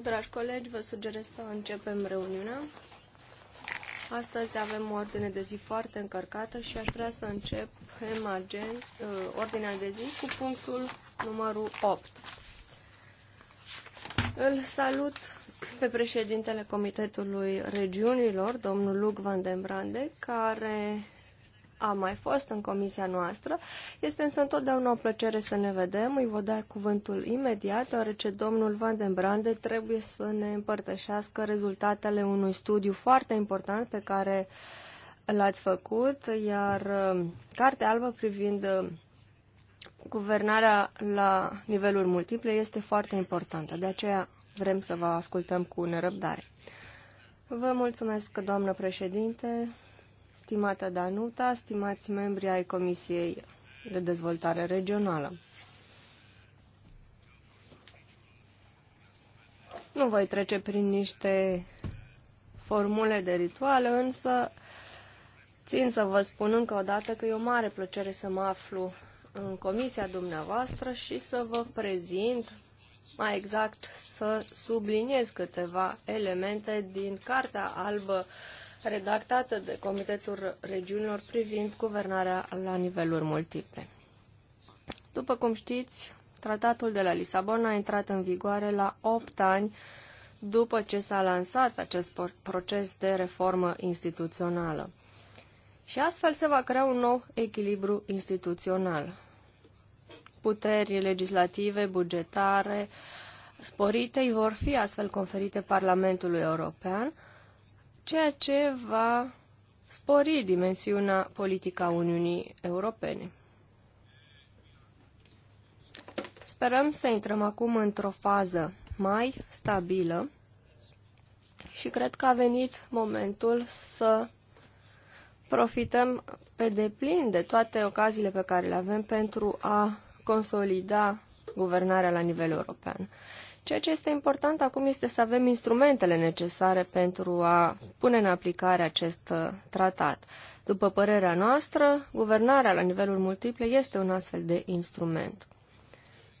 Dragi colegi, vă sugerez să începem reuniunea. Astăzi avem o ordine de zi foarte încărcată și aș vrea să începem uh, ordinea de zi cu punctul numărul 8. Îl salut pe președintele Comitetului Regiunilor, domnul Luc Van den Brande, care a mai fost în comisia noastră. Este însă întotdeauna o plăcere să ne vedem. Îi vă da cuvântul imediat, deoarece domnul Van den Brande trebuie să ne împărtășească rezultatele unui studiu foarte important pe care l-ați făcut, iar uh, cartea albă privind uh, guvernarea la niveluri multiple este foarte importantă. De aceea vrem să vă ascultăm cu nerăbdare. Vă mulțumesc, doamnă președinte, stimată Danuta, stimați membri ai Comisiei de Dezvoltare Regională. Nu voi trece prin niște formule de ritual, însă țin să vă spun încă o dată că e o mare plăcere să mă aflu în comisia dumneavoastră și să vă prezint, mai exact să subliniez câteva elemente din Cartea Albă redactată de Comitetul Regiunilor privind guvernarea la niveluri multiple. După cum știți, tratatul de la Lisabona a intrat în vigoare la 8 ani după ce s-a lansat acest proces de reformă instituțională. Și astfel se va crea un nou echilibru instituțional. Puteri legislative, bugetare, sporite vor fi astfel conferite Parlamentului European, ceea ce va spori dimensiunea politică a Uniunii Europene. Sperăm să intrăm acum într-o fază mai stabilă și cred că a venit momentul să profităm pe deplin de toate ocaziile pe care le avem pentru a consolida guvernarea la nivel european. Ceea ce este important acum este să avem instrumentele necesare pentru a pune în aplicare acest uh, tratat. După părerea noastră, guvernarea la nivelul multiple este un astfel de instrument.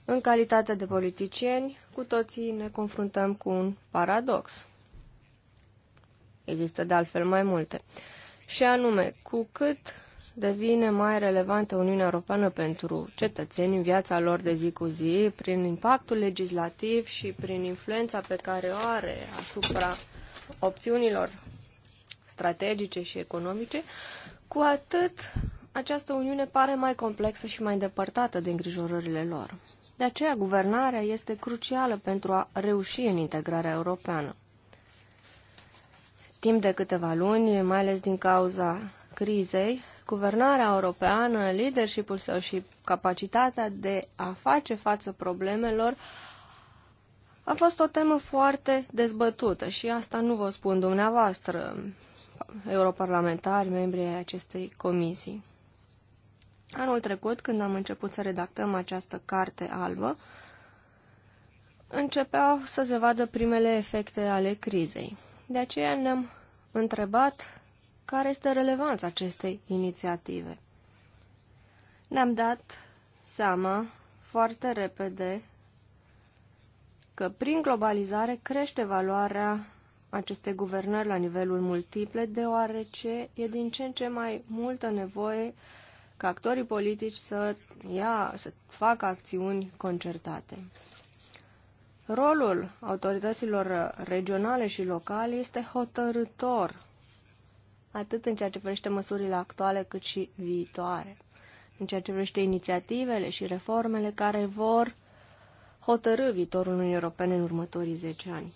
În calitate de politicieni, cu toții ne confruntăm cu un paradox. Există de altfel mai multe. Și anume, cu cât devine mai relevantă Uniunea Europeană pentru cetățeni în viața lor de zi cu zi, prin impactul legislativ și prin influența pe care o are asupra opțiunilor strategice și economice, cu atât această Uniune pare mai complexă și mai îndepărtată de îngrijorările lor. De aceea, guvernarea este crucială pentru a reuși în integrarea europeană. Timp de câteva luni, mai ales din cauza crizei, guvernarea europeană, leadership-ul său și capacitatea de a face față problemelor a fost o temă foarte dezbătută și asta nu vă spun dumneavoastră, europarlamentari, membrii ai acestei comisii. Anul trecut, când am început să redactăm această carte albă, începeau să se vadă primele efecte ale crizei. De aceea ne-am întrebat care este relevanța acestei inițiative. Ne-am dat seama foarte repede că prin globalizare crește valoarea acestei guvernări la nivelul multiple, deoarece e din ce în ce mai multă nevoie ca actorii politici să, ia, să facă acțiuni concertate. Rolul autorităților regionale și locale este hotărător atât în ceea ce privește măsurile actuale, cât și viitoare, în ceea ce privește inițiativele și reformele care vor hotărâ viitorul Uniunii Europene în următorii 10 ani.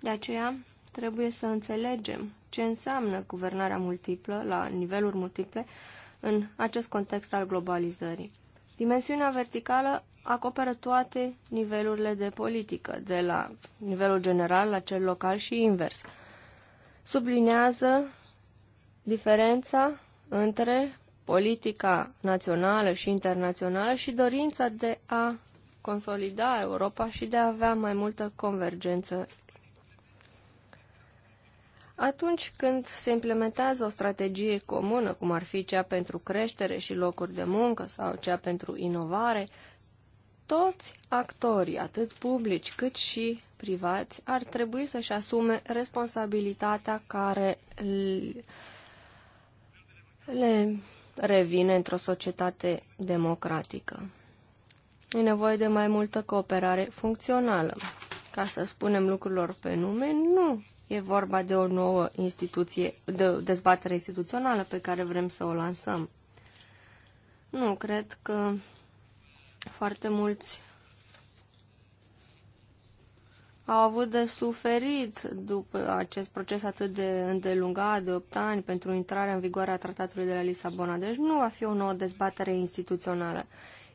De aceea, trebuie să înțelegem ce înseamnă guvernarea multiplă, la niveluri multiple, în acest context al globalizării. Dimensiunea verticală acoperă toate nivelurile de politică, de la nivelul general la cel local și invers – sublinează diferența între politica națională și internațională și dorința de a consolida Europa și de a avea mai multă convergență. Atunci când se implementează o strategie comună, cum ar fi cea pentru creștere și locuri de muncă sau cea pentru inovare, toți actorii, atât publici cât și privați ar trebui să-și asume responsabilitatea care le revine într-o societate democratică. E nevoie de mai multă cooperare funcțională. Ca să spunem lucrurilor pe nume, nu e vorba de o nouă instituție, de dezbatere instituțională pe care vrem să o lansăm. Nu, cred că foarte mulți au avut de suferit după acest proces atât de îndelungat, de 8 ani, pentru intrarea în vigoare a Tratatului de la Lisabona. Deci nu va fi o nouă dezbatere instituțională.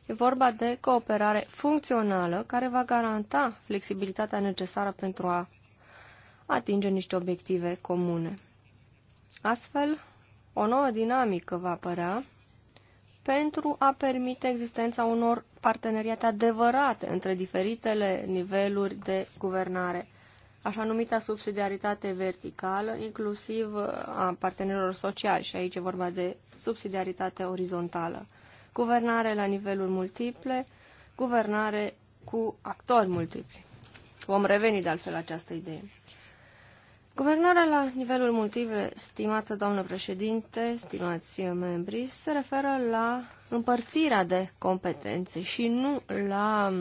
E vorba de cooperare funcțională care va garanta flexibilitatea necesară pentru a atinge niște obiective comune. Astfel, o nouă dinamică va apărea pentru a permite existența unor parteneriate adevărate între diferitele niveluri de guvernare, așa numita subsidiaritate verticală, inclusiv a partenerilor sociali, și aici e vorba de subsidiaritate orizontală. Guvernare la niveluri multiple, guvernare cu actori multipli. Vom reveni de altfel la această idee. Guvernarea la nivelul multiple, stimată doamnă președinte, stimați membri, se referă la împărțirea de competențe și nu la,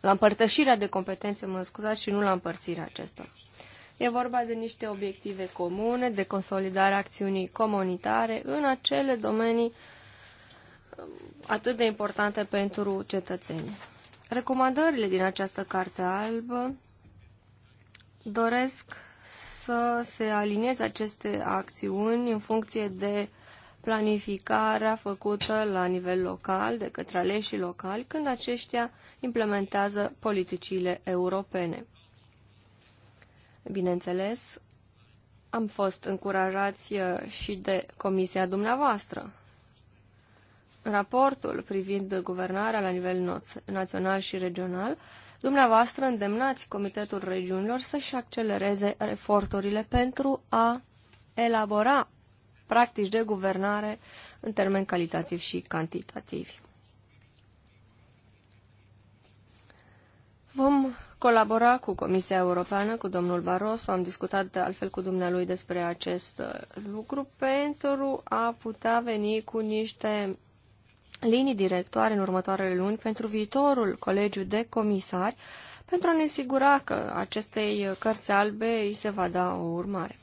la împărtășirea de competențe, mă scuzați, și nu la împărțirea acestor. E vorba de niște obiective comune, de consolidarea acțiunii comunitare în acele domenii atât de importante pentru cetățeni. Recomandările din această carte albă doresc să se alinieze aceste acțiuni în funcție de uh, planificarea făcută la nivel local de către aleșii locali când aceștia implementează politicile europene. Bineînțeles, am fost încurajați uh, și de comisia dumneavoastră. Raportul privind guvernarea la nivel național și regional, dumneavoastră îndemnați Comitetul Regiunilor să-și accelereze eforturile pentru a elabora practici de guvernare în termeni calitativ și cantitativi. Vom colabora cu Comisia Europeană, cu domnul Barroso, am discutat altfel cu dumnealui despre acest uh, lucru, pentru a putea veni cu niște linii directoare în următoarele luni pentru viitorul colegiu de comisari, pentru a ne asigura că acestei uh, cărți albe îi se va da o urmare.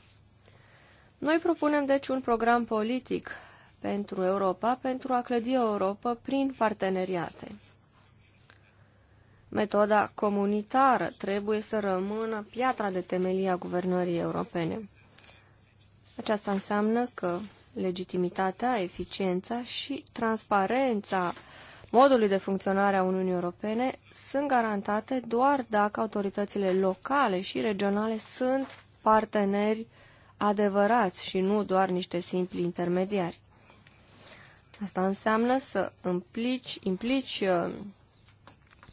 Noi propunem deci un program politic pentru Europa, pentru a clădi o Europa prin parteneriate. Metoda comunitară trebuie să rămână piatra de temelie a guvernării europene. Aceasta înseamnă că legitimitatea, eficiența și transparența modului de funcționare a Uniunii Europene sunt garantate doar dacă autoritățile locale și regionale sunt parteneri uh, adevărați și nu doar niște simpli intermediari. Asta înseamnă să implici, implici uh,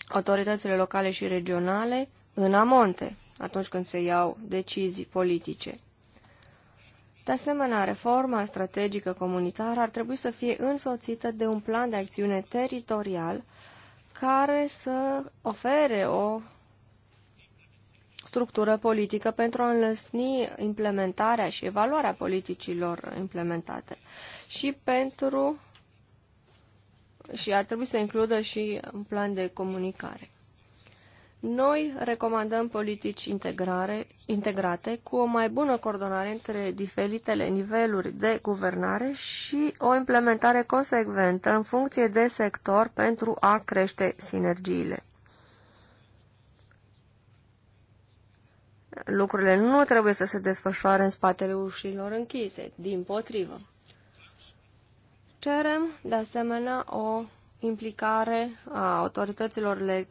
autoritățile locale și regionale în amonte, atunci când se iau decizii politice. De asemenea, reforma strategică comunitară ar trebui să fie însoțită de un plan de acțiune teritorial care să ofere o structură politică pentru a înlăsni implementarea și evaluarea politicilor implementate și pentru și ar trebui să includă și un plan de comunicare. Noi recomandăm politici integrare, integrate cu o mai bună coordonare între diferitele niveluri de guvernare și o implementare consecventă în funcție de sector pentru a crește sinergiile. lucrurile nu trebuie să se desfășoare în spatele ușilor închise, din potrivă. Cerem, de asemenea, o implicare a autorităților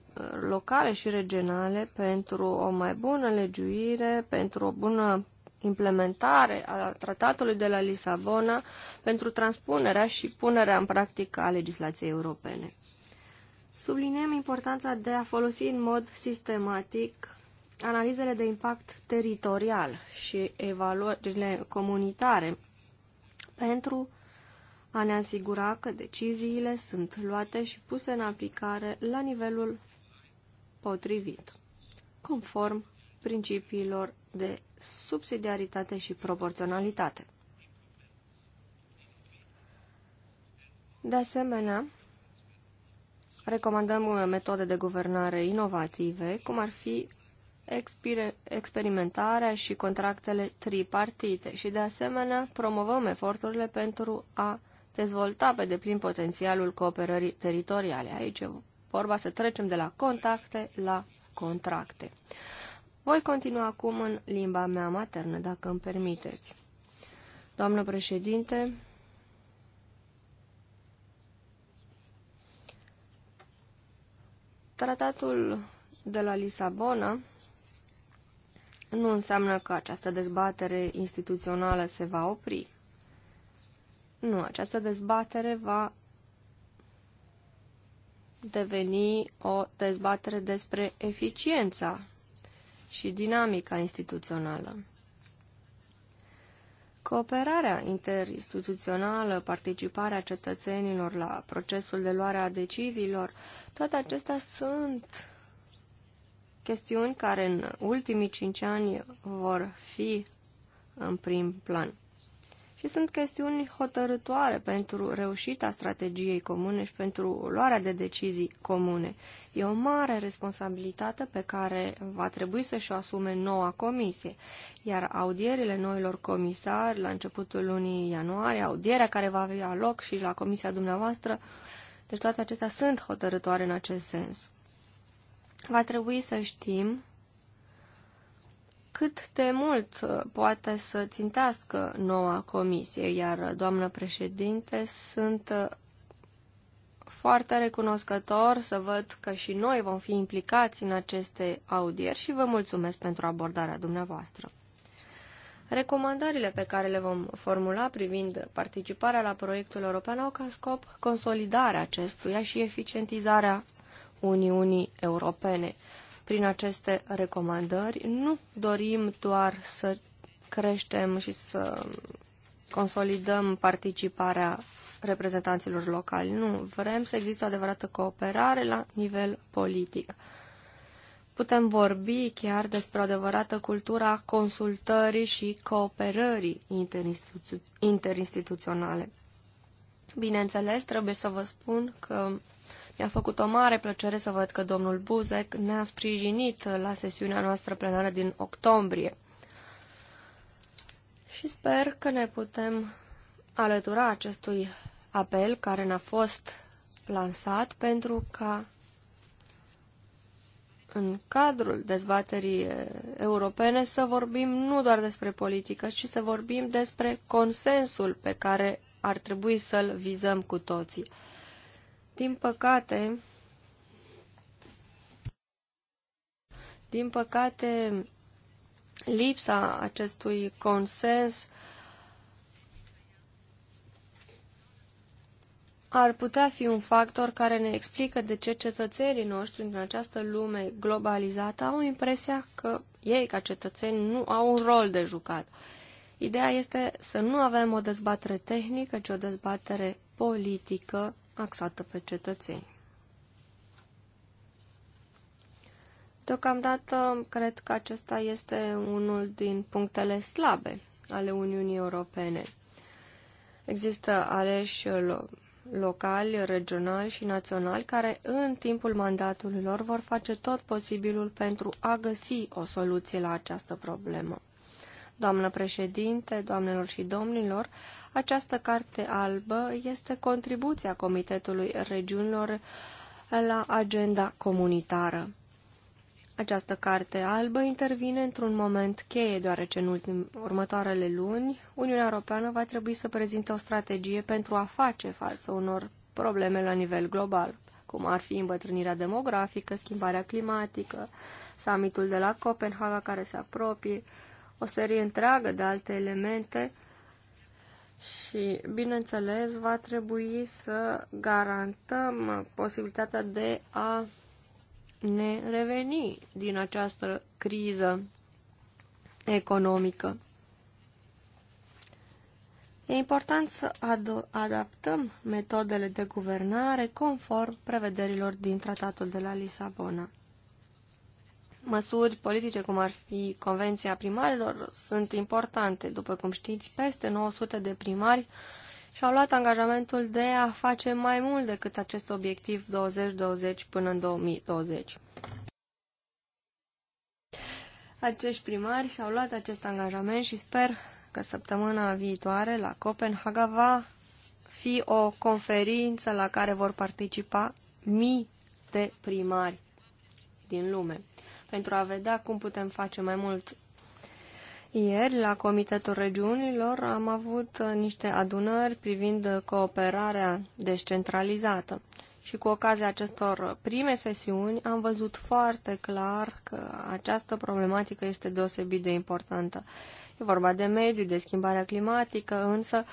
locale și regionale pentru o mai bună legiuire, pentru o bună implementare a tratatului de la Lisabona, pentru transpunerea și punerea în practică a legislației europene. Subliniem importanța de a folosi în mod sistematic analizele de impact teritorial și evaluările comunitare pentru a ne asigura că deciziile sunt luate și puse în aplicare la nivelul potrivit, conform principiilor de subsidiaritate și proporționalitate. De asemenea, recomandăm metode de guvernare inovative, cum ar fi experimentarea și contractele tripartite și, de asemenea, promovăm eforturile pentru a dezvolta pe deplin potențialul cooperării teritoriale. Aici e vorba să trecem de la contacte la contracte. Voi continua acum în limba mea maternă, dacă îmi permiteți. Doamnă președinte, tratatul de la Lisabona nu înseamnă că această dezbatere instituțională se va opri. Nu, această dezbatere va deveni o dezbatere despre eficiența și dinamica instituțională. Cooperarea interinstituțională, participarea cetățenilor la procesul de luare a deciziilor, toate acestea sunt chestiuni care în ultimii cinci ani vor fi în prim plan. Și sunt chestiuni hotărătoare pentru reușita strategiei comune și pentru luarea de decizii comune. E o mare responsabilitate pe care va trebui să și-o asume noua comisie, iar audierile noilor comisari la începutul lunii ianuarie, audierea care va avea loc și la comisia dumneavoastră, deci toate acestea sunt hotărătoare în acest sens va trebui să știm cât de mult uh, poate să țintească noua comisie, iar, uh, doamnă președinte, sunt uh, foarte recunoscător să văd că și noi vom fi implicați în aceste audieri și vă mulțumesc pentru abordarea dumneavoastră. Recomandările pe care le vom formula privind participarea la proiectul european au ca scop consolidarea acestuia și eficientizarea Uniunii Europene. Prin aceste recomandări nu dorim doar să creștem și să consolidăm participarea reprezentanților locali. Nu, vrem să existe o adevărată cooperare la nivel politic. Putem vorbi chiar despre o adevărată cultura consultării și cooperării interinstituționale. Bineînțeles, trebuie să vă spun că mi-a făcut o mare plăcere să văd că domnul Buzek ne-a sprijinit la sesiunea noastră plenară din octombrie. Și sper că ne putem alătura acestui apel care ne-a fost lansat pentru ca în cadrul dezbaterii europene să vorbim nu doar despre politică, ci să vorbim despre consensul pe care ar trebui să-l vizăm cu toții. Din păcate, din păcate, lipsa acestui consens ar putea fi un factor care ne explică de ce cetățenii noștri în această lume globalizată au impresia că ei, ca cetățeni, nu au un rol de jucat. Ideea este să nu avem o dezbatere tehnică, ci o dezbatere politică axată pe cetățeni. Deocamdată, cred că acesta este unul din punctele slabe ale Uniunii Europene. Există aleși locali, regionali și naționali care în timpul mandatului lor vor face tot posibilul pentru a găsi o soluție la această problemă. Doamnă președinte, doamnelor și domnilor, această carte albă este contribuția Comitetului Regiunilor la agenda comunitară. Această carte albă intervine într-un moment cheie, deoarece în ultim, următoarele luni Uniunea Europeană va trebui să prezinte o strategie pentru a face față unor probleme la nivel global, cum ar fi îmbătrânirea demografică, schimbarea climatică, summitul de la Copenhaga care se apropie, o serie întreagă de alte elemente și, bineînțeles, va trebui să garantăm posibilitatea de a ne reveni din această criză economică. E important să ad- adaptăm metodele de guvernare conform prevederilor din Tratatul de la Lisabona. Măsuri politice, cum ar fi Convenția Primarilor, sunt importante. După cum știți, peste 900 de primari și-au luat angajamentul de a face mai mult decât acest obiectiv 20-20 până în 2020. Acești primari și-au luat acest angajament și sper că săptămâna viitoare la Copenhaga va fi o conferință la care vor participa mii de primari din lume pentru a vedea cum putem face mai mult. Ieri, la Comitetul Regiunilor, am avut uh, niște adunări privind cooperarea descentralizată. Și cu ocazia acestor prime sesiuni am văzut foarte clar că această problematică este deosebit de importantă. E vorba de mediu, de schimbarea climatică, însă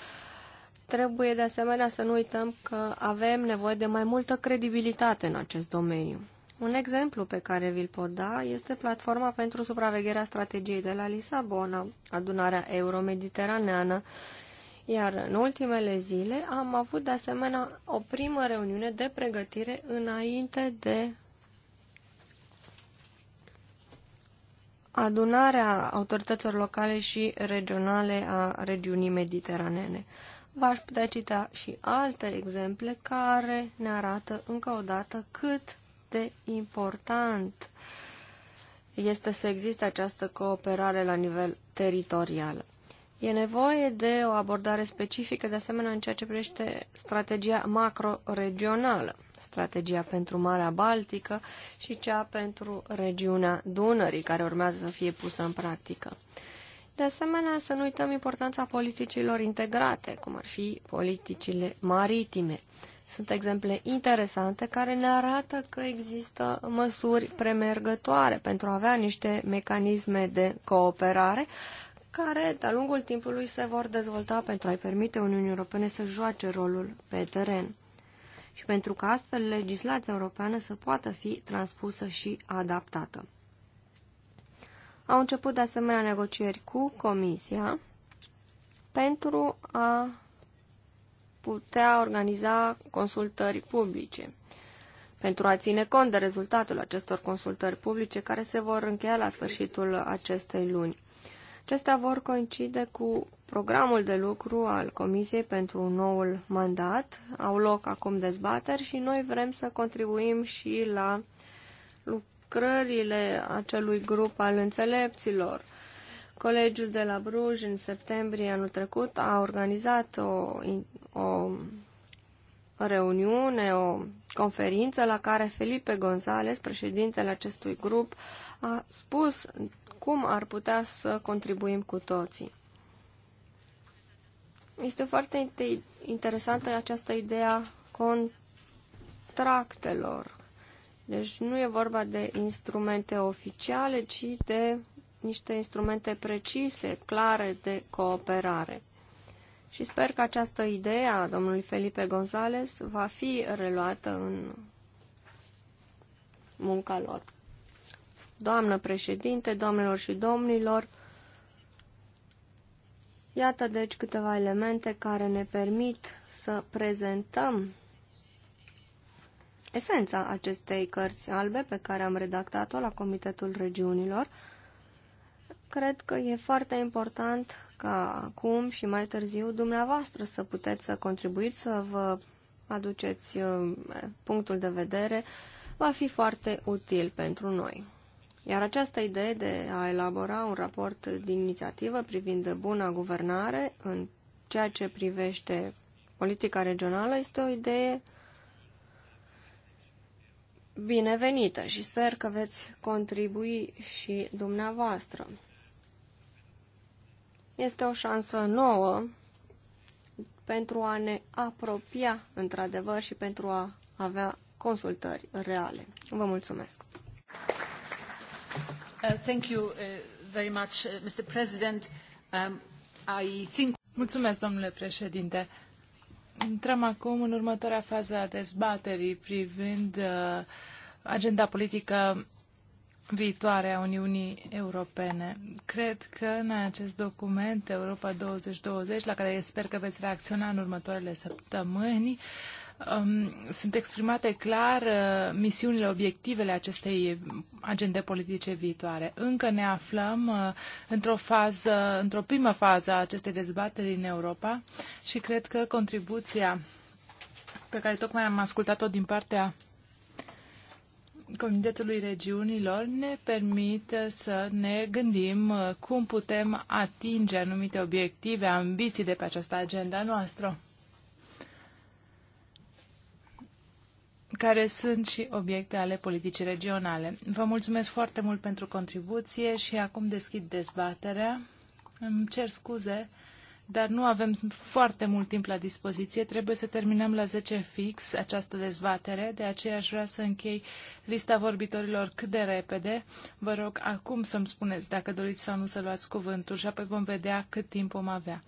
trebuie de asemenea să nu uităm că avem nevoie de mai multă credibilitate în acest domeniu. Un exemplu pe care vi-l pot da este platforma pentru supravegherea strategiei de la Lisabona, adunarea euromediteraneană, iar în ultimele zile am avut de asemenea o primă reuniune de pregătire înainte de adunarea autorităților locale și regionale a regiunii mediteranene. V-aș putea cita și alte exemple care ne arată încă o dată cât de important este să existe această cooperare la nivel teritorial. E nevoie de o abordare specifică, de asemenea, în ceea ce privește strategia macro-regională, strategia pentru Marea Baltică și cea pentru regiunea Dunării, care urmează să fie pusă în practică. De asemenea, să nu uităm importanța politicilor integrate, cum ar fi politicile maritime. Sunt exemple interesante care ne arată că există măsuri premergătoare pentru a avea niște mecanisme de cooperare care, de-a lungul timpului, se vor dezvolta pentru a-i permite Uniunii Europene să joace rolul pe teren și pentru că astfel legislația europeană să poată fi transpusă și adaptată. Au început de asemenea negocieri cu Comisia pentru a putea organiza consultări publice pentru a ține cont de rezultatul acestor consultări publice care se vor încheia la sfârșitul acestei luni. Acestea vor coincide cu programul de lucru al Comisiei pentru noul mandat. Au loc acum dezbateri și noi vrem să contribuim și la lucrările acelui grup al înțelepților. Colegiul de la Bruj în septembrie anul trecut a organizat o o reuniune, o conferință la care Felipe González, președintele acestui grup, a spus cum ar putea să contribuim cu toții. Este foarte interesantă această idee a contractelor. Deci nu e vorba de instrumente oficiale, ci de niște instrumente precise, clare de cooperare și sper că această idee a domnului Felipe González va fi reluată în munca lor. Doamnă președinte, doamnelor și domnilor, iată deci câteva elemente care ne permit să prezentăm esența acestei cărți albe pe care am redactat-o la Comitetul Regiunilor, Cred că e foarte important ca acum și mai târziu dumneavoastră să puteți să contribuiți, să vă aduceți uh, punctul de vedere, va fi foarte util pentru noi. Iar această idee de a elabora un raport din inițiativă privind buna guvernare în ceea ce privește politica regională este o idee binevenită și sper că veți contribui și dumneavoastră. Este o șansă nouă pentru a ne apropia într-adevăr și pentru a avea consultări reale. Vă mulțumesc. Uh, uh, uh, um, mulțumesc, domnule președinte. Intrăm acum în următoarea fază a dezbaterii privind uh, agenda politică viitoare a Uniunii Europene. Cred că în acest document, Europa 2020, la care sper că veți reacționa în următoarele săptămâni, um, sunt exprimate clar uh, misiunile, obiectivele acestei agende politice viitoare. Încă ne aflăm uh, într-o fază, într-o primă fază a acestei dezbateri în Europa și cred că contribuția pe care tocmai am ascultat-o din partea Comitetului Regiunilor ne permit să ne gândim uh, cum putem atinge anumite obiective, ambiții de pe această agenda noastră. care sunt și obiecte ale politicii regionale. Vă mulțumesc foarte mult pentru contribuție și acum deschid dezbaterea. Îmi cer scuze dar nu avem foarte mult timp la dispoziție. Trebuie să terminăm la 10 fix această dezbatere, de aceea aș vrea să închei lista vorbitorilor cât de repede. Vă rog acum să-mi spuneți dacă doriți sau nu să luați cuvântul și apoi vom vedea cât timp vom avea.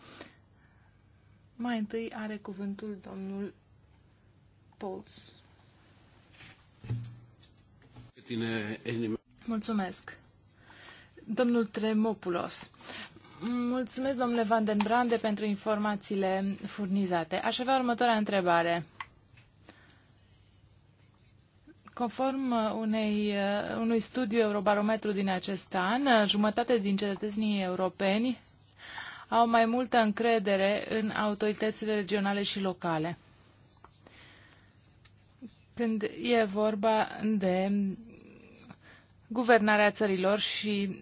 Mai întâi are cuvântul domnul Pols. Mulțumesc. Domnul Tremopulos. Mulțumesc, domnule Van den Brande, pentru informațiile furnizate. Aș avea următoarea întrebare. Conform uh, unei, uh, unui studiu Eurobarometru din acest an, uh, jumătate din cetățenii europeni au mai multă încredere în autoritățile regionale și locale. Când e vorba de guvernarea țărilor și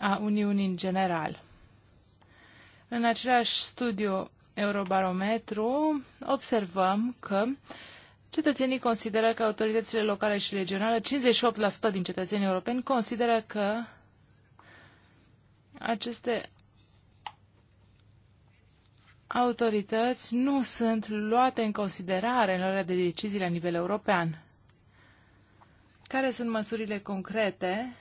a Uniunii în general. În același studiu Eurobarometru observăm că cetățenii consideră că autoritățile locale și regionale, 58% din cetățenii europeni consideră că aceste autorități nu sunt luate în considerare în luarea de decizii la nivel european. Care sunt măsurile concrete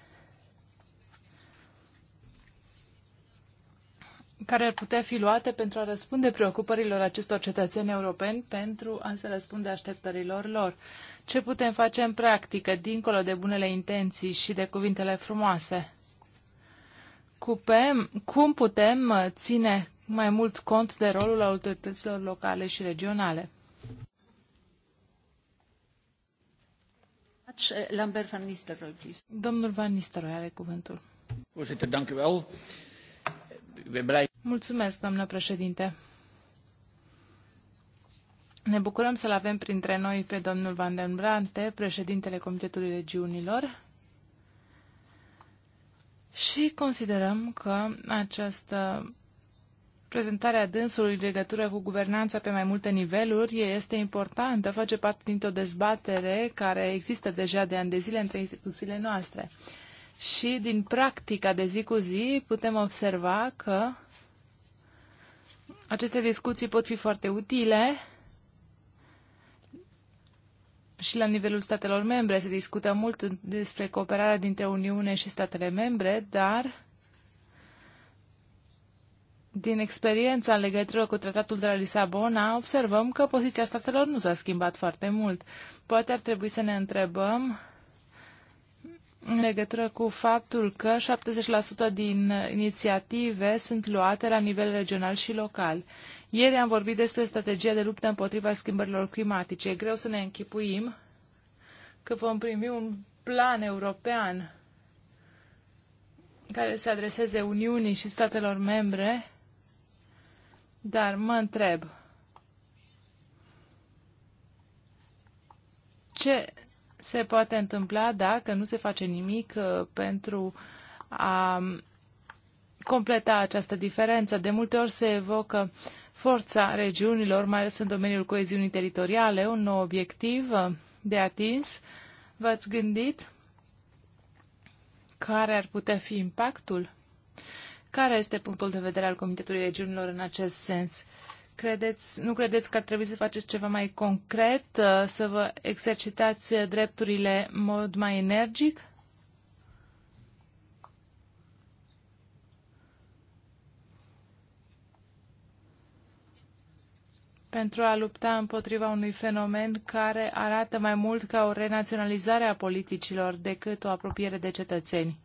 care ar putea fi luate pentru a răspunde preocupărilor acestor cetățeni europeni, pentru a se răspunde așteptărilor lor. Ce putem face în practică, dincolo de bunele intenții și de cuvintele frumoase? Cupem, cum putem uh, ține mai mult cont de rolul autorităților locale și regionale? Uh, Lambert van Nistelrooy, please. Domnul van Nistelrooy are cuvântul. Voorzitter, dank u wel. Mulțumesc, doamnă președinte. Ne bucurăm să-l avem printre noi pe domnul Van den Brante, președintele Comitetului Regiunilor, și considerăm că această a dânsului în legătură cu guvernanța pe mai multe niveluri este importantă, face parte dintr-o dezbatere care există deja de ani de zile între instituțiile noastre și din practica de zi cu zi putem observa că aceste discuții pot fi foarte utile și la nivelul statelor membre. Se discută mult despre cooperarea dintre Uniune și statele membre, dar din experiența în legătură cu tratatul de la Lisabona, observăm că poziția statelor nu s-a schimbat foarte mult. Poate ar trebui să ne întrebăm în legătură cu faptul că 70% din inițiative sunt luate la nivel regional și local. Ieri am vorbit despre strategia de luptă împotriva schimbărilor climatice. E greu să ne închipuim că vom primi un plan european care se adreseze Uniunii și statelor membre, dar mă întreb ce se poate întâmpla dacă nu se face nimic uh, pentru a completa această diferență. De multe ori se evocă forța regiunilor, mai ales în domeniul coeziunii teritoriale, un nou obiectiv uh, de atins. V-ați gândit care ar putea fi impactul? Care este punctul de vedere al Comitetului Regiunilor în acest sens? credeți, nu credeți că ar trebui să faceți ceva mai concret, uh, să vă exercitați drepturile în mod mai energic? pentru a lupta împotriva unui fenomen care arată mai mult ca o renaționalizare a politicilor decât o apropiere de cetățeni.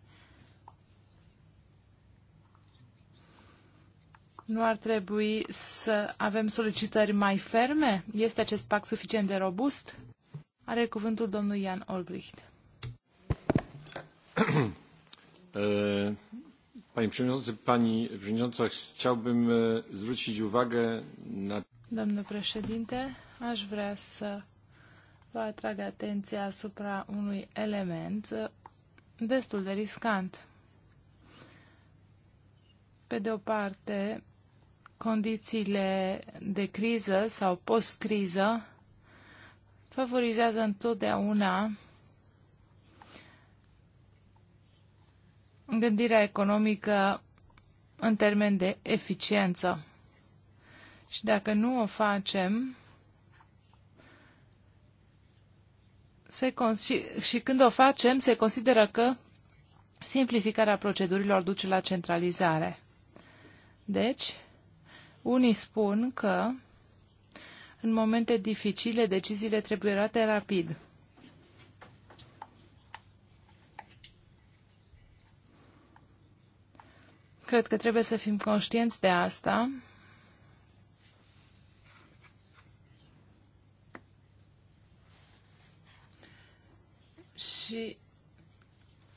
Nu ar trebui să avem solicitări mai ferme? Este acest pact suficient de robust? Are cuvântul domnul Ian Olbricht. Panie Przewodniczący, Pani Przewodnicząca, chciałbym zwrócić uwagę na... Domnul președinte, aș vrea să vă atrag atenția asupra unui element destul de riscant. Pe de o parte, Condițiile de criză sau post-criză favorizează întotdeauna gândirea economică în termen de eficiență. Și dacă nu o facem, se și, și când o facem, se consideră că simplificarea procedurilor duce la centralizare. Deci, unii spun că în momente dificile deciziile trebuie luate rapid. Cred că trebuie să fim conștienți de asta. Și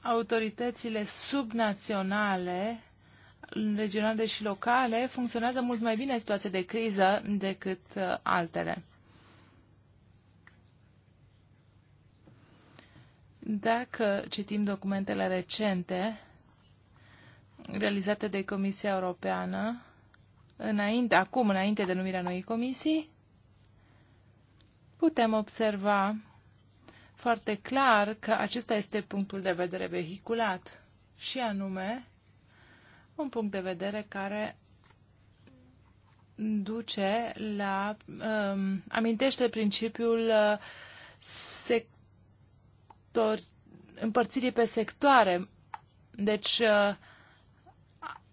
autoritățile subnaționale regionale și locale funcționează mult mai bine în situații de criză decât uh, altele. Dacă citim documentele recente realizate de Comisia Europeană, înainte, acum, înainte de numirea noii comisii, putem observa foarte clar că acesta este punctul de vedere vehiculat și anume un punct de vedere care duce la, um, amintește principiul uh, sector, împărțirii pe sectoare. Deci, uh,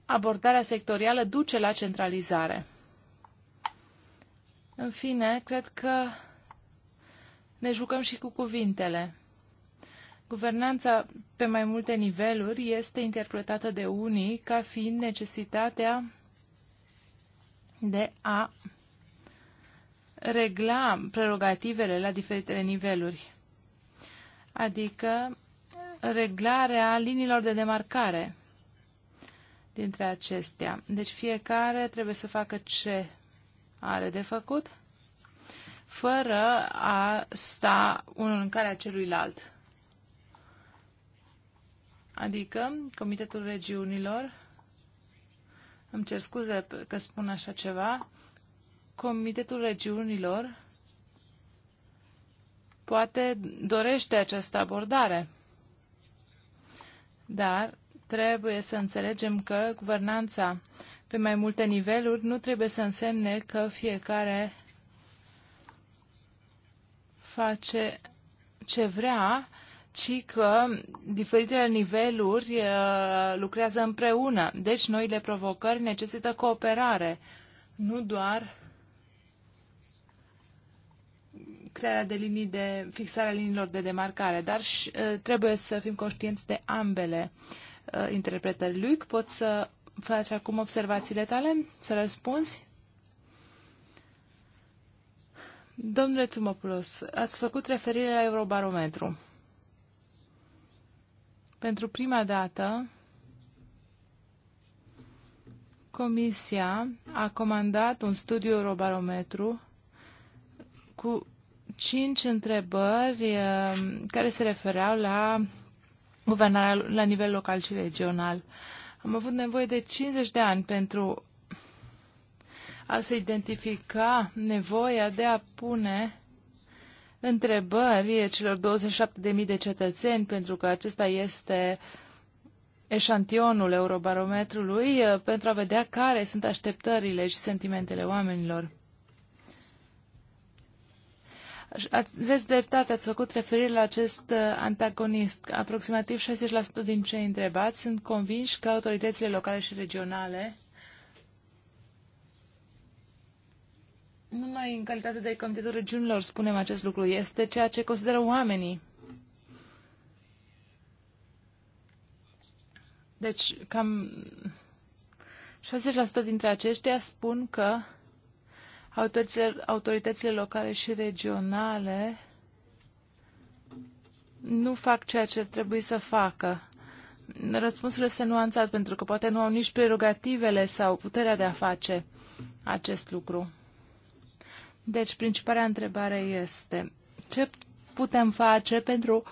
abordarea sectorială duce la centralizare. În fine, cred că ne jucăm și cu cuvintele. Guvernanța pe mai multe niveluri este interpretată de unii ca fiind necesitatea de a regla prerogativele la diferitele niveluri, adică reglarea liniilor de demarcare dintre acestea. Deci fiecare trebuie să facă ce are de făcut, fără a sta unul în calea celuilalt adică Comitetul Regiunilor, îmi cer scuze că spun așa ceva, Comitetul Regiunilor poate dorește această abordare, dar trebuie să înțelegem că guvernanța pe mai multe niveluri nu trebuie să însemne că fiecare face ce vrea, ci că diferitele niveluri uh, lucrează împreună. Deci noile provocări necesită cooperare, nu doar crearea de linii de fixarea liniilor de demarcare, dar și, uh, trebuie să fim conștienți de ambele uh, interpretări. Luc, pot să faci acum observațiile tale? Să răspunzi? Domnule Tumopulos, ați făcut referire la Eurobarometru. Pentru prima dată, Comisia a comandat un studiu Eurobarometru cu cinci întrebări uh, care se refereau la guvernarea la nivel local și regional. Am avut nevoie de 50 de ani pentru a se identifica nevoia de a pune întrebări celor 27.000 de cetățeni, pentru că acesta este eșantionul eurobarometrului, uh, pentru a vedea care sunt așteptările și sentimentele oamenilor. Aveți dreptate, ați făcut referire la acest uh, antagonist. Aproximativ 60% din cei întrebați sunt convinși că autoritățile locale și regionale Noi, în calitate de Comitetul Regiunilor, spunem acest lucru. Este ceea ce consideră oamenii. Deci, cam 60% dintre aceștia spun că autoritățile, autoritățile locale și regionale nu fac ceea ce trebuie să facă. Răspunsurile este nuanțate pentru că poate nu au nici prerogativele sau puterea de a face acest lucru. Deci, principala întrebare este ce putem face pentru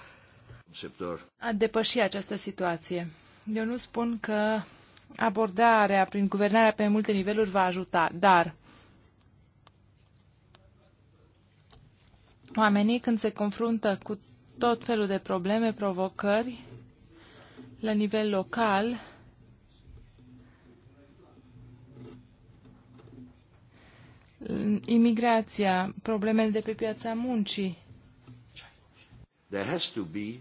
a depăși această situație. Eu nu spun că abordarea prin guvernarea pe multe niveluri va ajuta, dar oamenii când se confruntă cu tot felul de probleme, provocări la nivel local, imigrația, problemele de pe piața muncii. There has to be...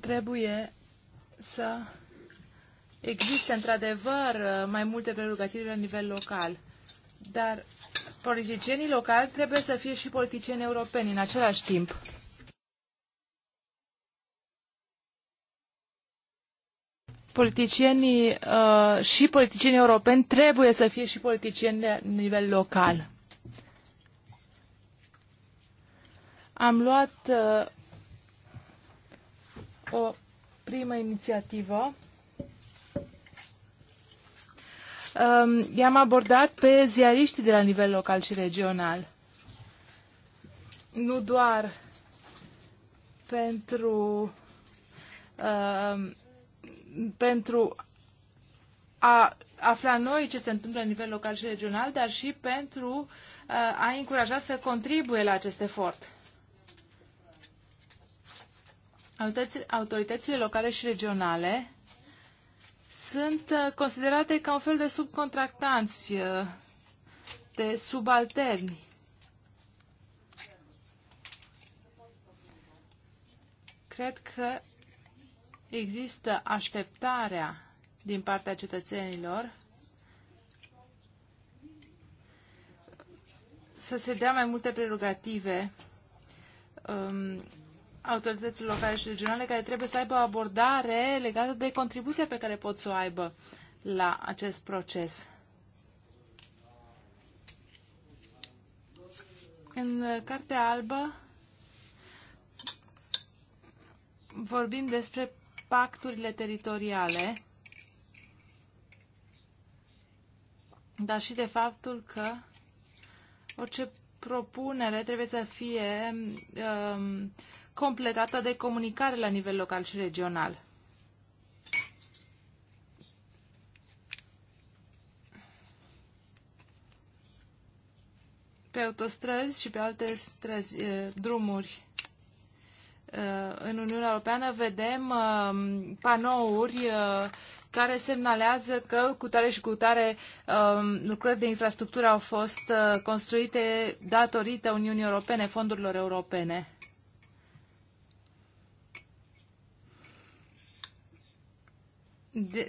Trebuie să existe într-adevăr mai multe prerogative la nivel local, dar politicienii locali trebuie să fie și politicieni europeni în același timp. politicienii uh, și politicienii europeni trebuie să fie și politicieni la nivel local. Am luat uh, o primă inițiativă. Uh, i-am abordat pe ziariștii de la nivel local și regional. Nu doar pentru uh, pentru a afla noi ce se întâmplă la nivel local și regional, dar și pentru uh, a încuraja să contribuie la acest efort. Autoritățile locale și regionale sunt uh, considerate ca un fel de subcontractanți, uh, de subalterni. Cred că există așteptarea din partea cetățenilor să se dea mai multe prerogative um, autorităților locale și regionale care trebuie să aibă o abordare legată de contribuția pe care pot să o aibă la acest proces. În Cartea Albă vorbim despre pacturile teritoriale, dar și de faptul că orice propunere trebuie să fie um, completată de comunicare la nivel local și regional. Pe autostrăzi și pe alte străzi, drumuri Uh, în Uniunea Europeană vedem uh, panouri uh, care semnalează că cu tare și cu tare um, lucrări de infrastructură au fost construite datorită Uniunii Europene, fondurilor europene.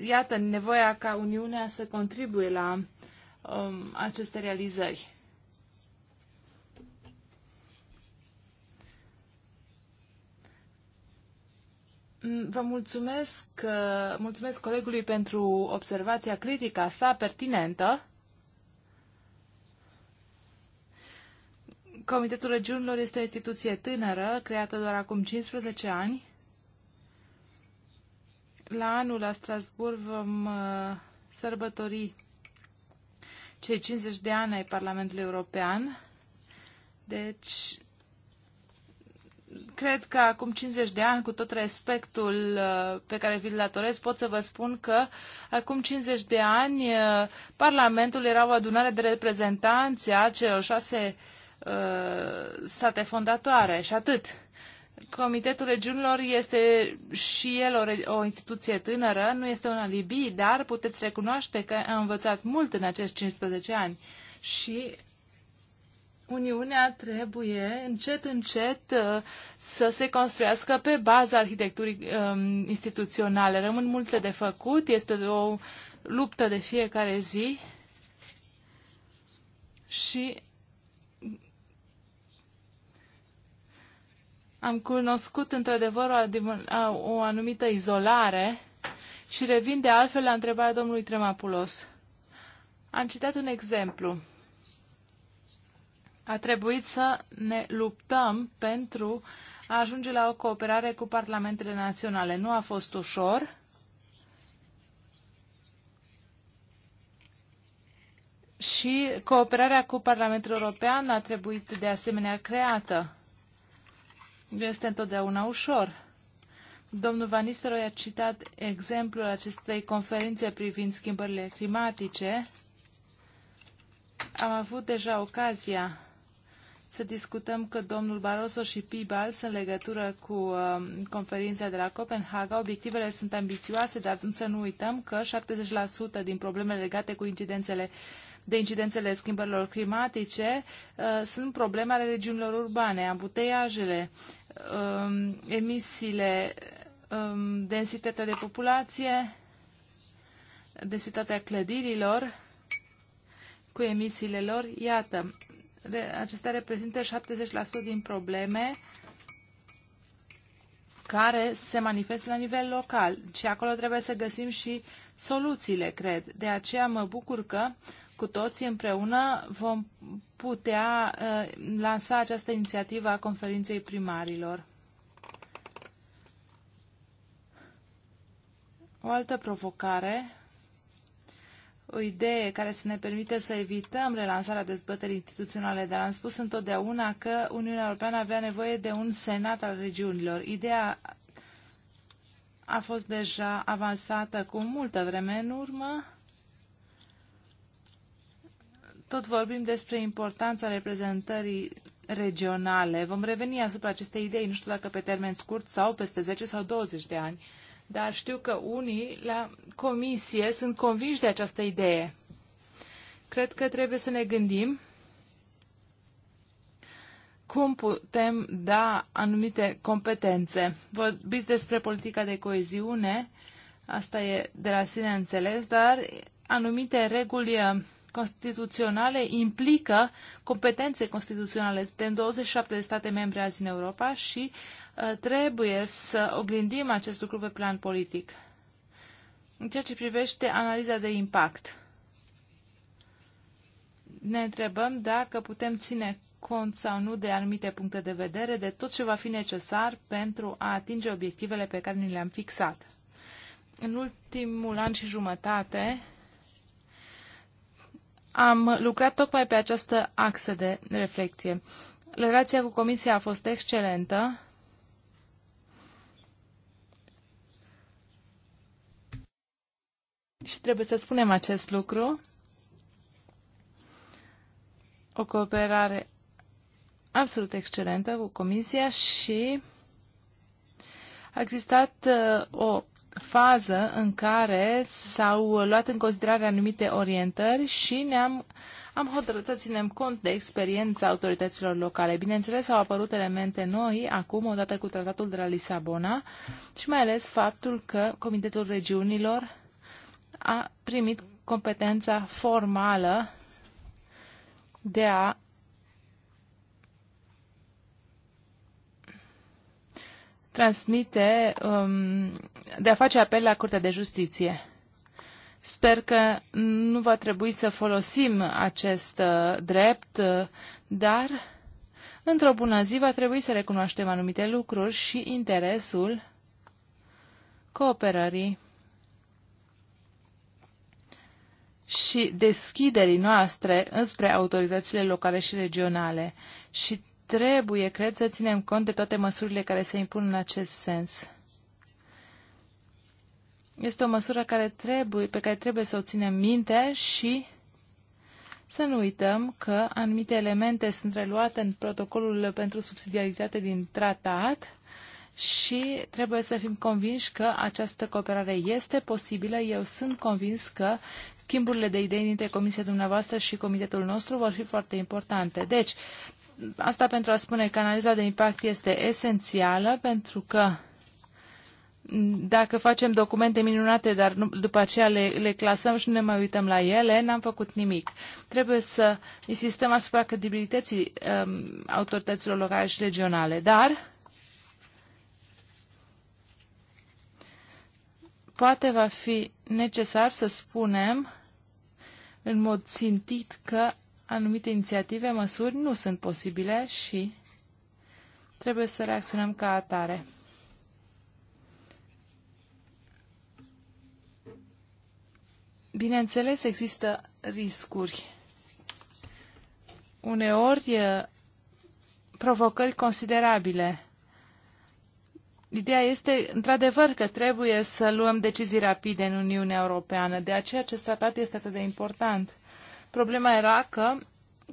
Iată nevoia ca Uniunea să contribuie la um, aceste realizări. Mm, vă mulțumesc, mulțumesc colegului pentru observația critică sa pertinentă. Comitetul Regiunilor este o instituție tânără, creată doar acum 15 ani. La anul la Strasburg vom uh, sărbători cei 50 de ani ai Parlamentului European. Deci, cred că acum 50 de ani, cu tot respectul uh, pe care vi-l datorez, pot să vă spun că acum 50 de ani uh, Parlamentul era o adunare de reprezentanți a celor șase uh, state fondatoare și atât. Comitetul Regiunilor este și el o, o instituție tânără, nu este un alibi, dar puteți recunoaște că a învățat mult în acești 15 ani. Și Uniunea trebuie încet, încet uh, să se construiască pe baza arhitecturii um, instituționale. Rămân multe de făcut, este o luptă de fiecare zi și am cunoscut într-adevăr o, o anumită izolare și revin de altfel la întrebarea domnului Tremapulos. Am citat un exemplu a trebuit să ne luptăm pentru a ajunge la o cooperare cu parlamentele naționale. Nu a fost ușor. Și cooperarea cu Parlamentul European a trebuit de asemenea creată. Nu este întotdeauna ușor. Domnul Van Nistelrooy a citat exemplul acestei conferințe privind schimbările climatice. Am avut deja ocazia să discutăm că domnul Barroso și sunt în legătură cu uh, conferința de la Copenhaga, obiectivele sunt ambițioase, dar să nu uităm că 70% din problemele legate cu incidențele de incidențele schimbărilor climatice uh, sunt probleme ale regiunilor urbane, ambuteiajele, uh, emisiile, uh, densitatea de populație, densitatea clădirilor, cu emisiile lor, iată, acestea reprezintă 70% din probleme care se manifestă la nivel local și acolo trebuie să găsim și soluțiile, cred. De aceea mă bucur că cu toții împreună vom putea uh, lansa această inițiativă a conferinței primarilor. O altă provocare o idee care să ne permite să evităm relansarea dezbăterii instituționale, dar am spus întotdeauna că Uniunea Europeană avea nevoie de un senat al regiunilor. Ideea a fost deja avansată cu multă vreme în urmă. Tot vorbim despre importanța reprezentării regionale. Vom reveni asupra acestei idei, nu știu dacă pe termen scurt sau peste 10 sau 20 de ani. Dar știu că unii la comisie sunt convinși de această idee. Cred că trebuie să ne gândim cum putem da anumite competențe. Vorbiți despre politica de coeziune, asta e de la sine înțeles, dar anumite reguli uh, constituționale implică competențe constituționale. Suntem 27 de state membre azi în Europa și Uh, trebuie să oglindim acest lucru pe plan politic. În ceea ce privește analiza de impact, ne întrebăm dacă putem ține cont sau nu de anumite puncte de vedere, de tot ce va fi necesar pentru a atinge obiectivele pe care ni le-am fixat. În ultimul an și jumătate am lucrat tocmai pe această axă de reflecție. Relația cu Comisia a fost excelentă Și trebuie să spunem acest lucru. O cooperare absolut excelentă cu Comisia și a existat uh, o fază în care s-au luat în considerare anumite orientări și ne-am am hotărât să ținem cont de experiența autorităților locale. Bineînțeles, au apărut elemente noi acum, odată cu tratatul de la Lisabona, și mai ales faptul că Comitetul Regiunilor a primit competența formală de a transmite, um, de a face apel la Curtea de Justiție. Sper că nu va trebui să folosim acest uh, drept, uh, dar într-o bună zi va trebui să recunoaștem anumite lucruri și interesul cooperării și deschiderii noastre înspre autoritățile locale și regionale. Și trebuie, cred, să ținem cont de toate măsurile care se impun în acest sens. Este o măsură care trebuie, pe care trebuie să o ținem minte și să nu uităm că anumite elemente sunt reluate în protocolul pentru subsidiaritate din tratat și trebuie să fim convinși că această cooperare este posibilă. Eu sunt convins că schimburile de idei dintre comisia dumneavoastră și comitetul nostru vor fi foarte importante. Deci, asta pentru a spune că analiza de impact este esențială pentru că dacă facem documente minunate, dar nu, după aceea le, le clasăm și nu ne mai uităm la ele, n-am făcut nimic. Trebuie să insistăm asupra credibilității um, autorităților locale și regionale, dar poate va fi necesar să spunem în mod țintit că anumite inițiative, măsuri nu sunt posibile și trebuie să reacționăm ca atare. Bineînțeles, există riscuri. Uneori, provocări considerabile. Ideea este, într-adevăr, că trebuie să luăm decizii rapide în Uniunea Europeană. De aceea acest tratat este atât de important. Problema era că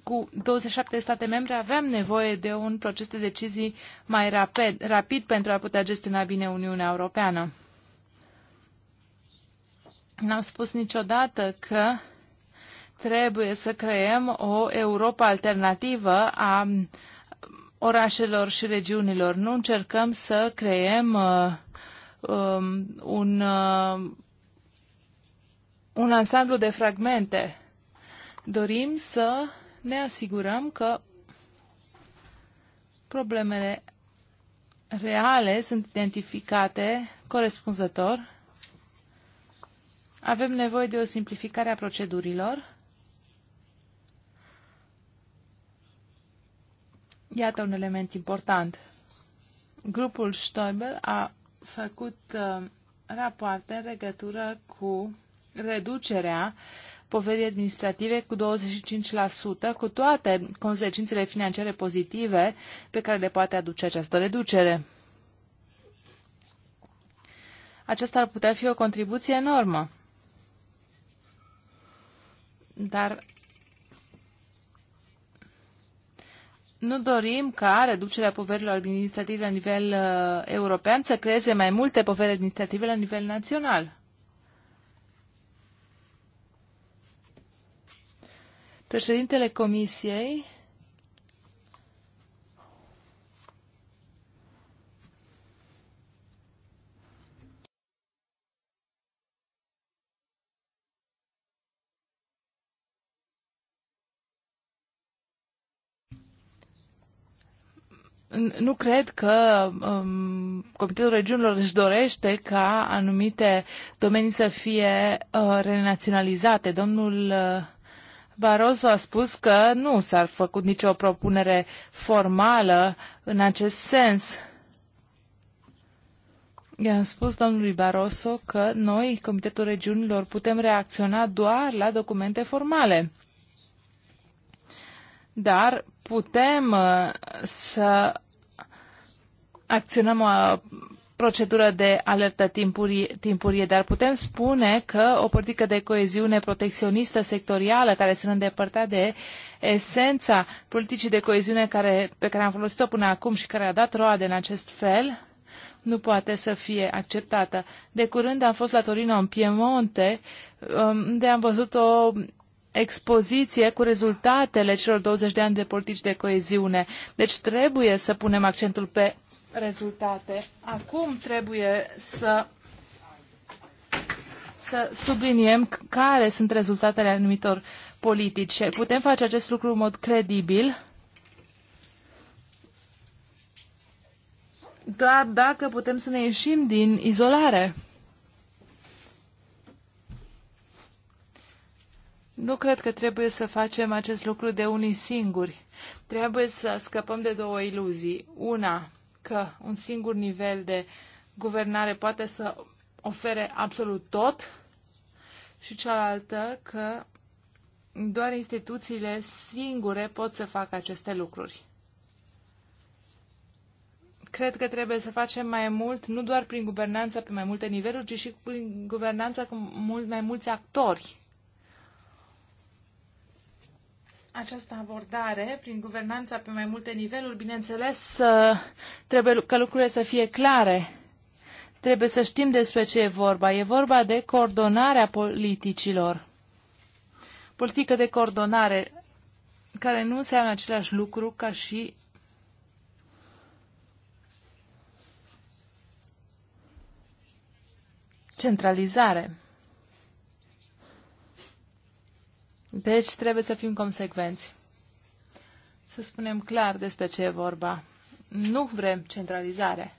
cu 27 state membre aveam nevoie de un proces de decizii mai rapid, rapid pentru a putea gestiona bine Uniunea Europeană. N-am spus niciodată că trebuie să creăm o Europa alternativă a orașelor și regiunilor. Nu încercăm să creăm uh, um, un, uh, un ansamblu de fragmente. Dorim să ne asigurăm că problemele reale sunt identificate corespunzător. Avem nevoie de o simplificare a procedurilor Iată un element important. Grupul Stoiber a făcut uh, rapoarte în legătură cu reducerea poverii administrative cu 25%, cu toate consecințele financiare pozitive pe care le poate aduce această reducere. Aceasta ar putea fi o contribuție enormă. Dar nu dorim ca reducerea poverilor administrative la nivel uh, european să creeze mai multe poveri administrative la nivel național. Președintele Comisiei nu cred că um, Comitetul Regiunilor își dorește ca anumite domenii să fie uh, renaționalizate. Domnul uh, Barroso a spus că nu s-ar făcut nicio propunere formală în acest sens. I-am spus domnului Barroso că noi, Comitetul Regiunilor, putem reacționa doar la documente formale. Dar putem uh, să acționăm o procedură de alertă timpurie, timpurie, dar putem spune că o politică de coeziune protecționistă sectorială care să ne îndepărta de esența politicii de coeziune care, pe care am folosit-o până acum și care a dat roade în acest fel, nu poate să fie acceptată. De curând am fost la Torino, în Piemonte, um, unde am văzut o expoziție cu rezultatele celor 20 de ani de politici de coeziune. Deci trebuie să punem accentul pe rezultate. Acum trebuie să, să subliniem care sunt rezultatele anumitor politici. Putem face acest lucru în mod credibil doar dacă putem să ne ieșim din izolare. Nu cred că trebuie să facem acest lucru de unii singuri. Trebuie să scăpăm de două iluzii. Una, că un singur nivel de guvernare poate să ofere absolut tot și cealaltă că doar instituțiile singure pot să facă aceste lucruri. Cred că trebuie să facem mai mult, nu doar prin guvernanța pe mai multe niveluri, ci și prin guvernanța cu mult mai mulți actori această abordare prin guvernanța pe mai multe niveluri, bineînțeles, trebuie ca lucrurile să fie clare. Trebuie să știm despre ce e vorba. E vorba de coordonarea politicilor. Politică de coordonare, care nu înseamnă același lucru ca și centralizare. Deci trebuie să fim consecvenți. Să spunem clar despre ce e vorba. Nu vrem centralizare.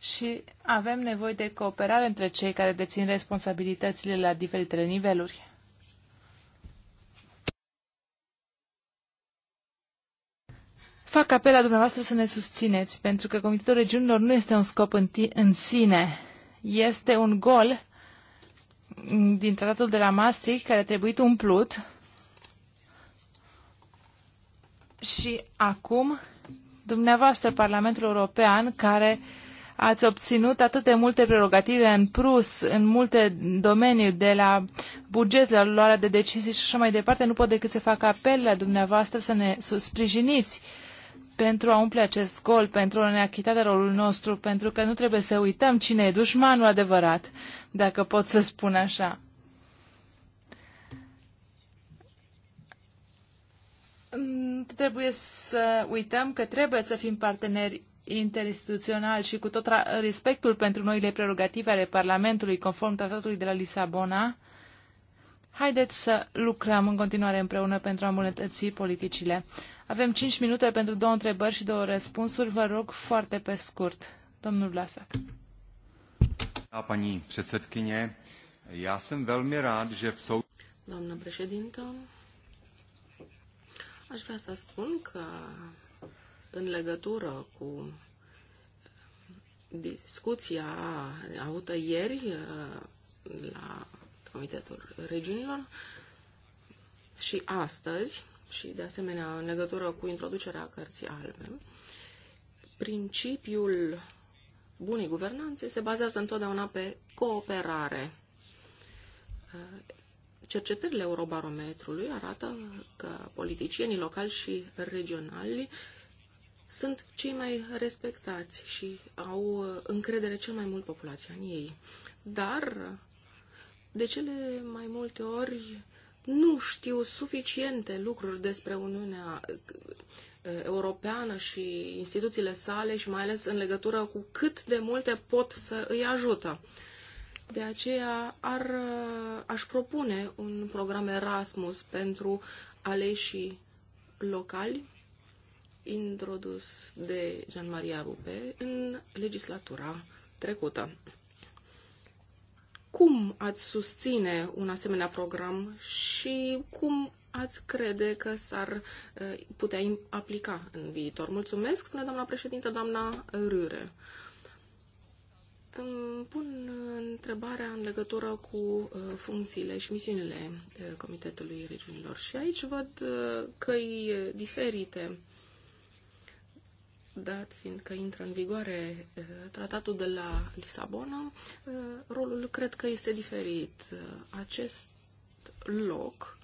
Și avem nevoie de cooperare între cei care dețin responsabilitățile la diferitele niveluri. Fac apel la dumneavoastră să ne susțineți, pentru că Comitetul Regiunilor nu este un scop în, în sine, este un gol din tratatul de la Maastricht, care a trebuit umplut. Și acum, dumneavoastră, Parlamentul European, care ați obținut atât de multe prerogative în plus, în multe domenii, de la buget, la luarea de decizii și așa mai departe, nu pot decât să fac apel la dumneavoastră să ne sprijiniți uh, pentru a umple acest gol, pentru a ne achita de rolul nostru, pentru că nu trebuie să uităm cine e dușmanul adevărat, dacă pot să spun așa. Mm, trebuie să uităm că trebuie să fim parteneri interinstituțional și cu tot respectul pentru noile prerogative ale Parlamentului conform tratatului de la Lisabona, haideți să lucrăm în continuare împreună pentru a îmbunătăți politicile avem 5 minute pentru două întrebări și două răspunsuri. Vă rog foarte pe scurt. Domnul Vlasac. Da, pani předsedkyně, ja sunt velmi rád, že v sou... Doamnă președintă, aș vrea să spun că în legătură cu discuția avută ieri uh, la Comitetul Regiunilor și astăzi, și, de asemenea, în legătură cu introducerea cărții albe, principiul bunei guvernanțe se bazează întotdeauna pe cooperare. Cercetările Eurobarometrului arată că politicienii locali și regionali sunt cei mai respectați și au încredere cel mai mult populația în ei. Dar, de cele mai multe ori, nu știu suficiente lucruri despre Uniunea uh, Europeană și instituțiile sale și mai ales în legătură cu cât de multe pot să îi ajută. De aceea ar, uh, aș propune un program Erasmus pentru aleșii locali introdus de Jean-Maria Rupe în legislatura trecută. Cum ați susține un asemenea program și cum ați crede că s-ar eh, putea aplica în viitor? Mulțumesc, spune doamna președintă, doamna Râre. Îmi pun eh, întrebarea în legătură cu eh, funcțiile și misiunile Comitetului Regiunilor și aici văd căi diferite dat fiind că intră în vigoare eh, tratatul de la Lisabona, eh, rolul cred că este diferit. Eh, acest loc,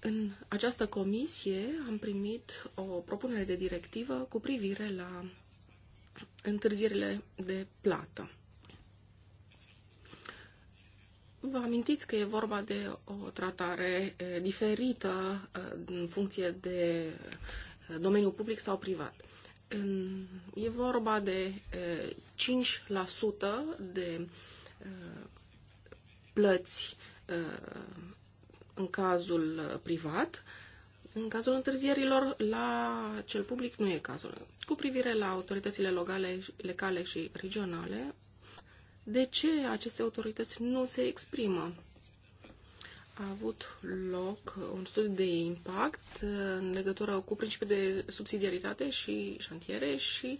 în această comisie am primit o propunere de directivă cu privire la întârzierile de plată. Vă amintiți că e vorba de o tratare diferită în funcție de domeniul public sau privat. E vorba de 5% de plăți în cazul privat. În cazul întârzierilor, la cel public nu e cazul. Cu privire la autoritățile locale, locale și regionale, de ce aceste autorități nu se exprimă? a avut loc un studiu de impact uh, în legătură cu principiul de subsidiaritate și șantiere și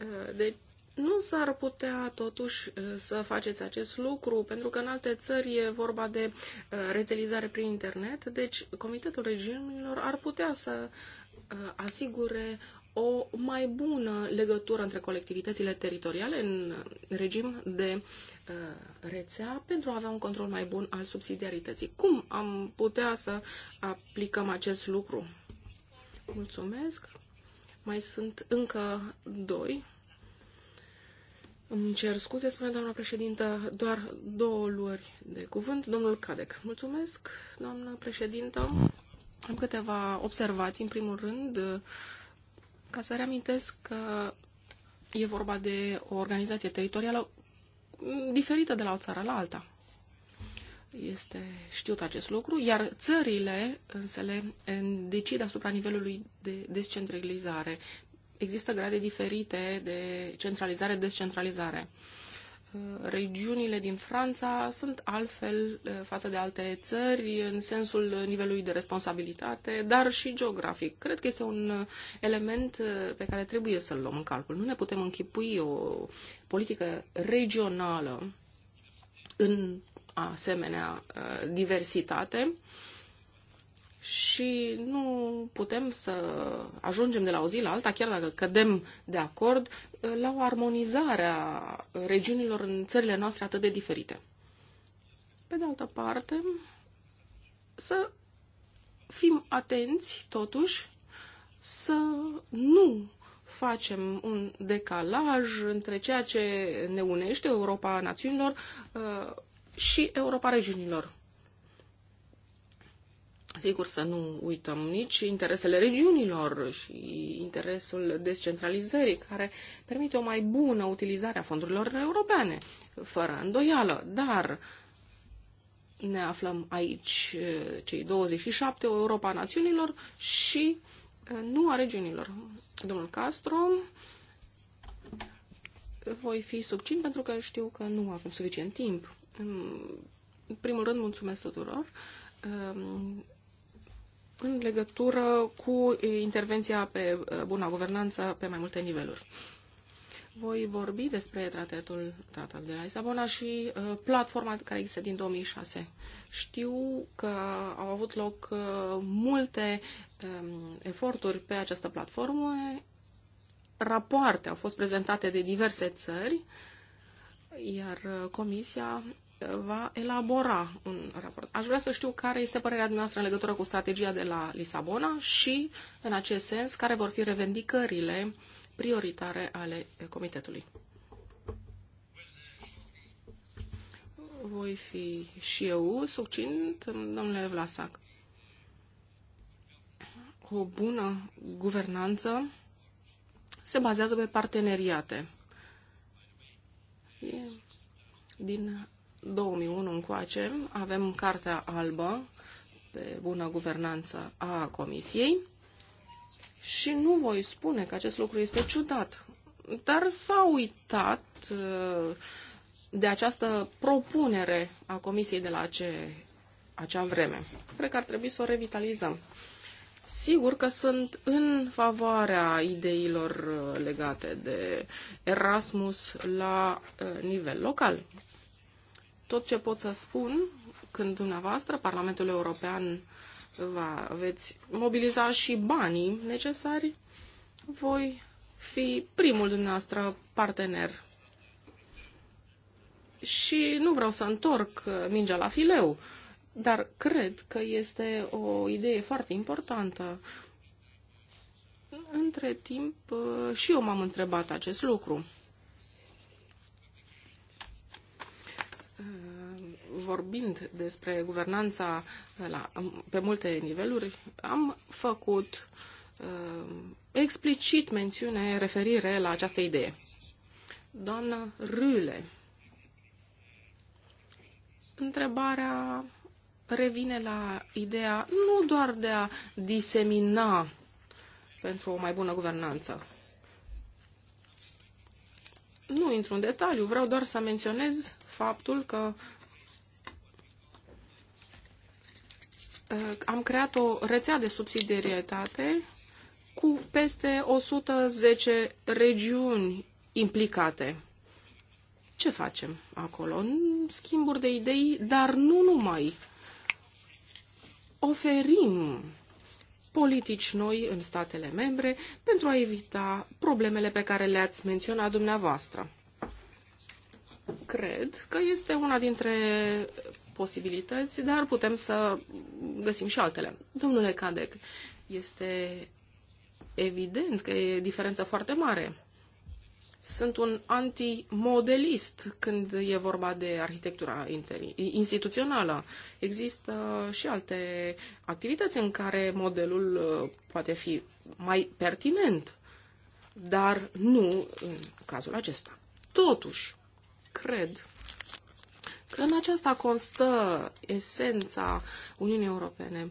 uh, de nu s-ar putea totuși uh, să faceți acest lucru, pentru că în alte țări e vorba de rețelizare prin internet, deci Comitetul Regiunilor ar putea să asigure o mai bună legătură între colectivitățile teritoriale în regim de uh, rețea pentru a avea un control mai bun al subsidiarității. Cum am putea să aplicăm acest lucru? Mulțumesc. Mai sunt încă doi. Îmi cer scuze, spune doamna președintă, doar două luări de cuvânt. Domnul Cadec. Mulțumesc, doamna președintă. Am câteva observații. În primul rând, uh, ca să reamintesc că e vorba de o organizație teritorială diferită de la o țară la alta. Este știut acest lucru, iar țările le decid asupra nivelului de descentralizare. Există grade diferite de centralizare-descentralizare regiunile din Franța sunt altfel eh, față de alte țări în sensul nivelului de responsabilitate, dar și geografic. Cred că este un eh, element eh, pe care trebuie să-l luăm în calcul. Nu ne putem închipui o politică regională în asemenea diversitate și nu putem să ajungem de la o zi la alta, chiar dacă cădem de acord, la o armonizare a regiunilor în țările noastre atât de diferite. Pe de altă parte, să fim atenți, totuși, să nu facem un decalaj între ceea ce ne unește Europa națiunilor uh, și Europa regiunilor Sigur să nu uităm nici interesele regiunilor și interesul descentralizării, care permite o mai bună utilizare a fondurilor europene, fără îndoială, dar ne aflăm aici cei 27, Europa națiunilor și eh, nu a regiunilor. Domnul Castro, voi fi subțin pentru că știu că nu avem suficient timp. În primul rând, mulțumesc tuturor ehm, în legătură cu intervenția pe buna guvernanță pe mai multe niveluri. Voi vorbi despre tratatul, tratatul de la Lisabona și uh, platforma care există din 2006. Știu că au avut loc uh, multe um, eforturi pe această platformă. Rapoarte au fost prezentate de diverse țări, iar uh, Comisia va elabora un raport. Aș vrea să știu care este părerea dumneavoastră în legătură cu strategia de la Lisabona și, în acest sens, care vor fi revendicările prioritare ale Comitetului. Voi fi și eu succint, domnule Vlasac. O bună guvernanță se bazează pe parteneriate. din 2001 încoace avem Cartea Albă pe bună guvernanță a Comisiei și nu voi spune că acest lucru este ciudat, dar s-a uitat uh, de această propunere a Comisiei de la ace, acea vreme. Cred că ar trebui să o revitalizăm. Sigur că sunt în favoarea ideilor uh, legate de Erasmus la uh, nivel local. Tot ce pot să spun când dumneavoastră, Parlamentul European, va, veți mobiliza și banii necesari, voi fi primul dumneavoastră partener. Și nu vreau să întorc mingea la fileu, dar cred că este o idee foarte importantă. Între timp, și eu m-am întrebat acest lucru. vorbind despre guvernanța eh, la, pe multe niveluri, am făcut uh, explicit mențiune, referire la această idee. Doamna Rule, întrebarea revine la ideea nu doar de a disemina pentru o mai bună guvernanță. Nu intru în detaliu, vreau doar să menționez faptul că Uh, am creat o rețea de subsidiarietate cu peste 110 regiuni implicate. Ce facem acolo? Schimburi de idei, dar nu numai. Oferim politici noi în statele membre pentru a evita problemele pe care le-ați menționat dumneavoastră. Cred că este una dintre posibilități, dar putem să găsim și altele. Domnule Cadec, este evident că e diferență foarte mare. Sunt un antimodelist când e vorba de arhitectura instituțională. Există și alte activități în care modelul uh, poate fi mai pertinent, dar nu în cazul acesta. Totuși, cred că în aceasta constă esența Uniunii Europene.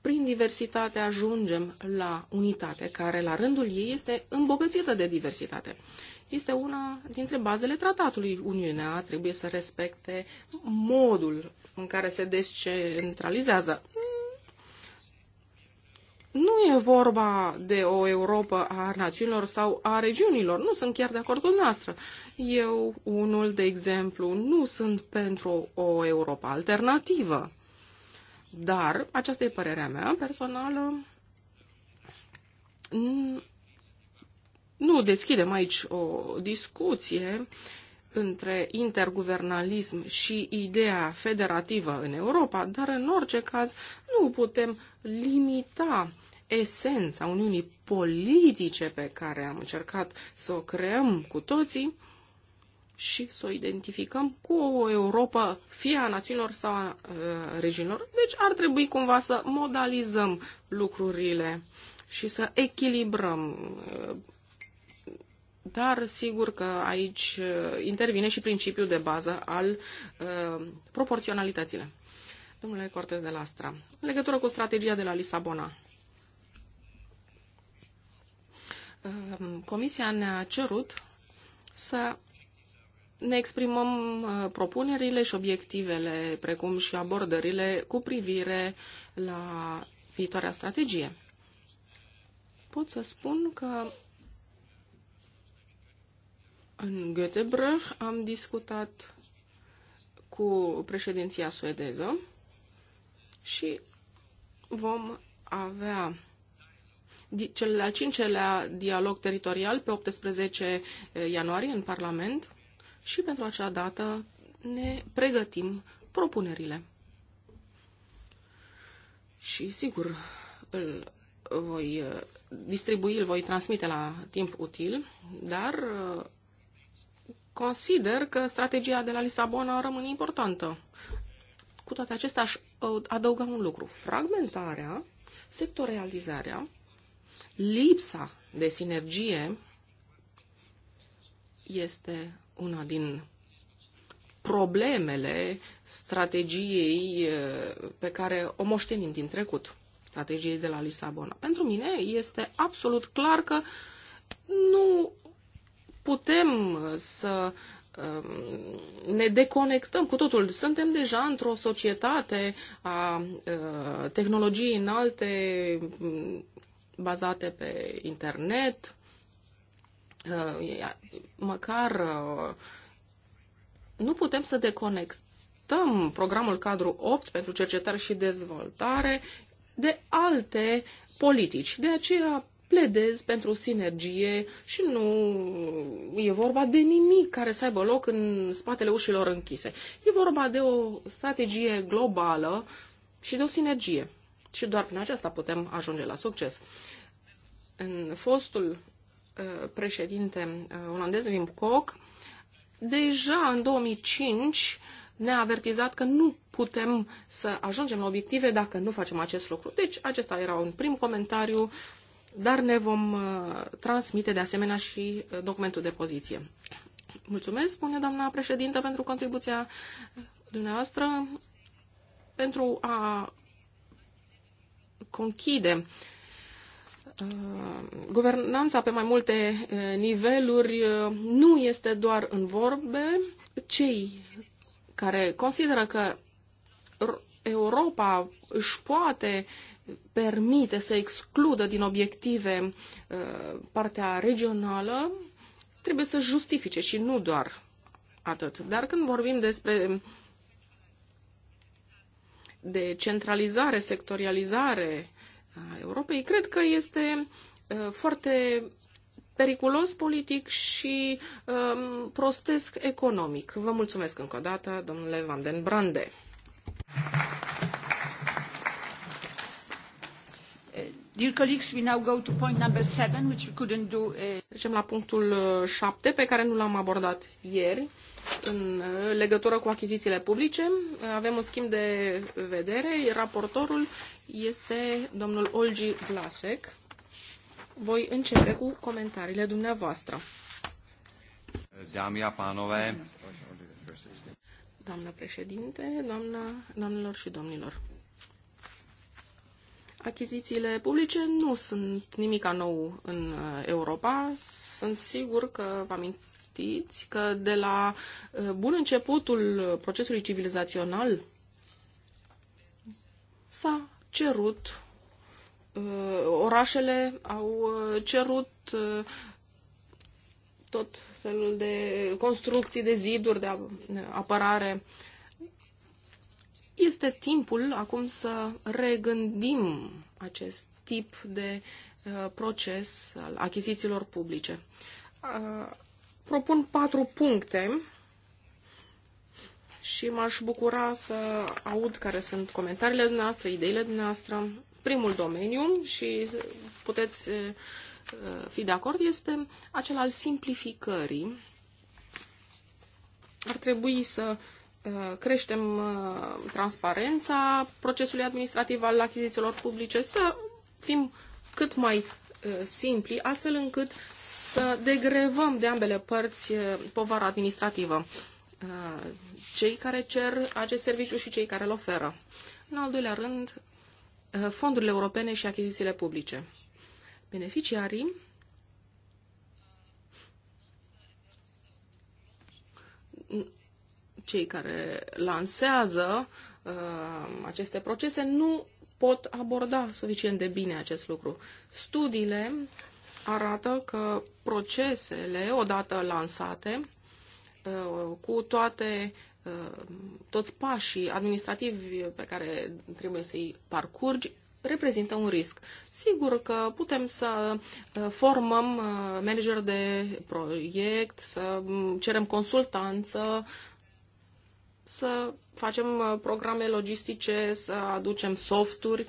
Prin diversitate ajungem la unitate, care la rândul ei este îmbogățită de diversitate. Este una dintre bazele tratatului. Uniunea trebuie să respecte modul în care se descentralizează nu e vorba de o Europa a națiunilor sau a regiunilor. Nu sunt chiar de acord cu noastră. Eu, unul de exemplu, nu sunt pentru o Europa alternativă. Dar, aceasta e părerea mea personală, nu deschidem aici o discuție între interguvernalism și ideea federativă în Europa, dar în orice caz nu putem limita esența Uniunii politice pe care am încercat să o creăm cu toții și să o identificăm cu o Europa fie a națiunilor sau a uh, regiunilor. Deci ar trebui cumva să modalizăm lucrurile și să echilibrăm uh, dar sigur că aici uh, intervine și principiul de bază al uh, proporționalitățile. Domnule Cortez de Lastra, în legătură cu strategia de la Lisabona, uh, Comisia ne-a cerut să ne exprimăm uh, propunerile și obiectivele, precum și abordările cu privire la viitoarea strategie. Pot să spun că în Göteborg am discutat cu președinția suedeză și vom avea cel al cincelea dialog teritorial pe 18 eh, ianuarie în Parlament și pentru acea dată ne pregătim propunerile. Și sigur, îl voi eh, distribui, îl voi transmite la timp util, dar eh, Consider că strategia de la Lisabona rămâne importantă. Cu toate acestea, aș adăuga un lucru. Fragmentarea, sectorializarea, lipsa de sinergie este una din problemele strategiei eh, pe care o moștenim din trecut, strategiei de la Lisabona. Pentru mine este absolut clar că nu putem să um, ne deconectăm cu totul. Suntem deja într-o societate a uh, tehnologiei înalte mm, bazate pe internet, uh, măcar uh, nu putem să deconectăm programul cadru 8 pentru cercetare și dezvoltare de alte politici. De aceea pledez pentru sinergie și nu e vorba de nimic care să aibă loc în spatele ușilor închise. E vorba de o strategie globală și de o sinergie. Și doar prin aceasta putem ajunge la succes. În fostul uh, președinte uh, olandez, Wim Kok, deja în 2005 ne-a avertizat că nu putem să ajungem la obiective dacă nu facem acest lucru. Deci, acesta era un prim comentariu dar ne vom uh, transmite de asemenea și uh, documentul de poziție. Mulțumesc, spune doamna președintă, pentru contribuția uh, dumneavoastră pentru a conchide guvernanța pe mai multe niveluri nu este doar în vorbe. Cei care consideră că Europa își poate uh, permite să excludă din obiective uh, partea regională, trebuie să justifice și nu doar atât. Dar când vorbim despre de centralizare, sectorializare a Europei, cred că este uh, foarte periculos politic și um, prostesc economic. Vă mulțumesc încă o dată, domnule Van den Brande. Dear Trecem la punctul 7, eh, pe care nu l-am abordat ieri, în eh, legătură cu achizițiile publice. Eh, avem un schimb de vedere. Raportorul este domnul Olgi Vlasek. Voi începe cu comentariile dumneavoastră. Dámy a Doamnă președinte, doamna, doamnelor și domnilor. Achizițiile publice nu sunt nimica nou în uh, Europa. Sunt sigur că vă amintiți că de la uh, bun începutul procesului civilizațional s-a cerut, uh, orașele au cerut tot felul de construcții de ziduri de apărare este timpul acum să regândim acest tip de uh, proces al achizițiilor publice. Uh, propun patru puncte și m-aș bucura să aud care sunt comentariile dumneavoastră, ideile dumneavoastră. Primul domeniu și puteți uh, uh, fi de acord este acela al simplificării. Ar trebui să Uh, creștem uh, transparența procesului administrativ al achizițiilor publice, să fim cât mai uh, simpli, astfel încât să degrevăm de ambele părți povara administrativă. Cei care cer acest serviciu și cei care îl oferă. În al doilea rând, fondurile europene și achizițiile publice. Beneficiarii cei care lansează uh, aceste procese nu pot aborda suficient de bine acest lucru. Studiile arată că procesele, odată lansate, uh, cu toate uh, toți pașii administrativi pe care trebuie să-i parcurgi, reprezintă un risc. Sigur că putem să uh, formăm manager de proiect, să mm, cerem consultanță, să facem uh, programe logistice, să aducem softuri,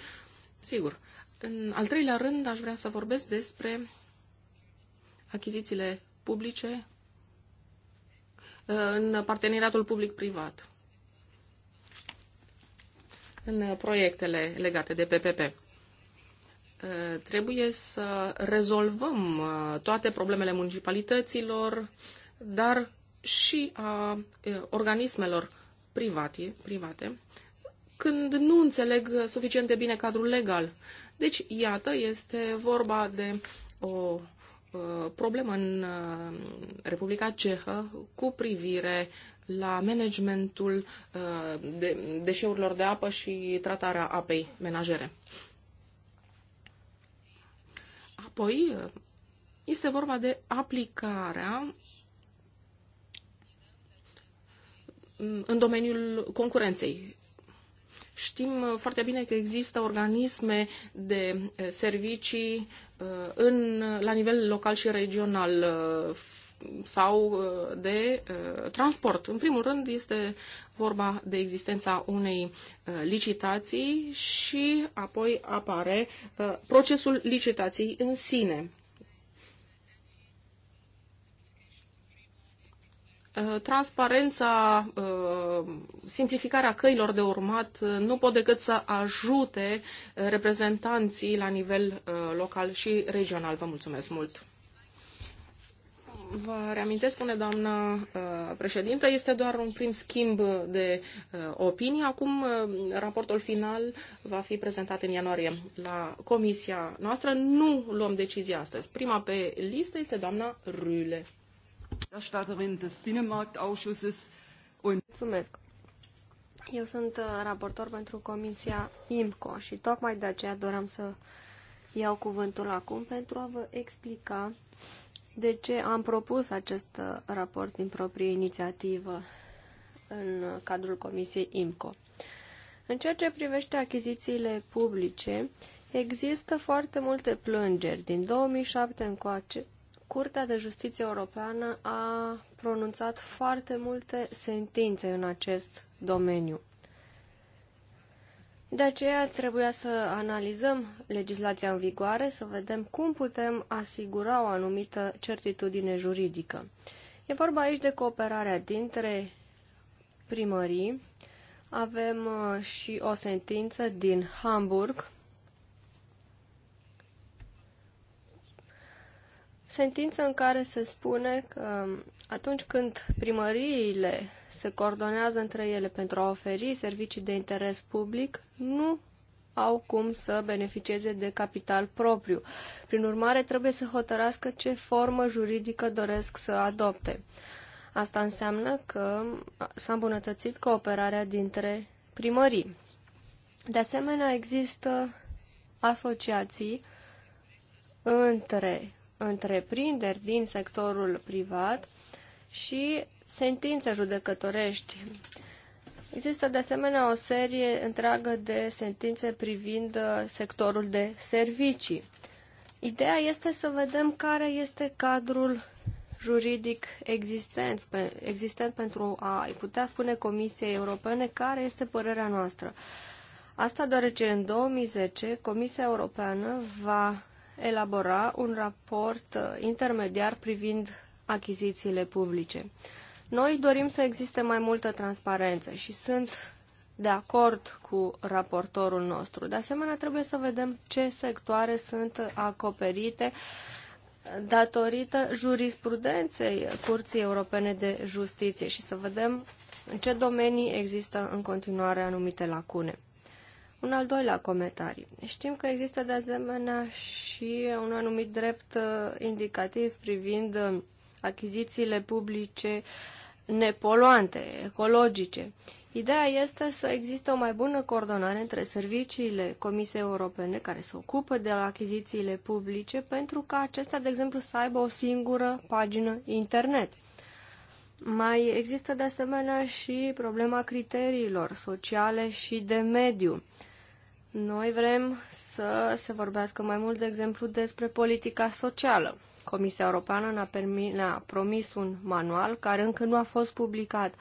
sigur. În al treilea rând, aș vrea să vorbesc despre achizițiile publice uh, în parteneriatul public-privat, în proiectele legate de PPP uh, trebuie să rezolvăm toate problemele municipalităților, dar și a organismelor private, private când nu înțeleg suficient de bine cadrul legal. Deci, iată, este vorba de o uh, problemă în uh, Republica Cehă cu privire la managementul uh, de deșeurilor de apă și tratarea apei menajere. Apoi, este vorba de aplicarea Mm, în domeniul concurenței. Știm uh, foarte bine că există organisme de uh, servicii uh, în, la nivel local și regional sau de transport. În primul rând este vorba de existența unei licitații și apoi apare procesul licitației în sine. Uh, transparența, uh, simplificarea căilor de urmat uh, nu pot decât să ajute reprezentanții la nivel local și regional. Vă mulțumesc mult! Vă reamintesc, spune doamna președintă, este doar un prim schimb de opinie. Acum raportul final va fi prezentat în ianuarie la comisia noastră. Nu luăm decizia astăzi. Prima pe listă este doamna Rüle. Mulțumesc. Eu sunt uh, raportor pentru Comisia IMCO și tocmai de aceea doream să iau cuvântul acum pentru a vă explica de ce am propus acest uh, raport din proprie inițiativă în cadrul Comisiei IMCO. În ceea ce privește achizițiile publice, există foarte multe plângeri din 2007 încoace Curtea de Justiție Europeană a pronunțat foarte multe sentințe în acest domeniu. De aceea trebuia să analizăm legislația în vigoare, să vedem cum putem asigura o anumită certitudine juridică. E vorba aici de cooperarea dintre primării. Avem uh, și o sentință din Hamburg sentință în care se spune că atunci când primăriile se coordonează între ele pentru a oferi servicii de interes public, nu au cum să beneficieze de capital propriu. Prin urmare, trebuie să hotărască ce formă juridică doresc să adopte. Asta înseamnă că s-a îmbunătățit cooperarea dintre primării. De asemenea, există asociații între întreprinderi din sectorul privat și sentințe judecătorești. Există de asemenea o serie întreagă de sentințe privind uh, sectorul de servicii. Ideea este să vedem care este cadrul juridic existent, existent pentru a putea spune Comisiei Europene care este părerea noastră. Asta deoarece în 2010 Comisia Europeană va elabora un raport uh, intermediar privind achizițiile publice. Noi dorim să existe mai multă transparență și sunt de acord cu raportorul nostru. De asemenea, trebuie să vedem ce sectoare sunt acoperite datorită jurisprudenței Curții Europene de Justiție și să vedem în ce domenii există în continuare anumite lacune. Un al doilea comentariu. Știm că există de asemenea și un anumit drept uh, indicativ privind uh, achizițiile publice nepoluante, ecologice. Ideea este să existe o mai bună coordonare între serviciile Comisiei Europene care se ocupă de achizițiile publice pentru ca acestea, de exemplu, să aibă o singură pagină internet. Mai există de asemenea și problema criteriilor sociale și de mediu. Uh, noi vrem să se vorbească mai mult, de exemplu, despre politica socială. Comisia Europeană ne-a, permis, ne-a promis un manual care încă nu a fost publicat.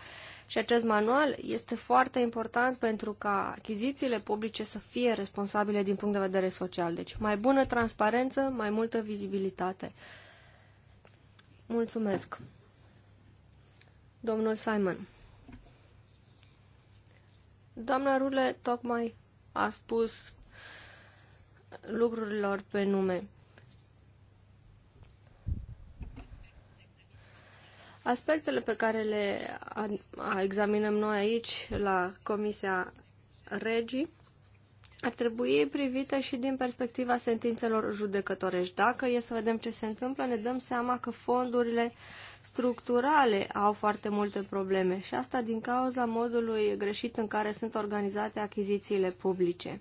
Și acest manual este foarte important pentru ca achizițiile publice să fie responsabile din punct de vedere social. Deci mai bună transparență, mai multă vizibilitate. Mulțumesc. Domnul Simon. Doamna Rule tocmai a spus lucrurilor pe nume. Aspectele pe care le examinăm noi aici la Comisia Regii ar trebui privită și din perspectiva sentințelor judecătorești. Dacă e să vedem ce se întâmplă, ne dăm seama că fondurile structurale au foarte multe probleme și asta din cauza modului greșit în care sunt organizate achizițiile publice.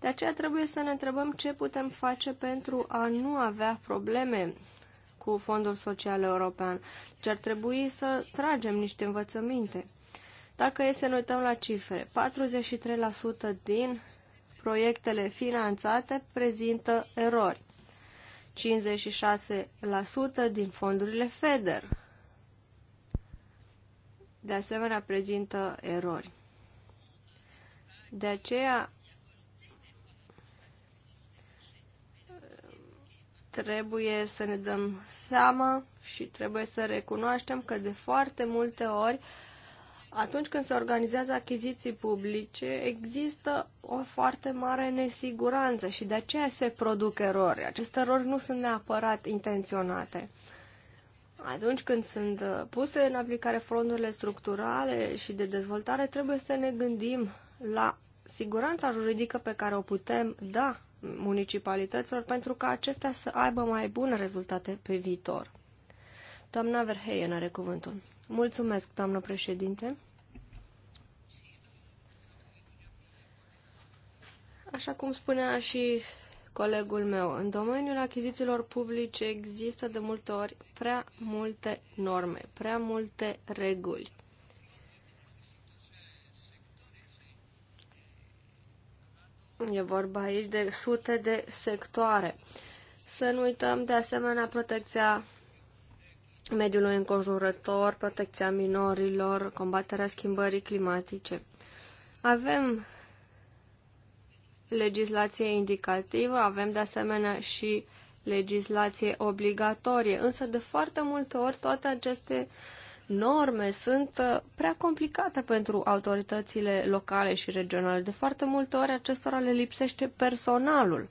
De aceea trebuie să ne întrebăm ce putem face pentru a nu avea probleme cu Fondul Social European. Ce deci ar trebui să tragem niște învățăminte. Dacă e să ne uităm la cifre, 43% din proiectele finanțate prezintă erori. 56% din fondurile FEDER de asemenea prezintă erori. De aceea trebuie să ne dăm seama și trebuie să recunoaștem că de foarte multe ori uh, atunci când se organizează achiziții publice, există o foarte mare nesiguranță și de aceea se produc erori. Aceste erori nu sunt neapărat intenționate. Atunci când sunt puse în aplicare fondurile structurale și de dezvoltare, trebuie să ne gândim la siguranța juridică pe care o putem da municipalităților pentru ca acestea să aibă mai bune rezultate pe viitor. Doamna Verheyen are cuvântul. Mulțumesc, doamnă președinte. Așa cum spunea și colegul meu, în domeniul achizițiilor publice există de multe ori prea multe norme, prea multe reguli. E vorba aici de sute de sectoare. Să nu uităm de asemenea protecția mediului înconjurător, protecția minorilor, combaterea schimbării climatice. Avem legislație indicativă, avem de asemenea și legislație obligatorie, însă de foarte multe ori toate aceste norme sunt uh, prea complicate pentru autoritățile locale și regionale. De foarte multe ori acestora le lipsește personalul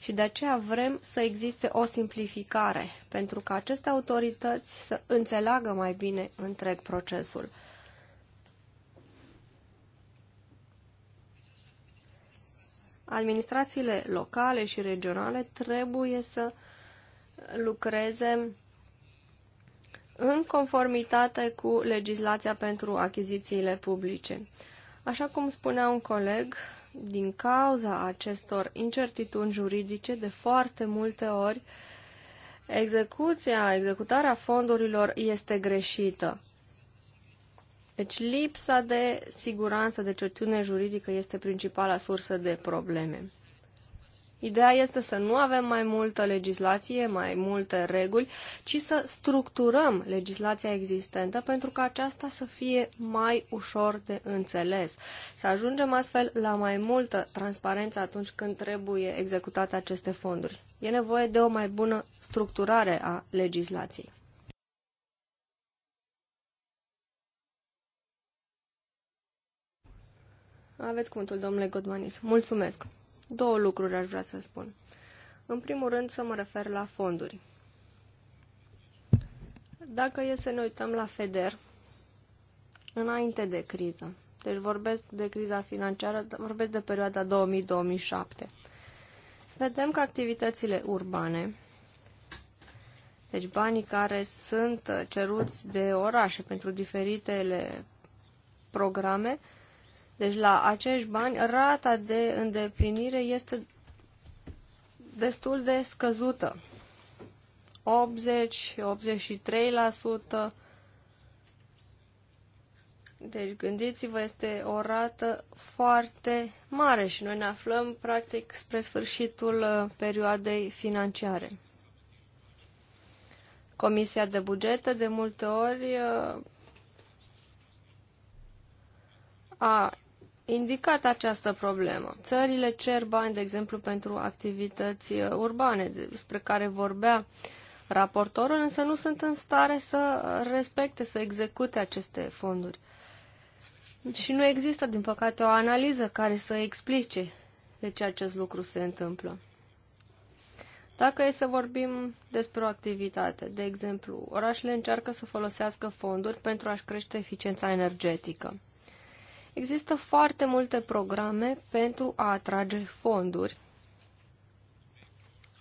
și de aceea vrem să existe o simplificare pentru ca aceste autorități să înțeleagă mai bine întreg procesul. administrațiile locale și regionale trebuie să lucreze în conformitate cu legislația pentru achizițiile publice. Așa cum spunea un coleg, din cauza acestor incertitudini juridice, de foarte multe ori, execuția, executarea fondurilor este greșită. Deci lipsa de siguranță, de certitudine juridică este principala sursă de probleme. Ideea este să nu avem mai multă legislație, mai multe reguli, ci să structurăm legislația existentă pentru ca aceasta să fie mai ușor de înțeles. Să ajungem astfel la mai multă transparență atunci când trebuie executate aceste fonduri. E nevoie de o mai bună structurare a legislației. Aveți cuvântul, domnule Godmanis. Mulțumesc. Două lucruri aș vrea să spun. În primul rând, să mă refer la fonduri. Dacă e să ne uităm la FEDER, înainte de criză, deci vorbesc de criza financiară, vorbesc de perioada 2000-2007, vedem că activitățile urbane, deci banii care sunt ceruți de orașe pentru diferitele programe, deci la acești bani rata de îndeplinire este destul de scăzută. 80-83%. Deci gândiți-vă, este o rată foarte mare și noi ne aflăm practic spre sfârșitul uh, perioadei financiare. Comisia de bugetă de multe ori uh, a indicat această problemă. Țările cer bani, de exemplu, pentru activități uh, urbane, despre care vorbea raportorul, însă nu sunt în stare să respecte, să execute aceste fonduri. Și nu există, din păcate, o analiză care să explice de ce acest lucru se întâmplă. Dacă e să vorbim despre o activitate, de exemplu, orașele încearcă să folosească fonduri pentru a-și crește eficiența energetică. Există foarte multe programe pentru a atrage fonduri,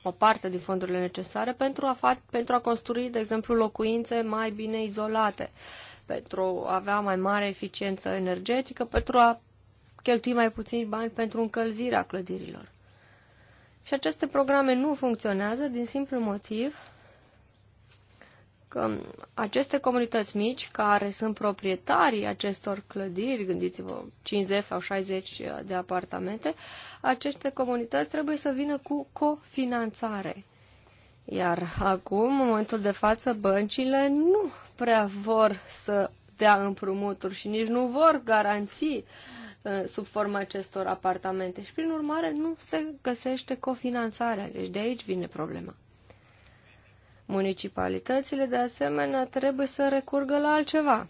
o parte din fondurile necesare, pentru a, fa- pentru a construi, de exemplu, locuințe mai bine izolate, pentru a avea mai mare eficiență energetică, pentru a cheltui mai puțini bani pentru încălzirea clădirilor. Și aceste programe nu funcționează din simplu motiv că aceste comunități mici care sunt proprietarii acestor clădiri, gândiți-vă 50 sau 60 de apartamente, aceste comunități trebuie să vină cu cofinanțare. Iar acum, în momentul de față, băncile nu prea vor să dea împrumuturi și nici nu vor garanții uh, sub forma acestor apartamente și prin urmare nu se găsește cofinanțarea. Deci de aici vine problema. Municipalitățile, de asemenea, trebuie să recurgă la altceva.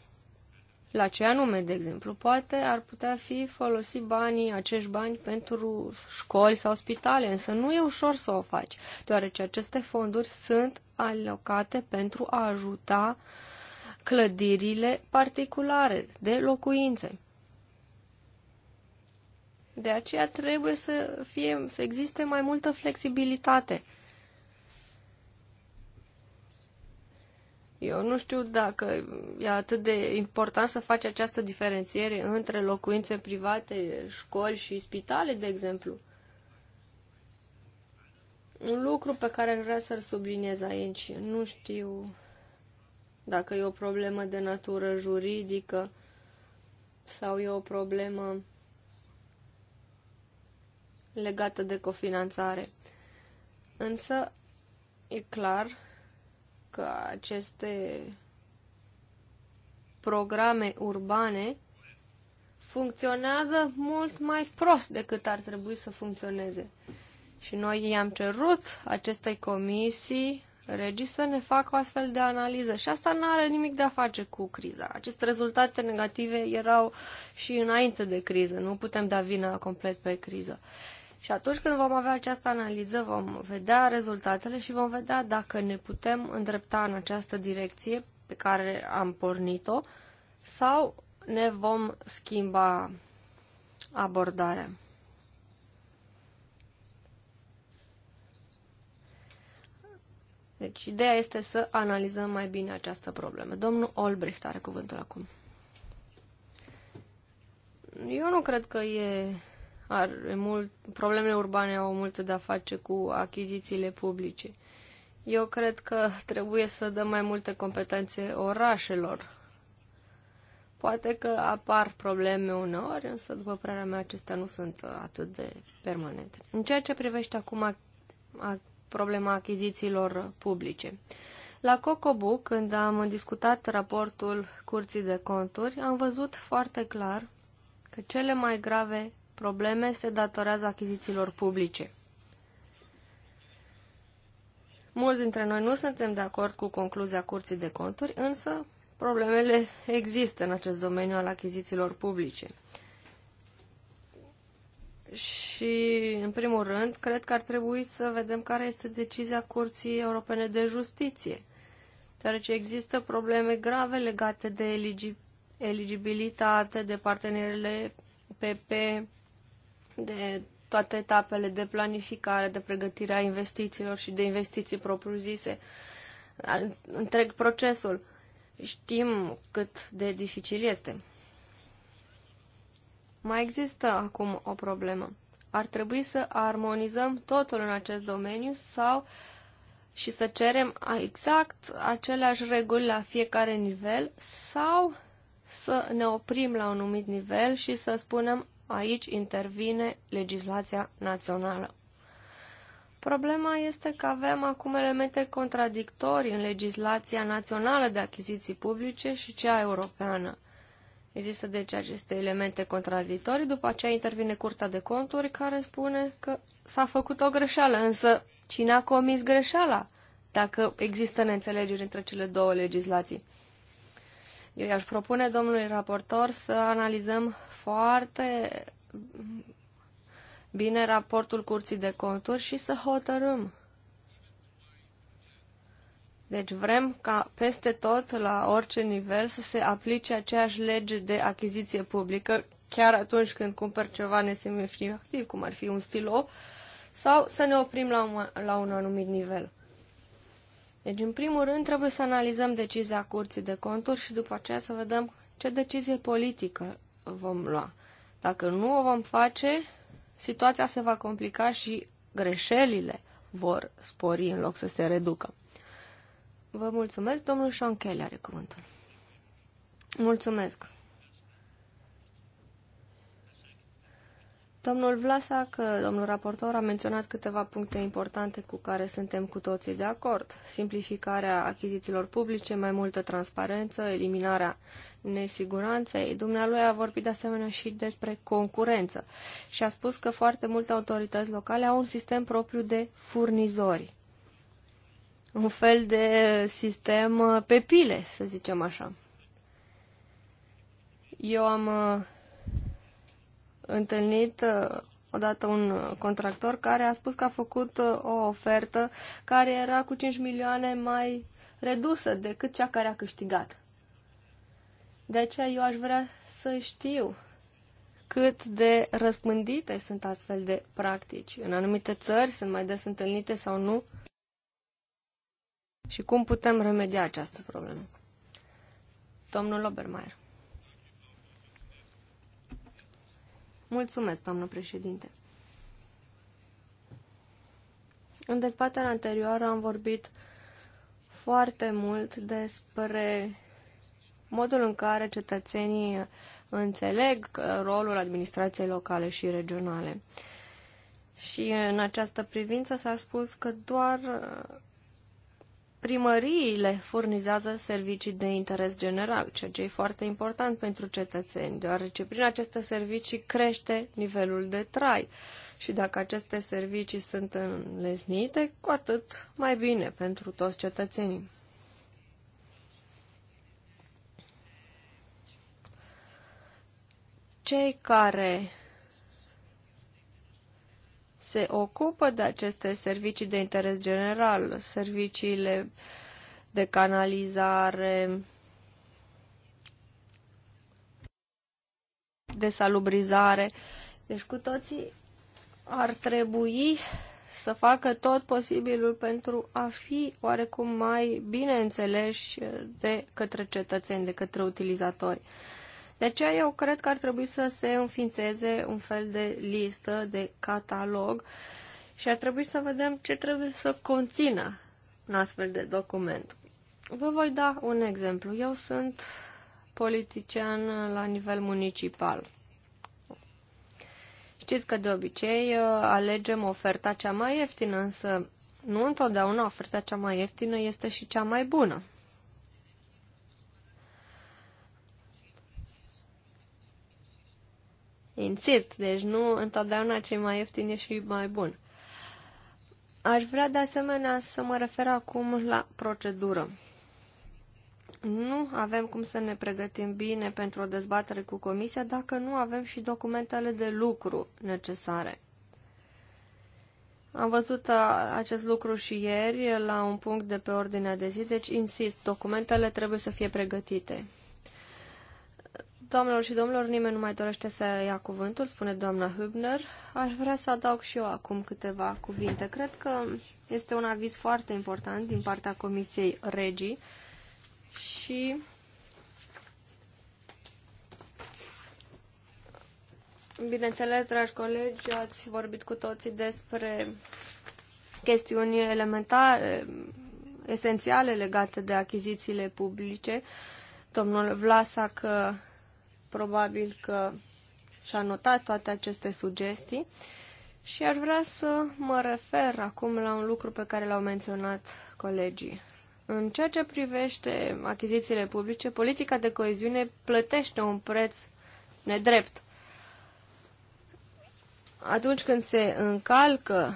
La ce anume, de exemplu, poate ar putea fi folosit banii, acești bani pentru școli sau spitale, însă nu e ușor să o faci, deoarece aceste fonduri sunt alocate pentru a ajuta clădirile particulare de locuințe. De aceea trebuie să, fie, să existe mai multă flexibilitate Eu nu știu dacă e atât de important să faci această diferențiere între locuințe private, școli și spitale, de exemplu. Un lucru pe care vreau să-l subliniez aici, nu știu dacă e o problemă de natură juridică sau e o problemă legată de cofinanțare. Însă, e clar că aceste programe urbane funcționează mult mai prost decât ar trebui să funcționeze. Și noi i-am cerut acestei comisii regii să ne facă o astfel de analiză. Și asta nu are nimic de a face cu criza. Aceste rezultate negative erau și înainte de criză. Nu putem da vina complet pe criză. Și atunci când vom avea această analiză, vom vedea rezultatele și vom vedea dacă ne putem îndrepta în această direcție pe care am pornit-o sau ne vom schimba abordarea. Deci ideea este să analizăm mai bine această problemă. Domnul Olbricht are cuvântul acum. Eu nu cred că e are mult, problemele urbane au multe de-a face cu achizițiile publice. Eu cred că trebuie să dăm mai multe competențe orașelor. Poate că apar probleme uneori, însă, după părerea mea, acestea nu sunt atât de permanente. În ceea ce privește acum a, a, problema achizițiilor publice, la Cocobu, când am discutat raportul Curții de Conturi, am văzut foarte clar că cele mai grave probleme se datorează achizițiilor publice. Mulți dintre noi nu suntem de acord cu concluzia Curții de Conturi, însă problemele există în acest domeniu al achizițiilor publice. Și, în primul rând, cred că ar trebui să vedem care este decizia Curții Europene de Justiție, deoarece există probleme grave legate de eligibilitate, de partenerele PP, de toate etapele de planificare, de pregătire a investițiilor și de investiții propriu-zise, întreg procesul. Știm cât de dificil este. Mai există acum o problemă. Ar trebui să armonizăm totul în acest domeniu sau și să cerem exact aceleași reguli la fiecare nivel sau să ne oprim la un anumit nivel și să spunem Aici intervine legislația națională. Problema este că avem acum elemente contradictorii în legislația națională de achiziții publice și cea europeană. Există deci aceste elemente contradictorii, după aceea intervine Curtea de Conturi care spune că s-a făcut o greșeală, însă cine a comis greșeala dacă există neînțelegeri între cele două legislații? Eu i-aș propune domnului raportor să analizăm foarte bine raportul curții de conturi și să hotărâm. Deci vrem ca peste tot, la orice nivel, să se aplice aceeași lege de achiziție publică, chiar atunci când cumpăr ceva nesemnificativ, cum ar fi un stilou, sau să ne oprim la un, la un anumit nivel. Deci, în primul rând, trebuie să analizăm decizia Curții de Conturi și după aceea să vedem ce decizie politică vom lua. Dacă nu o vom face, situația se va complica și greșelile vor spori în loc să se reducă. Vă mulțumesc, domnul Sean Kelly are cuvântul. Mulțumesc. Domnul Vlasac, domnul raportor, a menționat câteva puncte importante cu care suntem cu toții de acord. Simplificarea achizițiilor publice, mai multă transparență, eliminarea nesiguranței. Dumnealui a vorbit de asemenea și despre concurență și a spus că foarte multe autorități locale au un sistem propriu de furnizori. Un fel de sistem pe pile, să zicem așa. Eu am întâlnit uh, odată un contractor care a spus că a făcut uh, o ofertă care era cu 5 milioane mai redusă decât cea care a câștigat. De aceea eu aș vrea să știu cât de răspândite sunt astfel de practici. În anumite țări sunt mai des întâlnite sau nu? Și cum putem remedia această problemă? Domnul Obermeier. Mulțumesc, doamnă președinte. În dezbaterea anterioară am vorbit foarte mult despre modul în care cetățenii înțeleg rolul administrației locale și regionale. Și în această privință s-a spus că doar primăriile furnizează servicii de interes general, ceea ce e foarte important pentru cetățeni, deoarece prin aceste servicii crește nivelul de trai. Și dacă aceste servicii sunt înlesnite, cu atât mai bine pentru toți cetățenii. Cei care se ocupă de aceste servicii de interes general, serviciile de canalizare, de salubrizare. Deci cu toții ar trebui să facă tot posibilul pentru a fi oarecum mai bine înțeleși de către cetățeni, de către utilizatori. De aceea eu cred că ar trebui să se înființeze un fel de listă, de catalog și ar trebui să vedem ce trebuie să conțină un astfel de document. Vă voi da un exemplu. Eu sunt politician la nivel municipal. Știți că de obicei uh, alegem oferta cea mai ieftină, însă nu întotdeauna oferta cea mai ieftină este și cea mai bună. Insist, deci nu întotdeauna ce mai ieftin e și mai bun. Aș vrea de asemenea să mă refer acum la procedură. Nu avem cum să ne pregătim bine pentru o dezbatere cu comisia dacă nu avem și documentele de lucru necesare. Am văzut uh, acest lucru și ieri la un punct de pe ordinea de zi, deci insist, documentele trebuie să fie pregătite. Doamnelor și domnilor, nimeni nu mai dorește să ia cuvântul, spune doamna Hübner. Aș vrea să adaug și eu acum câteva cuvinte. Cred că este un aviz foarte important din partea Comisiei Regii și Bineînțeles, dragi colegi, ați vorbit cu toții despre chestiuni elementare, esențiale legate de achizițiile publice. Domnul Vlasac Probabil că și-a notat toate aceste sugestii și aș vrea să mă refer acum la un lucru pe care l-au menționat colegii. În ceea ce privește achizițiile publice, politica de coeziune plătește un preț nedrept. Atunci când se încalcă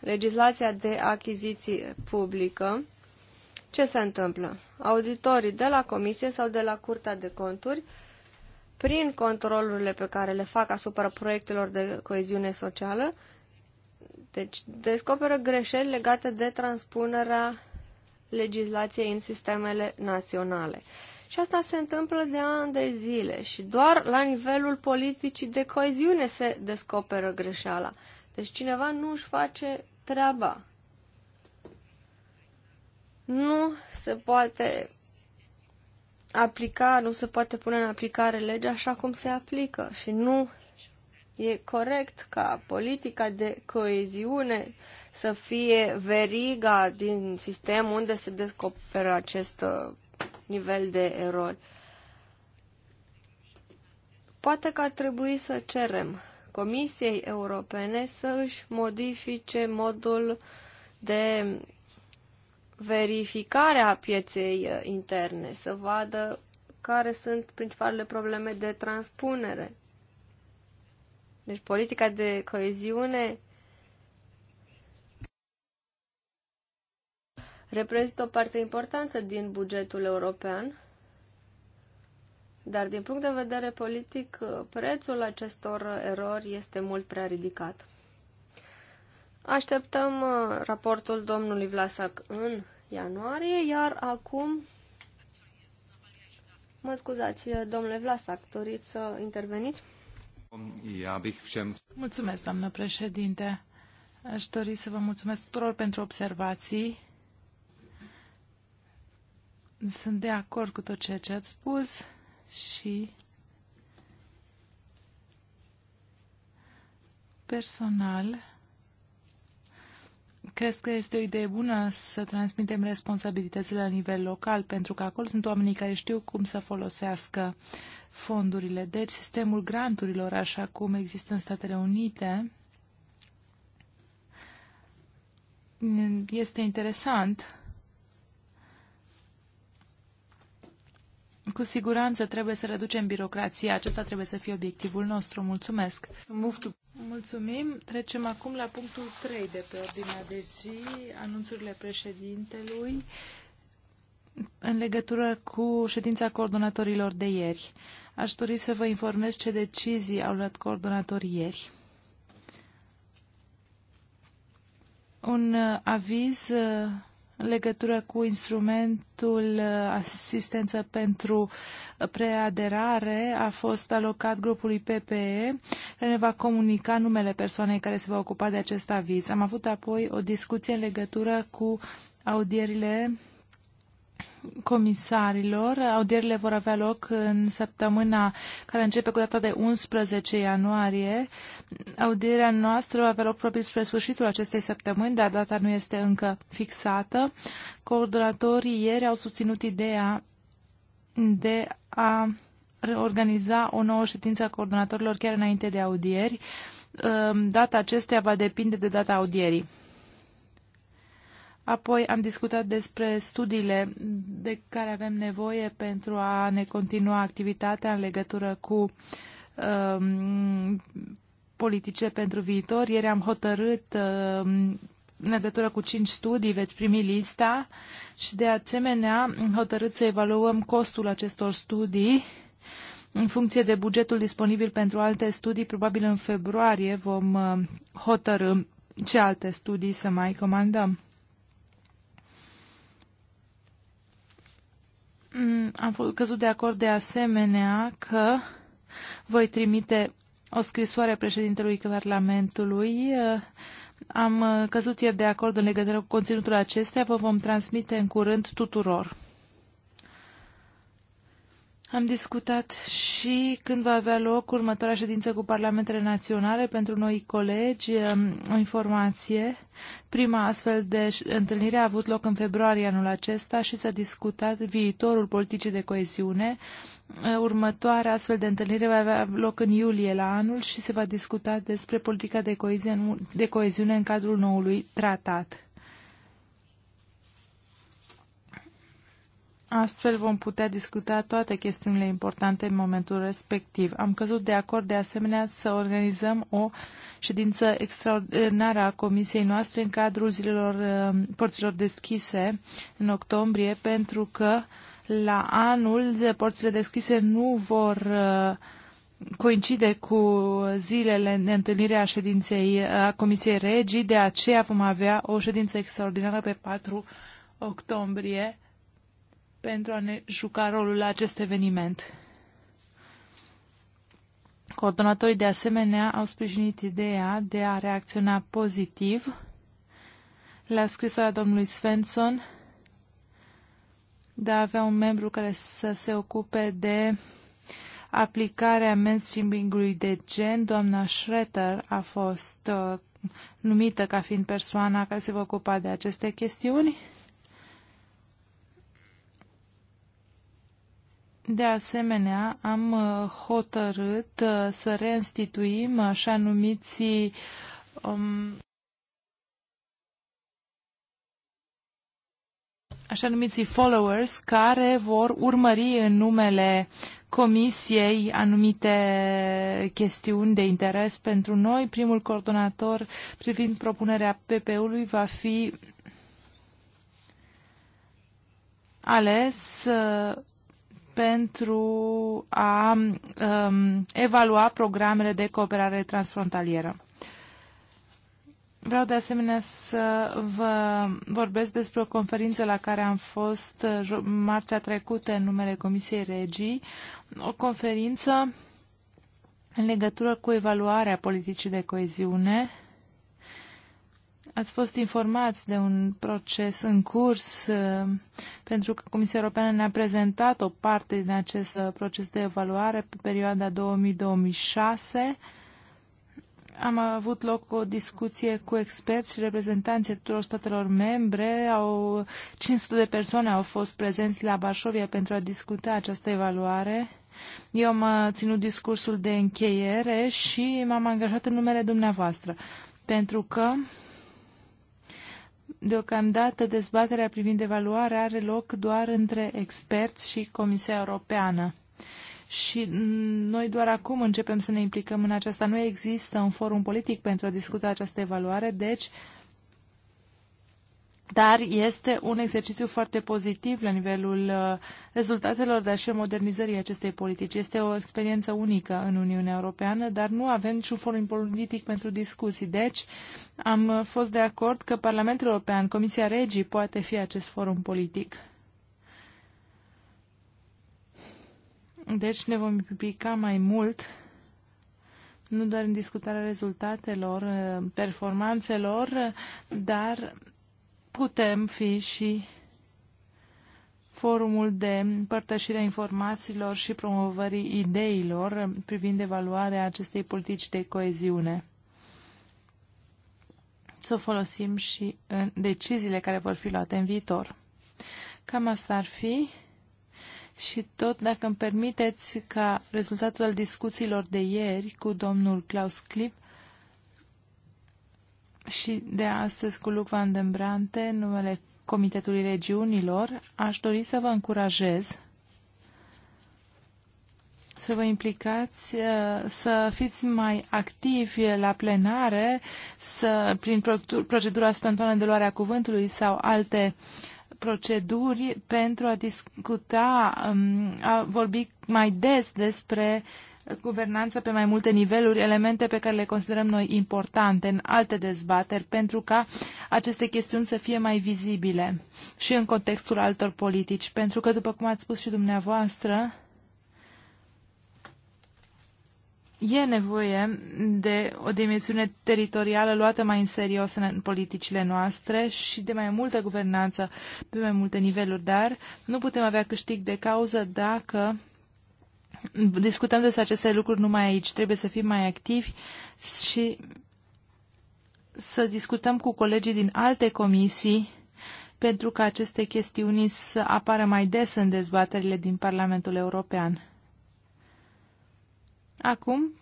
legislația de achiziții publică, ce se întâmplă? Auditorii de la Comisie sau de la Curtea de Conturi uh, prin controlurile pe care le fac asupra proiectelor de coeziune socială, deci descoperă greșeli legate de transpunerea legislației în sistemele naționale. Și asta se întâmplă de ani de zile și doar la nivelul politicii de coeziune se descoperă greșeala. Deci cineva nu își face treaba. Nu se poate aplica, nu se poate pune în aplicare legea așa cum se aplică și nu e corect ca politica de coeziune să fie veriga din sistem unde se descoperă acest uh, nivel de erori. Poate că ar trebui să cerem Comisiei Europene să își modifice modul de verificarea pieței uh, interne, să vadă care sunt principalele probleme de transpunere. Deci politica de coeziune reprezintă o parte importantă din bugetul european, dar din punct de vedere politic, uh, prețul acestor erori este mult prea ridicat. Așteptăm uh, raportul domnului Vlasac în ianuarie, iar acum... Mă scuzați, domnule Vlasac, doriți să interveniți? Mulțumesc, doamnă președinte. Aș dori să vă mulțumesc tuturor pentru observații. Sunt de acord cu tot ceea ce ați spus și personal Crezi că este o idee bună să transmitem responsabilitățile la nivel local, pentru că acolo sunt oamenii care știu cum să folosească fondurile. Deci, sistemul granturilor, așa cum există în Statele Unite, este interesant Cu siguranță trebuie să reducem birocrația. Acesta trebuie să fie obiectivul nostru. Mulțumesc! Mulțumim! Trecem acum la punctul 3 de pe ordinea de zi, anunțurile președintelui în legătură cu ședința coordonatorilor de ieri. Aș dori să vă informez ce decizii au luat coordonatorii ieri. Un uh, aviz uh, în legătură cu instrumentul uh, asistență pentru preaderare a fost alocat grupului PPE, care ne va comunica numele persoanei care se va ocupa de acest aviz. Am avut apoi o discuție în legătură cu audierile comisarilor. Audierile vor avea loc în săptămâna care începe cu data de 11 ianuarie. Audierea noastră va avea loc probabil spre sfârșitul acestei săptămâni, dar data nu este încă fixată. Coordonatorii ieri au susținut ideea de a organiza o nouă ședință a coordonatorilor chiar înainte de audieri. Data acesteia va depinde de data audierii. Apoi am discutat despre studiile de care avem nevoie pentru a ne continua activitatea în legătură cu um, politice pentru viitor. Ieri am hotărât um, în legătură cu cinci studii, veți primi lista și de asemenea am hotărât să evaluăm costul acestor studii în funcție de bugetul disponibil pentru alte studii. Probabil în februarie vom uh, hotărâ ce alte studii să mai comandăm. Mm, am căzut de acord de asemenea că voi trimite o scrisoare președintelui Parlamentului. Eh, am eh, căzut ieri de acord în legătură cu conținutul acestea, vă vom transmite în curând tuturor. Am discutat și când va avea loc următoarea ședință cu Parlamentele Naționale pentru noi colegi, um, o informație. Prima astfel de întâlnire a avut loc în februarie anul acesta și s-a discutat viitorul politicii de coeziune. Uh, următoarea astfel de întâlnire va avea loc în iulie la anul și se va discuta despre politica de coeziune, în cadrul noului tratat. Astfel vom putea discuta toate chestiunile importante în momentul respectiv. Am căzut de acord de asemenea să organizăm o ședință extraordinară a comisiei noastre în cadrul zilelor uh, porților deschise în octombrie, pentru că la anul porțile deschise nu vor uh, coincide cu zilele de întâlnire a ședinței uh, a Comisiei Regii, de aceea vom avea o ședință extraordinară pe 4 octombrie pentru a ne juca rolul la acest eveniment. Coordonatorii de asemenea au sprijinit ideea de a reacționa pozitiv la scrisoarea domnului Svensson de a avea un membru care să se ocupe de aplicarea mainstreaming-ului de gen. Doamna Schroeter a fost uh, numită ca fiind persoana care se va ocupa de aceste chestiuni De asemenea, am uh, hotărât uh, să reinstituim uh, așa numiții um, așa numiții followers care vor urmări în numele comisiei anumite chestiuni de interes pentru noi. Primul coordonator privind propunerea PP-ului va fi ales pentru a um, evalua programele de cooperare transfrontalieră. Vreau de asemenea să vă vorbesc despre o conferință la care am fost uh, marțea trecută în numele Comisiei Regii, o conferință în legătură cu evaluarea politicii de coeziune Ați fost informați de un proces în curs uh, pentru că Comisia Europeană ne-a prezentat o parte din acest uh, proces de evaluare pe perioada 2000-2006. Am avut loc o discuție cu experți și reprezentanții tuturor statelor membre. Au, 500 de persoane au fost prezenți la Varsovia pentru a discuta această evaluare. Eu am ținut discursul de încheiere și m-am angajat în numele dumneavoastră, pentru că Deocamdată dezbaterea privind evaluarea are loc doar între experți și Comisia Europeană. Și noi doar acum începem să ne implicăm în aceasta. Nu există un forum politic pentru a discuta această evaluare, deci uh, dar este un exercițiu foarte pozitiv la nivelul uh, rezultatelor, dar și modernizării acestei politici. Este o experiență unică în Uniunea Europeană, dar nu avem niciun forum politic pentru discuții. Deci, am uh, fost de acord că Parlamentul European, Comisia Regii, poate fi acest forum politic. Deci ne vom implica mai mult nu doar în discutarea rezultatelor, uh, performanțelor, dar putem fi și forumul de împărtășire a informațiilor și promovării ideilor privind evaluarea acestei politici de coeziune. Să o folosim și în deciziile care vor fi luate în viitor. Cam asta ar fi. Și tot dacă îmi permiteți ca rezultatul al discuțiilor de ieri cu domnul Klaus Klipp și de astăzi cu Luc Van den Brante, numele Comitetului Regiunilor, aș dori să vă încurajez să vă implicați, uh, să fiți mai activi la plenare, să, prin procedura spontană de luare a cuvântului sau alte proceduri pentru a discuta, um, a vorbi mai des despre uh, guvernanță pe mai multe niveluri, elemente pe care le considerăm noi importante în alte dezbateri pentru ca aceste chestiuni să fie mai vizibile și în contextul altor politici. Pentru că, după cum ați spus și dumneavoastră, e nevoie de o dimensiune teritorială luată mai în serios în politicile noastre și de mai multă guvernanță pe mai multe niveluri, dar nu putem avea câștig de cauză dacă discutăm despre aceste lucruri numai aici. Trebuie să fim mai activi și să discutăm cu colegii din alte comisii pentru ca aceste chestiuni să apară mai des în dezbaterile din Parlamentul European. Acum,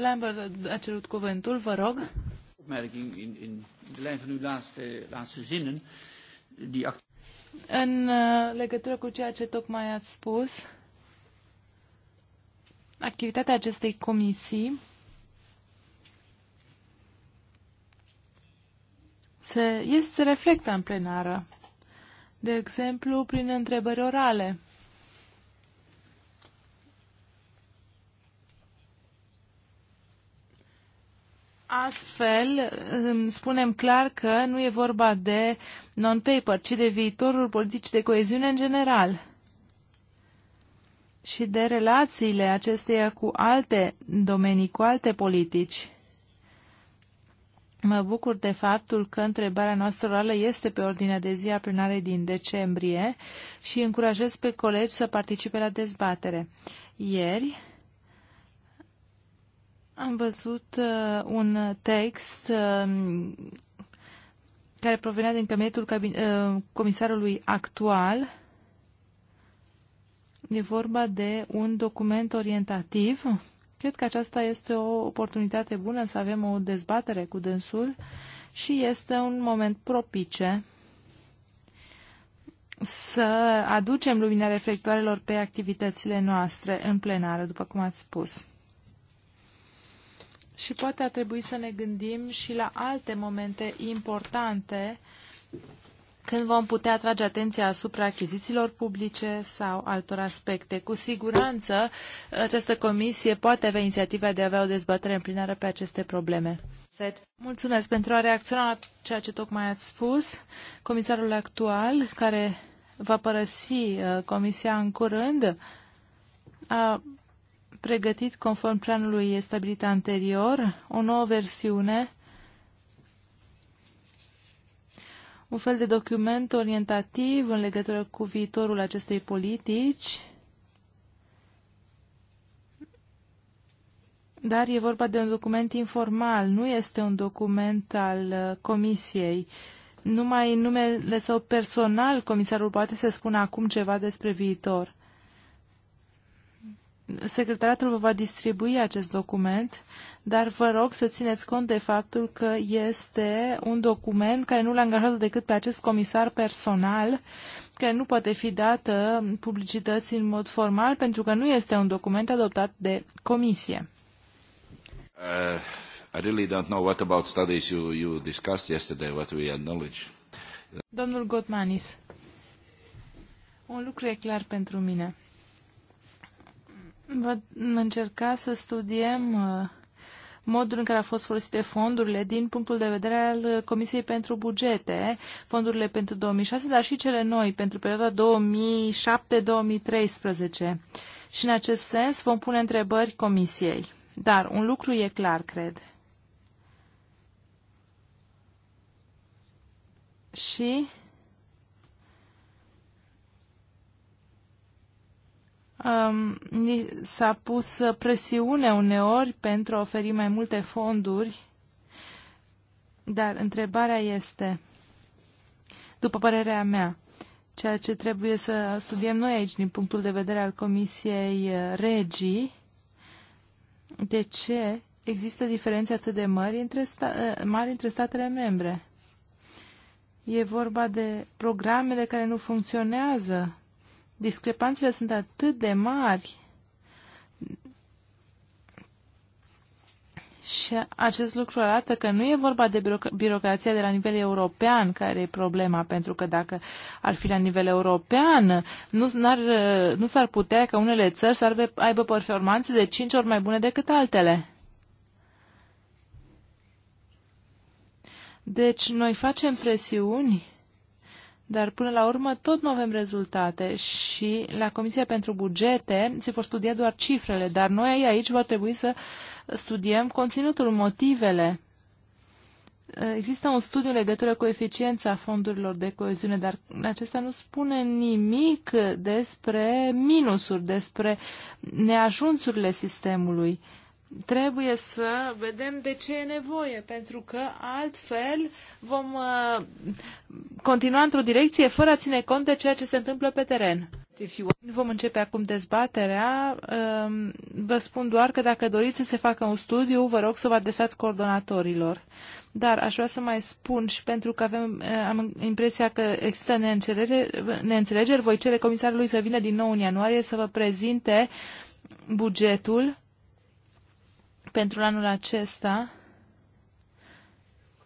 Lambert a cerut cuvântul, vă rog. Opmerking in, in de lijn în uh, legătură cu ceea ce tocmai ați spus, activitatea acestei comisii se, este, se reflectă în plenară. De exemplu, prin întrebări orale. Astfel, spunem clar că nu e vorba de non-paper, ci de viitorul politicii de coeziune în general și de relațiile acesteia cu alte domenii, cu alte politici. Mă bucur de faptul că întrebarea noastră orală este pe ordinea de zi a plenarei din decembrie și încurajez pe colegi să participe la dezbatere. Ieri, am văzut uh, un text uh, care provenea din cabinetul cabin- uh, comisarului actual. E vorba de un document orientativ. Cred că aceasta este o oportunitate bună să avem o dezbatere cu dânsul și este un moment propice să aducem lumina reflectoarelor pe activitățile noastre în plenară, după cum ați spus și poate ar trebui să ne gândim și la alte momente importante când vom putea atrage atenția asupra achizițiilor publice sau altor aspecte. Cu siguranță, această comisie poate avea inițiativa de a avea o dezbatere în plinară pe aceste probleme. Mulțumesc pentru a reacționa la ceea ce tocmai ați spus. Comisarul actual, care va părăsi uh, comisia în curând, a pregătit conform planului stabilit anterior, o nouă versiune, un fel de document orientativ în legătură cu viitorul acestei politici, dar e vorba de un document informal, nu este un document al uh, Comisiei. Numai în numele său personal, comisarul poate să spună acum ceva despre viitor. Secretariatul vă va distribui acest document, dar vă rog să țineți cont de faptul că este un document care nu l-a angajat decât pe acest comisar personal, care nu poate fi dată publicității în mod formal, pentru că nu este un document adoptat de comisie. Uh, I really don't know what about studies you, you discussed yesterday, what we acknowledge. Domnul Gotmanis, un lucru e clar pentru mine. Vă încerca să studiem uh, modul în care au fost folosite fondurile din punctul de vedere al uh, Comisiei pentru Bugete, fondurile pentru 2006, dar și cele noi pentru perioada 2007-2013. Și în acest sens vom pune întrebări Comisiei. Dar un lucru e clar, cred. Și s-a pus presiune uneori pentru a oferi mai multe fonduri, dar întrebarea este, după părerea mea, ceea ce trebuie să studiem noi aici din punctul de vedere al Comisiei Regii, de ce există diferențe atât de mari între, sta- mari între statele membre? E vorba de programele care nu funcționează, discrepanțele sunt atât de mari și acest lucru arată că nu e vorba de birocrația de la nivel european care e problema, pentru că dacă ar fi la nivel european, nu, s-ar putea ca unele țări să aibă performanțe de 5 ori mai bune decât altele. Deci noi facem presiuni dar până la urmă tot nu avem rezultate și la Comisia pentru Bugete se vor studia doar cifrele, dar noi aici va trebui să studiem conținutul, motivele. Există un studiu în legătură cu eficiența fondurilor de coeziune, dar acesta nu spune nimic despre minusuri, despre neajunsurile sistemului. Uh, trebuie să vedem de ce e nevoie, pentru că altfel vom uh, continua într-o direcție fără a ține cont de ceea ce se întâmplă pe teren. Vom începe acum dezbaterea. Uh, vă spun doar că dacă doriți să se facă un studiu, vă rog să vă adresați coordonatorilor. Dar aș vrea să mai spun și pentru că avem, uh, am impresia că există neînțelegeri, neînțelegeri, voi cere comisarului să vină din nou în ianuarie să vă prezinte bugetul pentru anul acesta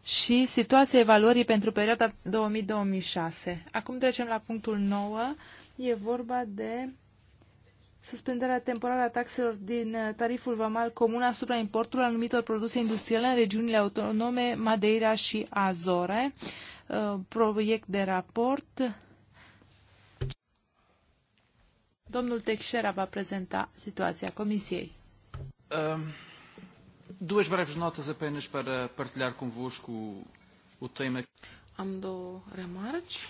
și situația evaluării pentru perioada 2000-2006. Acum trecem la punctul 9. E vorba de suspendarea temporară a taxelor din uh, tariful vamal comun asupra importului anumitor produse industriale în regiunile autonome Madeira și Azore. Uh, proiect de raport. Domnul Texera va prezenta situația Comisiei. Um. Duas breves notas apenas para partilhar convosco o, o tema. Am două remarci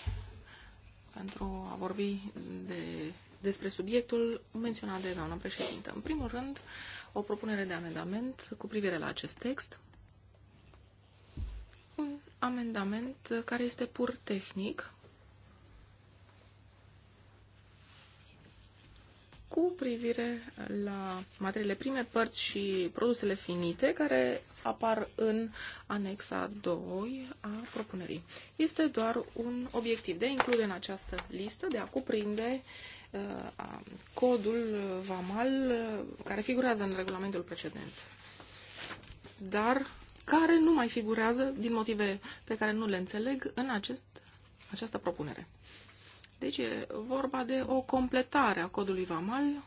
pentru a vorbi de, despre subiectul menționat de doamna președintă. În primul rând, o propunere de amendament cu privire la acest text. Un amendament care este pur tehnic cu privire la materiile prime, părți și produsele finite care apar în anexa 2 a propunerii. Este doar un obiectiv de a include în această listă, de a cuprinde uh, codul VAMAL uh, care figurează în regulamentul precedent, dar care nu mai figurează din motive pe care nu le înțeleg în acest, această propunere. Deci e vorba de o completare a codului VAMAL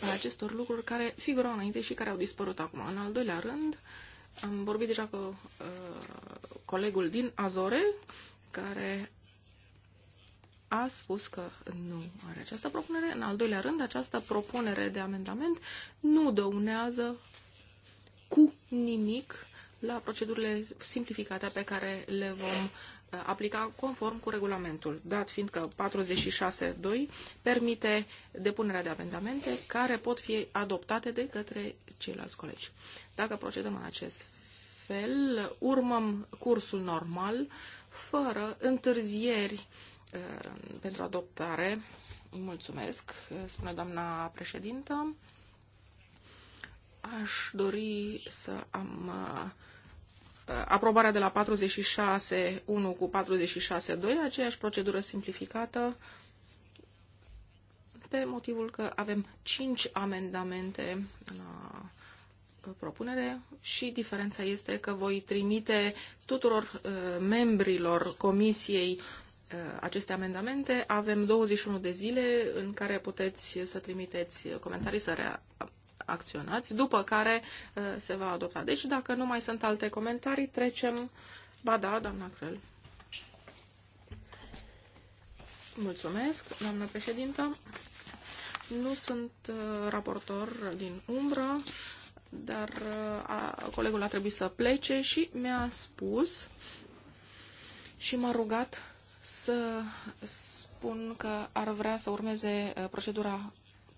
a acestor lucruri care figurau înainte și care au dispărut acum. În al doilea rând, am vorbit deja cu uh, colegul din Azore, care a spus că nu are această propunere. În al doilea rând, această propunere de amendament nu dăunează cu nimic la procedurile simplificate pe care le vom aplica conform cu regulamentul, dat fiindcă 46.2 permite depunerea de amendamente care pot fi adoptate de către ceilalți colegi. Dacă procedăm în acest fel, urmăm cursul normal, fără întârzieri uh, pentru adoptare. Mulțumesc, uh, spune doamna președintă. Aș dori să am uh, Uh, aprobarea de la 46.1 cu 46.2, aceeași procedură simplificată, pe motivul că avem 5 amendamente la uh, propunere și diferența este că voi trimite tuturor uh, membrilor comisiei uh, aceste amendamente. Avem 21 de zile în care puteți să trimiteți comentarii, să acționați, după care uh, se va adopta. Deci, dacă nu mai sunt alte comentarii, trecem... Ba da, doamna Crăl. Mulțumesc, doamnă președintă. Nu sunt uh, raportor din umbră, dar uh, a, colegul a trebuit să plece și mi-a spus și m-a rugat să spun că ar vrea să urmeze procedura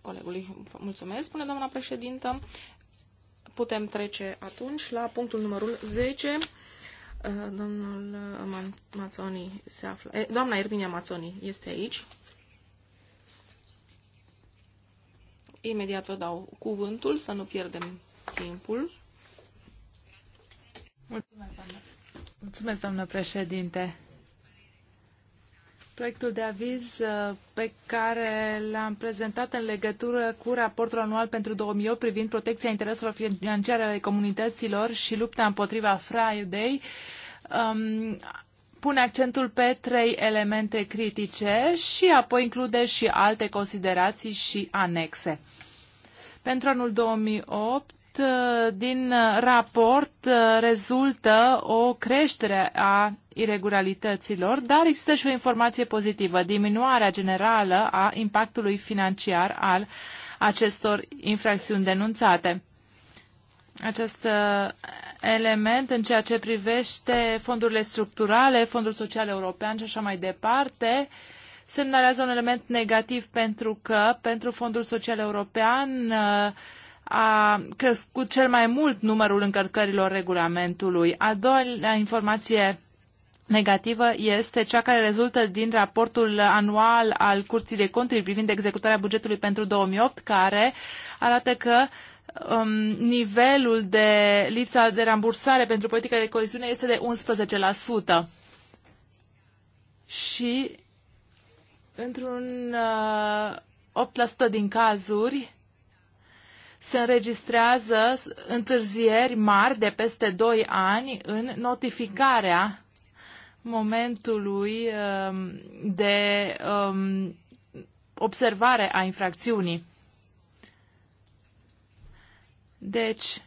colegului. Mulțumesc, spune doamna președintă. Putem trece atunci la punctul numărul 10. Uh, domnul Mazzoni se află. Eh, doamna Irminia Mazzoni este aici. Imediat vă dau cuvântul, să nu pierdem timpul. Mulțumesc, doamnă. Mulțumesc, doamnă președinte proiectul de aviz uh, pe care l-am prezentat în legătură cu raportul anual pentru 2008 privind protecția intereselor financiare ale comunităților și lupta împotriva Friday. Um, pune accentul pe trei elemente critice și apoi include și alte considerații și anexe. Pentru anul 2008 Uh, din uh, raport uh, rezultă o creștere a iregularităților, dar există și o informație pozitivă, diminuarea generală a impactului financiar al acestor infracțiuni denunțate. Acest element în ceea ce privește fondurile structurale, Fondul Social European și așa mai departe, semnalează un element negativ pentru că pentru Fondul Social European uh, a crescut cel mai mult numărul încărcărilor regulamentului. A doua informație negativă este cea care rezultă din raportul anual al Curții de Conturi privind executarea bugetului pentru 2008, care arată că um, nivelul de lipsa de rambursare pentru politica de coeziune este de 11%. Și într-un uh, 8% din cazuri se înregistrează întârzieri mari de peste 2 ani în notificarea momentului um, de um, observare a infracțiunii. Deci,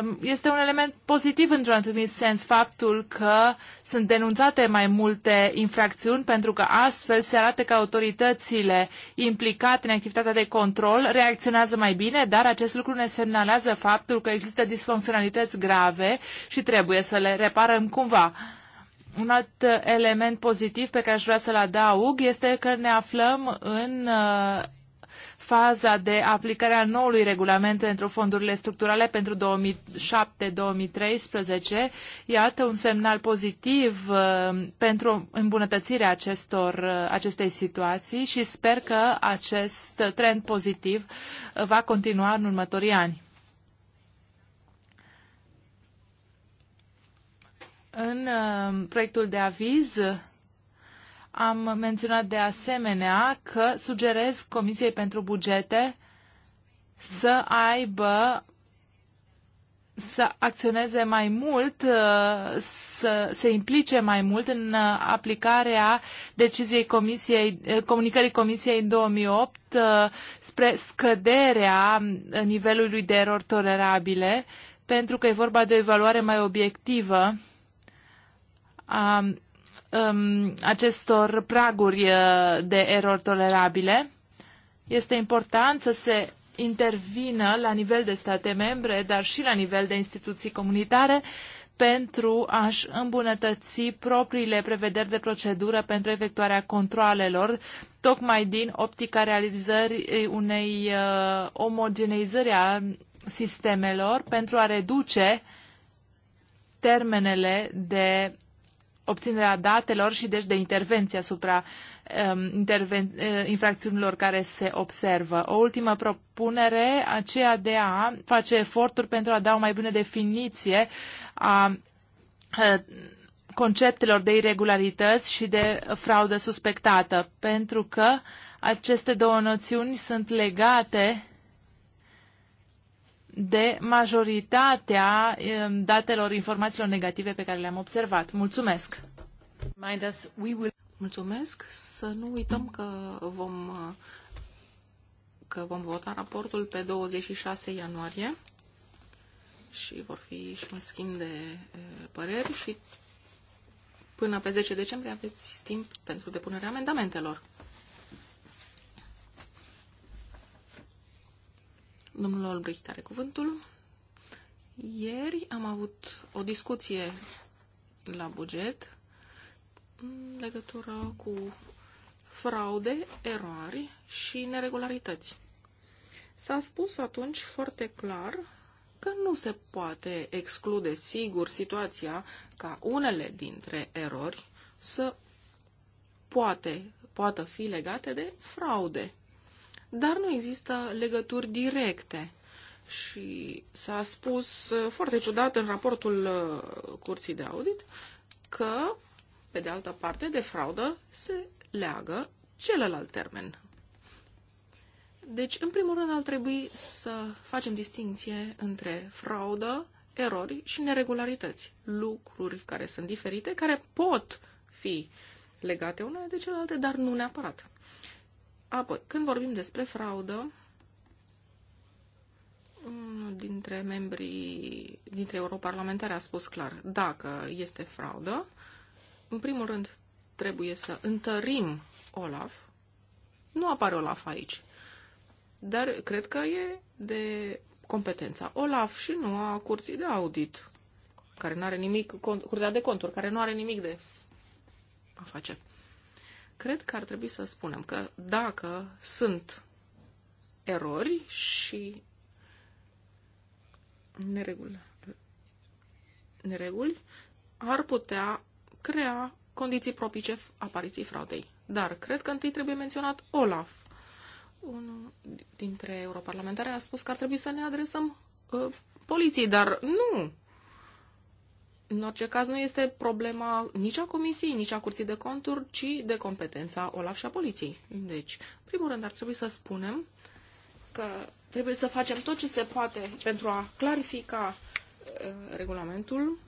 Um, este un element pozitiv într-un anumit sens faptul că sunt denunțate mai multe infracțiuni pentru că astfel se arată că autoritățile implicate în activitatea de control reacționează mai bine, dar acest lucru ne semnalează faptul că există disfuncționalități grave și trebuie să le reparăm cumva. Un alt element pozitiv pe care aș vrea să-l adaug este că ne aflăm în uh, faza de aplicare a noului regulament pentru fondurile structurale pentru 2007-2013. Iată un semnal pozitiv uh, pentru îmbunătățirea acestor, uh, acestei situații și sper că acest trend pozitiv uh, va continua în următorii ani. În proiectul de aviz am menționat de asemenea că sugerez Comisiei pentru Bugete să aibă să acționeze mai mult, uh, să se implice mai mult în uh, aplicarea deciziei comisiei, uh, comunicării Comisiei în 2008 spre scăderea nivelului de erori tolerabile, pentru că e vorba de o evaluare mai obiectivă a um, acestor praguri uh, de erori tolerabile. Este important să se intervină la nivel de state membre, dar și la nivel de instituții comunitare, pentru a-și îmbunătăți propriile prevederi de procedură pentru efectuarea controalelor, tocmai din optica realizării unei uh, omogeneizări a sistemelor pentru a reduce termenele de obținerea datelor și deci de intervenție asupra um, interven, uh, infracțiunilor care se observă. O ultimă propunere, aceea de a face eforturi pentru a da o mai bună definiție a, uh, conceptelor de irregularități și de fraudă suspectată, pentru că aceste două noțiuni sunt legate de majoritatea um, datelor, informațiilor negative pe care le-am observat. Mulțumesc! Mulțumesc! Să nu uităm că vom, că vom vota raportul pe 26 ianuarie și vor fi și un schimb de păreri și până pe 10 decembrie aveți timp pentru depunerea amendamentelor. Domnul Olbricht are cuvântul. Ieri am avut o discuție la buget în legătură cu fraude, erori și neregularități. S-a spus atunci foarte clar că nu se poate exclude sigur situația ca unele dintre erori să poate, poată fi legate de fraude dar nu există legături directe. Și s-a spus uh, foarte ciudat în raportul uh, curții de audit că, pe de altă parte, de fraudă se leagă celălalt termen. Deci, în primul rând, ar trebui să facem distinție între fraudă, erori și neregularități. Lucruri care sunt diferite, care pot fi legate una de celelalte, dar nu neapărat. Apoi, când vorbim despre fraudă, unul dintre membrii, dintre europarlamentari a spus clar, dacă este fraudă, în primul rând trebuie să întărim Olaf. Nu apare Olaf aici, dar cred că e de competența Olaf și nu a curții de audit, care nu are nimic, curtea de conturi, care nu are nimic de a face. Cred că ar trebui să spunem că dacă sunt erori și nereguli, nereguli ar putea crea condiții propice apariției fraudei. Dar cred că întâi trebuie menționat Olaf. Unul dintre europarlamentare a spus că ar trebui să ne adresăm uh, poliției, dar nu! În orice caz, nu este problema nici a Comisiei, nici a Curții de Conturi, ci de competența OLAF și a Poliției. Deci, în primul rând, ar trebui să spunem că trebuie să facem tot ce se poate pentru a clarifica uh, regulamentul,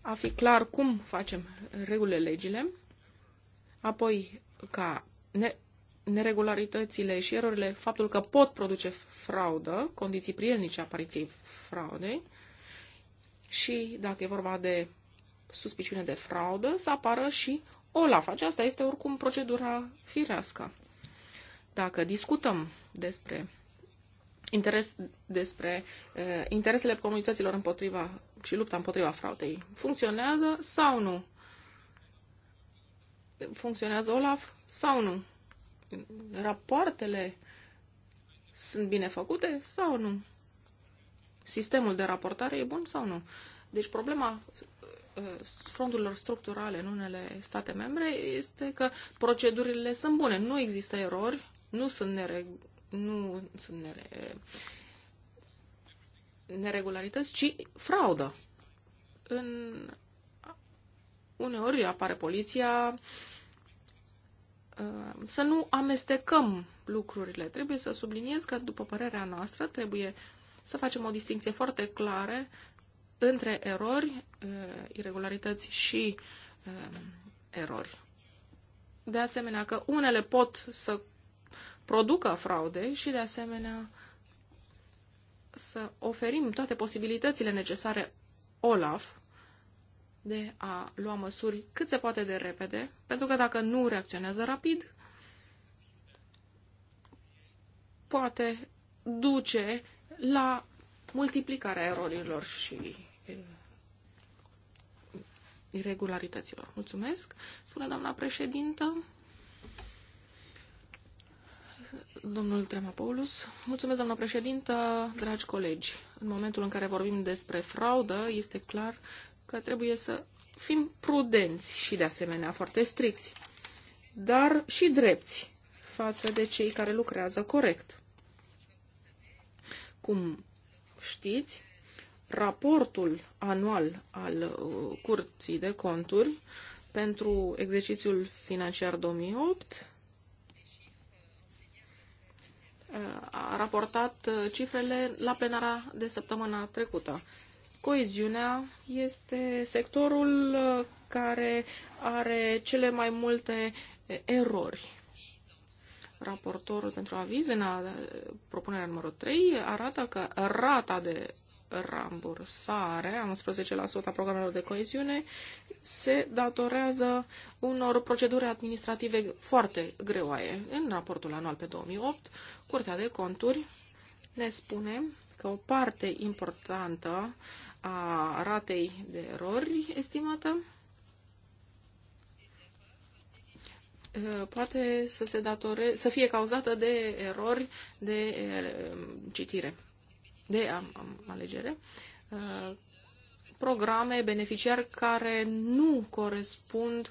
a fi clar cum facem regulile, legile, apoi ca ne neregularitățile și erorile, faptul că pot produce fraudă, condiții prielnice apariției fraudei, și dacă e vorba de suspiciune de fraudă, să apară și OLAF. Aceasta este oricum procedura firească. Dacă discutăm despre, interes, despre uh, interesele comunităților împotriva și lupta împotriva fraudei, funcționează sau nu? Funcționează OLAF sau nu? Rapoartele sunt bine făcute sau nu? sistemul de raportare e bun sau nu. Deci problema uh, fondurilor structurale în unele state membre este că procedurile sunt bune, nu există erori, nu sunt, nere, nu sunt nere, neregularități, ci fraudă. În, uneori apare poliția, uh, să nu amestecăm lucrurile. Trebuie să subliniez că, după părerea noastră, trebuie să facem o distinție foarte clară între erori, eh, irregularități și eh, erori. De asemenea că unele pot să producă fraude și de asemenea să oferim toate posibilitățile necesare OLAF de a lua măsuri cât se poate de repede, pentru că dacă nu reacționează rapid, poate duce la multiplicarea erorilor și eh, irregularităților. Mulțumesc, spune doamna președintă. Domnul Tremapoulos. Mulțumesc, doamna președintă, dragi colegi. În momentul în care vorbim despre fraudă, este clar că trebuie să fim prudenți și, de asemenea, foarte stricți, dar și drepți față de cei care lucrează corect. Cum știți, raportul anual al uh, Curții de Conturi pentru exercițiul financiar 2008 uh, a raportat uh, cifrele la plenara de săptămâna trecută. Coeziunea este sectorul care are cele mai multe erori raportorul pentru aviz în a, propunerea numărul 3 arată că rata de rambursare a 11% a programelor de coeziune se datorează unor proceduri administrative foarte greoaie. În raportul anual pe 2008, Curtea de Conturi ne spune că o parte importantă a ratei de erori estimată Uh, poate să, se datore, să fie cauzată de erori de uh, citire, de alegere, uh, programe, beneficiari care nu corespund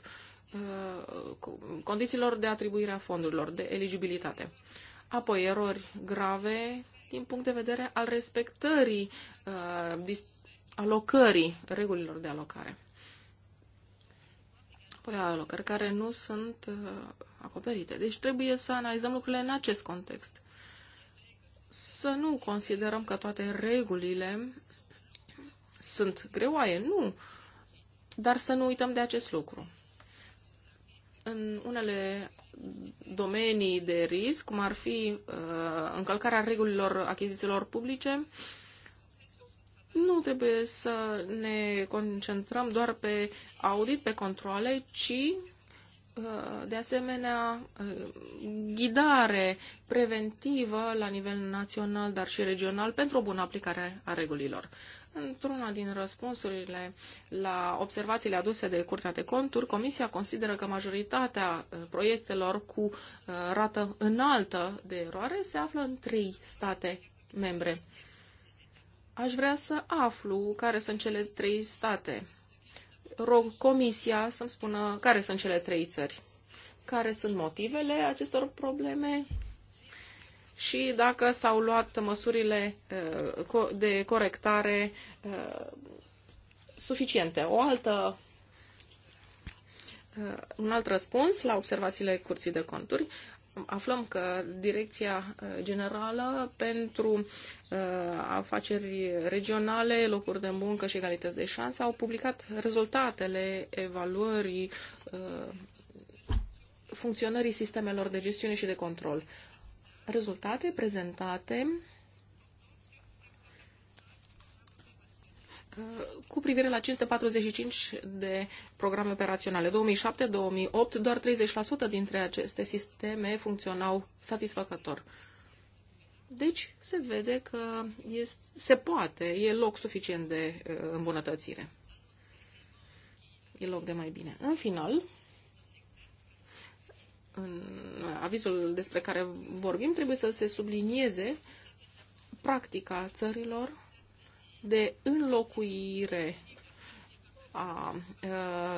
condițiilor de atribuire a fondurilor, de eligibilitate. Apoi, erori grave din punct de vedere al respectării alocării regulilor de alocare pe alocări care nu sunt uh, acoperite. Deci trebuie să analizăm lucrurile în acest context. Să nu considerăm că toate regulile sunt greoaie, nu, dar să nu uităm de acest lucru. În unele domenii de risc, cum ar fi uh, încălcarea regulilor achizițiilor publice, uh, nu trebuie să ne concentrăm doar pe audit, pe controle, ci uh, de asemenea uh, ghidare preventivă la nivel național, dar și regional, pentru o bună aplicare a regulilor. Într-una din răspunsurile la observațiile aduse de Curtea de Conturi, Comisia consideră că majoritatea uh, proiectelor cu rată înaltă de eroare se află în trei state membre. Aș vrea să aflu care sunt cele trei state. Rog Comisia să-mi spună care sunt cele trei țări, care sunt motivele acestor probleme și dacă s-au luat măsurile uh, de corectare uh, suficiente. O altă, uh, un alt răspuns la observațiile Curții de Conturi aflăm că Direcția uh, Generală pentru uh, Afaceri Regionale, Locuri de Muncă și Egalități de Șanse au publicat rezultatele evaluării uh, funcționării sistemelor de gestiune și de control. Rezultate prezentate cu privire la 545 de programe operaționale. 2007-2008, doar 30% dintre aceste sisteme funcționau satisfăcător. Deci se vede că este, se poate, e loc suficient de uh, îmbunătățire. E loc de mai bine. În final, în avizul despre care vorbim, trebuie să se sublinieze practica țărilor de înlocuire a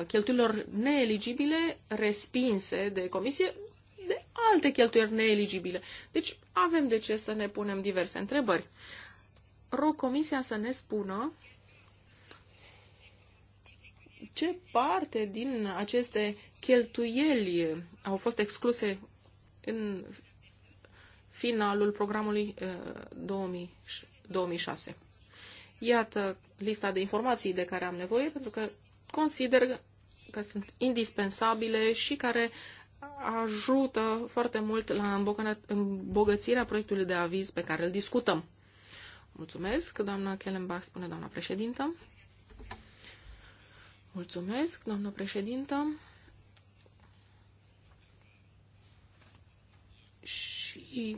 cheltuielor neeligibile respinse de comisie de alte cheltuieli neeligibile. Deci avem de ce să ne punem diverse întrebări. Rog comisia să ne spună ce parte din aceste cheltuieli au fost excluse în finalul programului 2006. Uh, Iată lista de informații de care am nevoie, pentru că consider că sunt indispensabile și care ajută foarte mult la îmbogățirea proiectului de aviz pe care îl discutăm. Mulțumesc, doamna Kellenbach, spune doamna președintă. Mulțumesc, doamna președintă. Și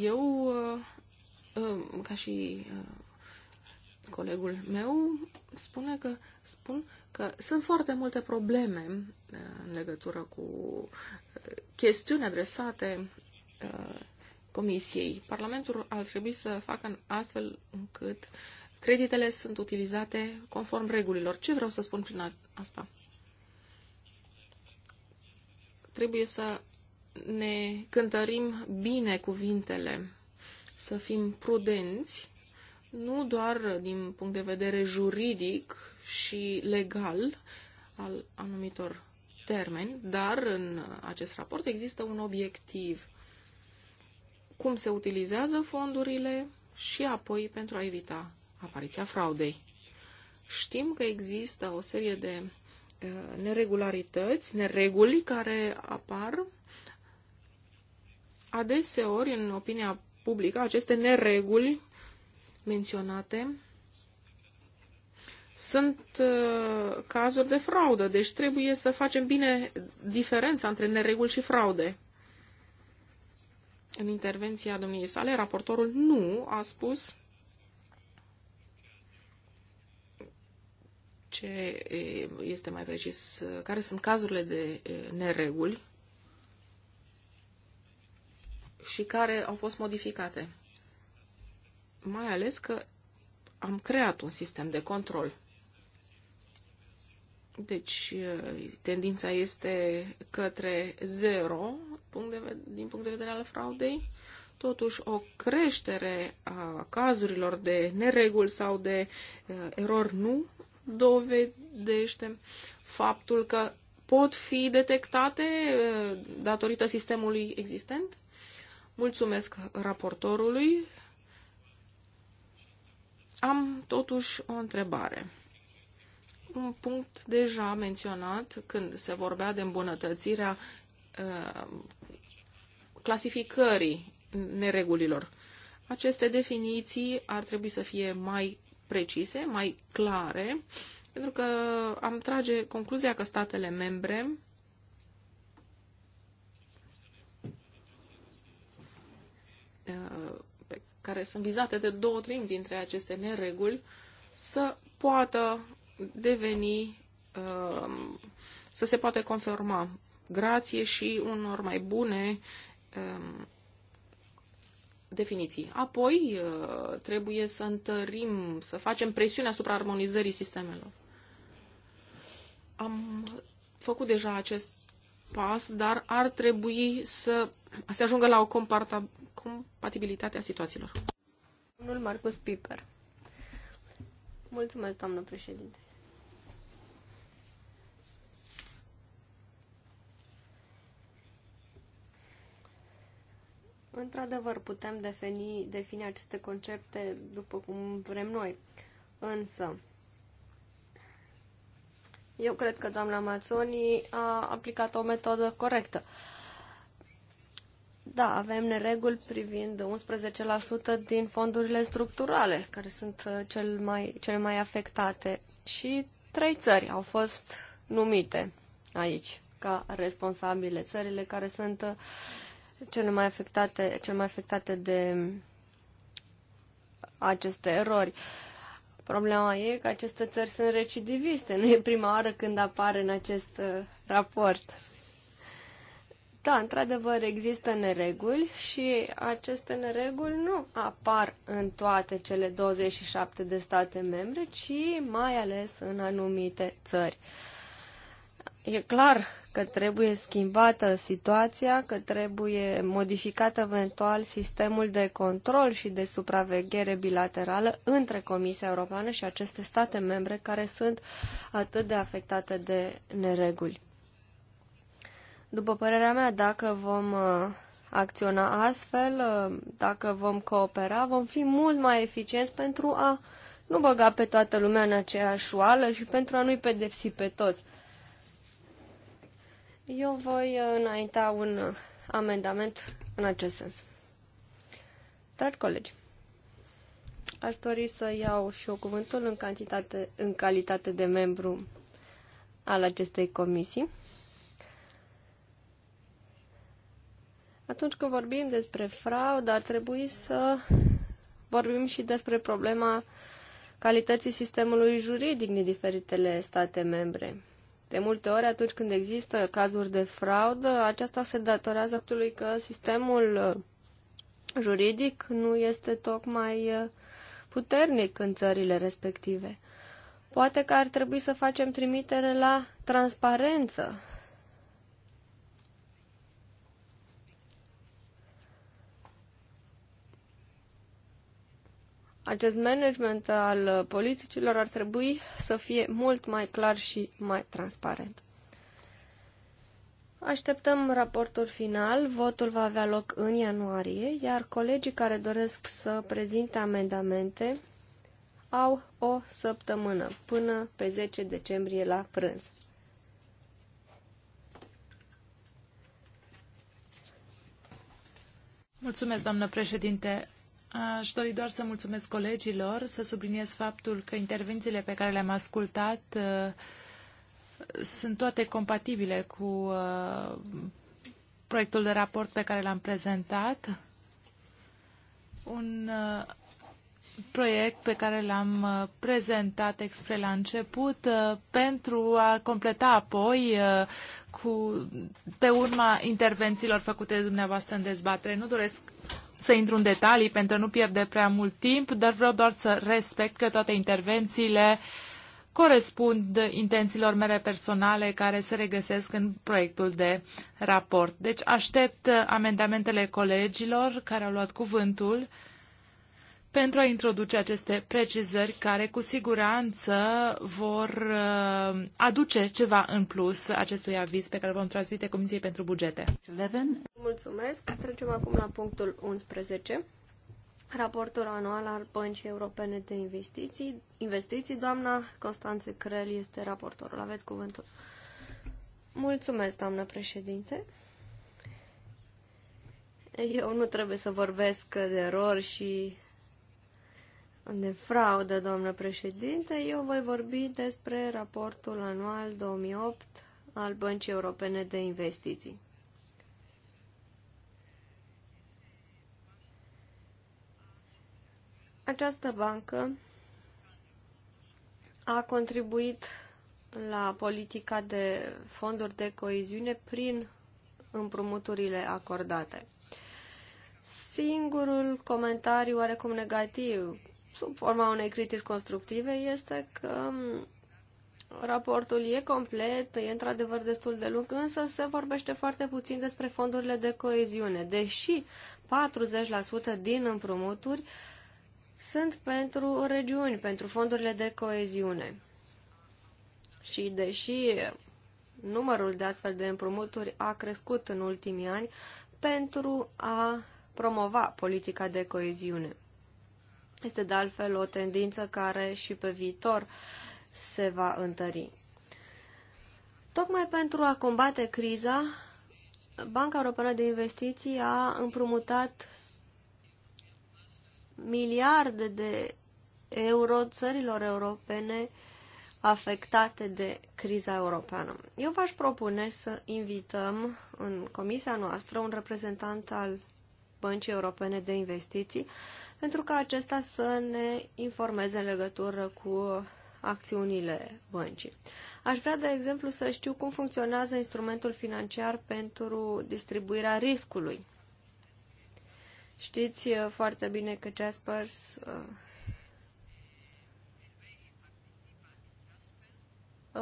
eu, uh, uh, ca și uh, colegul meu spune că, spun că sunt foarte multe probleme uh, în legătură cu uh, chestiuni adresate uh, Comisiei. Parlamentul ar trebui să facă astfel încât creditele sunt utilizate conform regulilor. Ce vreau să spun prin asta? Trebuie să ne cântărim bine cuvintele, să fim prudenți nu doar din punct de vedere juridic și legal al anumitor termeni, dar în acest raport există un obiectiv. Cum se utilizează fondurile și apoi pentru a evita apariția fraudei. Știm că există o serie de uh, neregularități, nereguli care apar adeseori în opinia publică aceste nereguli menționate sunt uh, cazuri de fraudă, deci trebuie să facem bine diferența între nereguli și fraude. În intervenția domniei sale, raportorul nu a spus ce eh, este mai precis, care sunt cazurile de eh, nereguli și care au fost modificate mai ales că am creat un sistem de control. Deci, eh, tendința este către zero punct de, din punct de vedere al fraudei. Totuși, o creștere a cazurilor de nereguli sau de uh, erori nu dovedește faptul că pot fi detectate uh, datorită sistemului existent. Mulțumesc raportorului am totuși o întrebare. Un punct deja menționat când se vorbea de îmbunătățirea uh, clasificării neregulilor. Aceste definiții ar trebui să fie mai precise, mai clare, pentru că am trage concluzia că statele membre uh, care sunt vizate de două treimi dintre aceste nereguli, să poată deveni, um, să se poate conforma grație și unor mai bune um, definiții. Apoi uh, trebuie să întărim, să facem presiune asupra armonizării sistemelor. Am făcut deja acest pas, dar ar trebui să se ajungă la o compatibilitatea situațiilor. Domnul Marcus Piper. Mulțumesc, doamnă președinte. Într-adevăr, putem defini, defini aceste concepte după cum vrem noi. Însă, eu cred că doamna Mazzoni a aplicat o metodă corectă. Uh, da, avem nereguli privind 11% din fondurile structurale, care sunt uh, cel mai, cele mai afectate. Și trei țări au fost numite aici ca responsabile, țările care sunt uh, cele mai afectate, cele mai afectate de aceste erori. Problema e că aceste țări sunt recidiviste, nu e prima oară când apare în acest uh, raport. Da, într-adevăr există nereguli și aceste nereguli nu apar în toate cele 27 de state membre, ci mai ales în anumite țări. E clar că trebuie schimbată situația, că trebuie modificat eventual sistemul de control și de supraveghere bilaterală între Comisia Europeană și aceste state membre care sunt atât de afectate de nereguli. După părerea mea, dacă vom uh, acționa astfel, uh, dacă vom coopera, vom fi mult mai eficienți pentru a nu băga pe toată lumea în aceeași oală și pentru a nu-i pedepsi pe toți. Eu voi uh, înainta un amendament în acest sens. Dragi colegi, aș dori să iau și eu cuvântul în, cantitate, în calitate de membru al acestei comisii. Atunci când vorbim despre fraudă, ar trebui să vorbim și despre problema calității sistemului juridic din diferitele state membre. De multe ori, atunci când există cazuri de fraudă, aceasta se datorează faptului că sistemul juridic nu este tocmai uh, puternic în țările respective. Poate că ar trebui să facem trimitere la transparență Acest management al politicilor ar trebui să fie mult mai clar și mai transparent. Așteptăm raportul final, votul va avea loc în ianuarie, iar colegii care doresc să prezinte amendamente au o săptămână, până pe 10 decembrie la prânz. Mulțumesc, doamnă președinte. Aș dori doar să mulțumesc colegilor, să subliniez faptul că intervențiile pe care le-am ascultat uh, sunt toate compatibile cu uh, proiectul de raport pe care l-am prezentat. Un uh, proiect pe care l-am prezentat expre la început pentru a completa apoi cu, pe urma intervențiilor făcute de dumneavoastră în dezbatere. Nu doresc să intru în detalii pentru a nu pierde prea mult timp, dar vreau doar să respect că toate intervențiile corespund intențiilor mele personale care se regăsesc în proiectul de raport. Deci aștept amendamentele colegilor care au luat cuvântul pentru a introduce aceste precizări care cu siguranță vor uh, aduce ceva în plus acestui aviz pe care vom transmite Comisiei pentru Bugete. Mulțumesc. Trecem acum la punctul 11. Raportul anual al Băncii Europene de Investiții. Investiții, doamna Constanță Crel este raportorul. Aveți cuvântul. Mulțumesc, doamnă președinte. Eu nu trebuie să vorbesc de erori și de fraudă, doamnă președinte, eu voi vorbi despre raportul anual 2008 al Băncii Europene de Investiții. Această bancă a contribuit la politica de fonduri de coeziune prin împrumuturile acordate. Singurul comentariu oarecum negativ sub forma unei critici constructive este că um, raportul e complet, e într-adevăr destul de lung, însă se vorbește foarte puțin despre fondurile de coeziune, deși 40% din împrumuturi sunt pentru regiuni, pentru fondurile de coeziune. Și deși numărul de astfel de împrumuturi a crescut în ultimii ani pentru a promova politica de coeziune. Este de altfel o tendință care și pe viitor se va întări. Tocmai pentru a combate criza, Banca Europeană de Investiții a împrumutat miliarde de euro țărilor europene afectate de criza europeană. Eu v-aș propune să invităm în comisia noastră un reprezentant al Băncii Europene de Investiții, pentru ca acesta să ne informeze în legătură cu acțiunile băncii. Aș vrea, de exemplu, să știu cum funcționează instrumentul financiar pentru distribuirea riscului. Știți uh, foarte bine că Jaspers uh,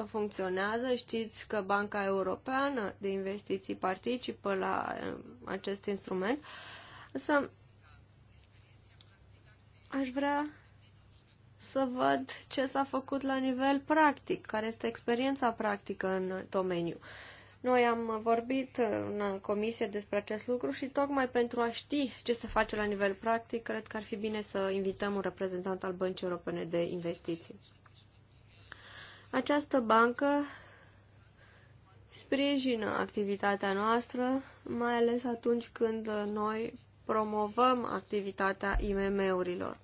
funcționează. Știți că Banca Europeană de Investiții participă la uh, acest instrument. Însă aș vrea să văd ce s-a făcut la nivel practic, care este experiența practică în domeniu. Noi am vorbit în comisie despre acest lucru și tocmai pentru a ști ce se face la nivel practic, cred că ar fi bine să invităm un reprezentant al Băncii Europene de Investiții. Această bancă sprijină activitatea noastră, mai ales atunci când noi promovăm activitatea IMM-urilor.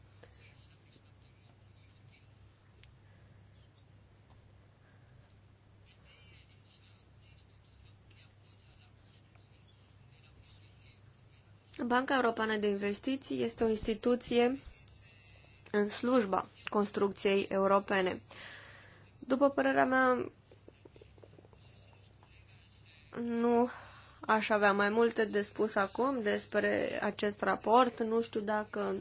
Banca Europeană de Investiții este o instituție în slujba construcției europene. După părerea mea, nu Aș avea mai multe de spus acum despre acest raport. Nu știu dacă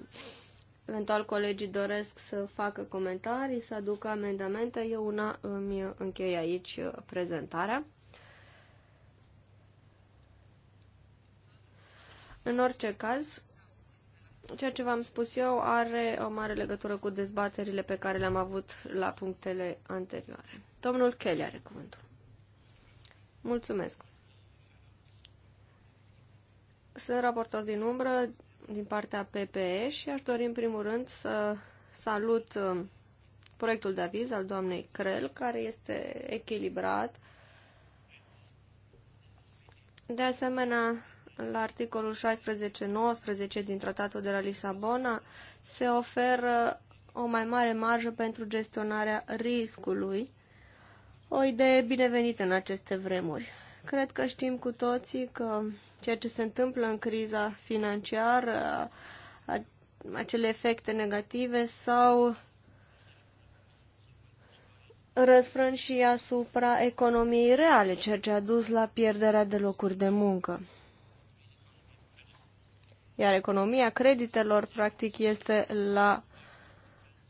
eventual colegii doresc să facă comentarii, să aducă amendamente. Eu una îmi închei aici prezentarea. În orice caz, ceea ce v-am spus eu are o mare legătură cu dezbaterile pe care le-am avut la punctele anterioare. Domnul Kelly are cuvântul. Mulțumesc. Sunt raportor din umbră din partea PPE și aș dori în primul rând să salut um, proiectul de aviz al doamnei Crel, care este echilibrat. De asemenea, la articolul 16-19 din Tratatul de la Lisabona se oferă o mai mare marjă pentru gestionarea riscului, o idee binevenită în aceste vremuri. Cred că știm cu toții că ceea ce se întâmplă în criza financiară, acele efecte negative sau răsfrân și asupra economiei reale, ceea ce a dus la pierderea de locuri de muncă. Iar economia creditelor, practic, este la.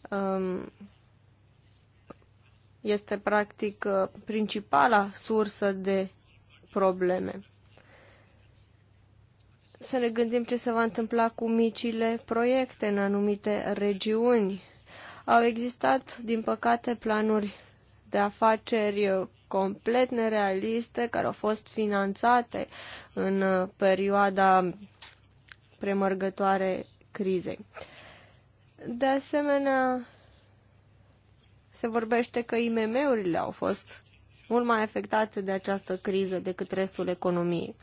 Um, este practic uh, principala sursă de probleme. Să ne gândim ce se va întâmpla cu micile proiecte în anumite regiuni. Au existat, din păcate, planuri de afaceri complet nerealiste care au fost finanțate în uh, perioada premărgătoare crizei. De asemenea, se vorbește că IMM-urile au fost mult mai afectate de această criză decât restul economiei.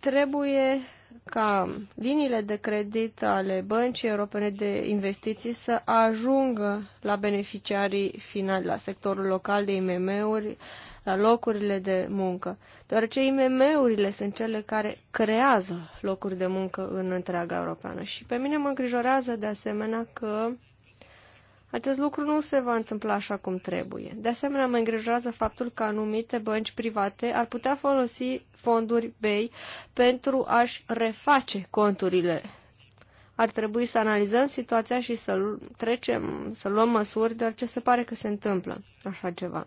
Trebuie ca liniile de credit ale Băncii Europene de Investiții să ajungă la beneficiarii finali, la sectorul local de IMM-uri, la locurile de muncă, deoarece IMM-urile sunt cele care creează locuri de muncă în întreaga europeană. Și pe mine mă îngrijorează de asemenea că acest lucru nu se va întâmpla așa cum trebuie. De asemenea, mă îngrijorează faptul că anumite bănci private ar putea folosi fonduri BEI pentru a-și reface conturile. Ar trebui să analizăm situația și să trecem, să luăm măsuri, dar ce se pare că se întâmplă așa ceva.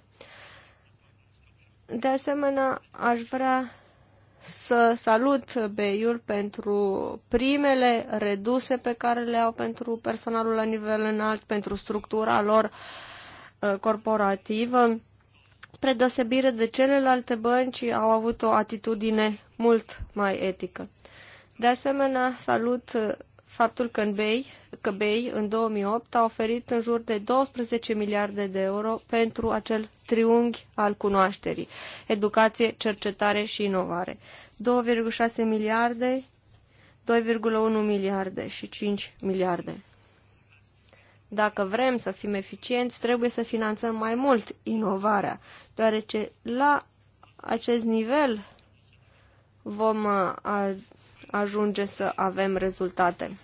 De asemenea, aș vrea să salut BEI-ul pentru primele reduse pe care le au pentru personalul la nivel înalt, pentru structura lor uh, corporativă. Spre deosebire de celelalte bănci, au avut o atitudine mult mai etică. De asemenea, salut faptul că, în BEI, că BEI în 2008 a oferit în jur de 12 miliarde de euro pentru acel triunghi al cunoașterii, educație, cercetare și inovare. 2,6 miliarde, 2,1 miliarde și 5 miliarde. Dacă vrem să fim eficienți, trebuie să finanțăm mai mult inovarea, deoarece la acest nivel vom uh, ajunge să avem rezultate.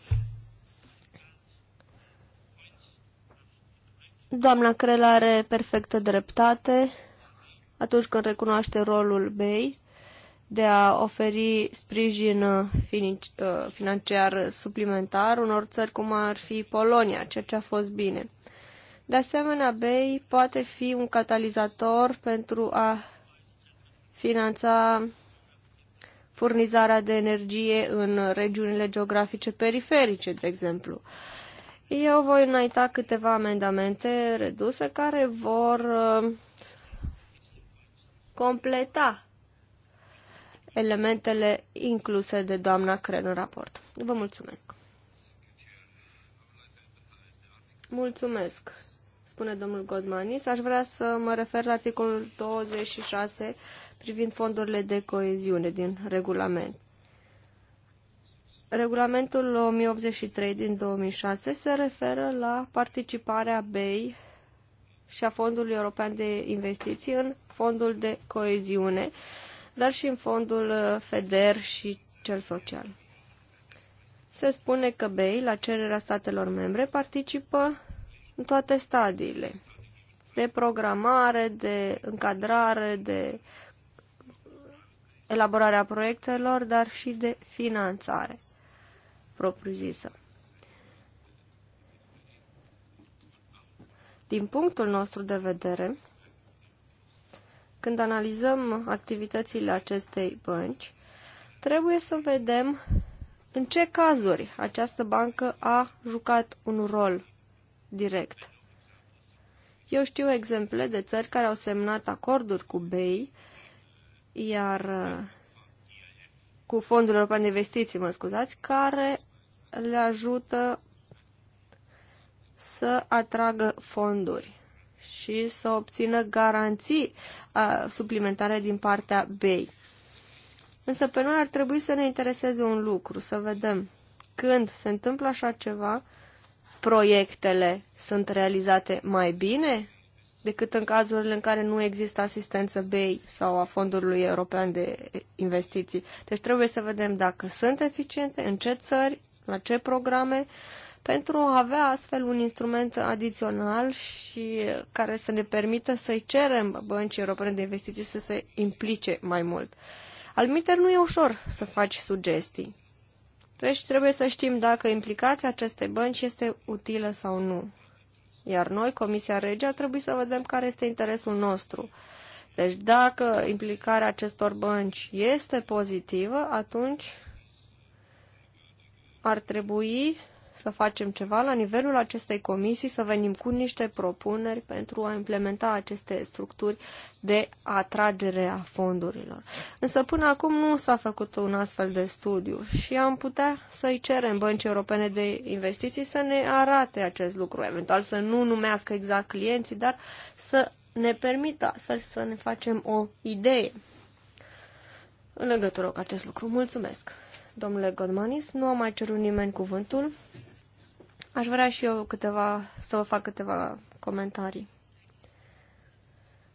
Doamna Crel are perfectă dreptate atunci când recunoaște rolul BEI de a oferi sprijin uh, uh, financiar suplimentar unor țări cum ar fi Polonia, ceea ce a fost bine. De asemenea, BEI poate fi un catalizator pentru a finanța furnizarea de energie în regiunile geografice periferice, de exemplu. Eu voi înainta câteva amendamente reduse care vor uh, completa elementele incluse de doamna Cren în raport. Vă mulțumesc! Mulțumesc, spune domnul Godmanis. Aș vrea să mă refer la articolul 26 privind fondurile de coeziune din regulament. Regulamentul 1083 din 2006 se referă la participarea BEI și a Fondului European de Investiții în fondul de coeziune, dar și în fondul uh, FEDER și cel social. Se spune că BEI, la cererea statelor membre, participă în toate stadiile de programare, de încadrare, de elaborarea proiectelor, dar și de finanțare propriu-zisă. Din punctul nostru de vedere, când analizăm activitățile acestei bănci, trebuie să vedem în ce cazuri această bancă a jucat un rol direct. Eu știu exemple de țări care au semnat acorduri cu BEI iar uh, cu Fondul European de Investiții, mă scuzați, care le ajută să atragă fonduri și să obțină garanții uh, suplimentare din partea BEI. Însă pe noi ar trebui să ne intereseze un lucru, să vedem când se întâmplă așa ceva, proiectele sunt realizate mai bine decât în cazurile în care nu există asistență BEI sau a Fondului European de Investiții. Deci trebuie să vedem dacă sunt eficiente, în ce țări, la ce programe, pentru a avea astfel un instrument adițional și care să ne permită să-i cerem băncii europene de investiții să se implice mai mult. Almiter nu e ușor să faci sugestii. Deci trebuie să știm dacă implicația acestei bănci este utilă sau nu. Iar noi, Comisia Rege, ar trebui să vedem care este interesul nostru. Deci dacă implicarea acestor bănci este pozitivă, atunci ar trebui să facem ceva la nivelul acestei comisii, să venim cu niște propuneri pentru a implementa aceste structuri de atragere a fondurilor. Însă până acum nu s-a făcut un astfel de studiu și am putea să-i cerem băncii europene de investiții să ne arate acest lucru, eventual să nu numească exact clienții, dar să ne permită astfel să ne facem o idee în legătură cu acest lucru. Mulțumesc! Domnule Godmanis, nu a mai cerut nimeni cuvântul, Aș vrea și eu câteva, să vă fac câteva comentarii.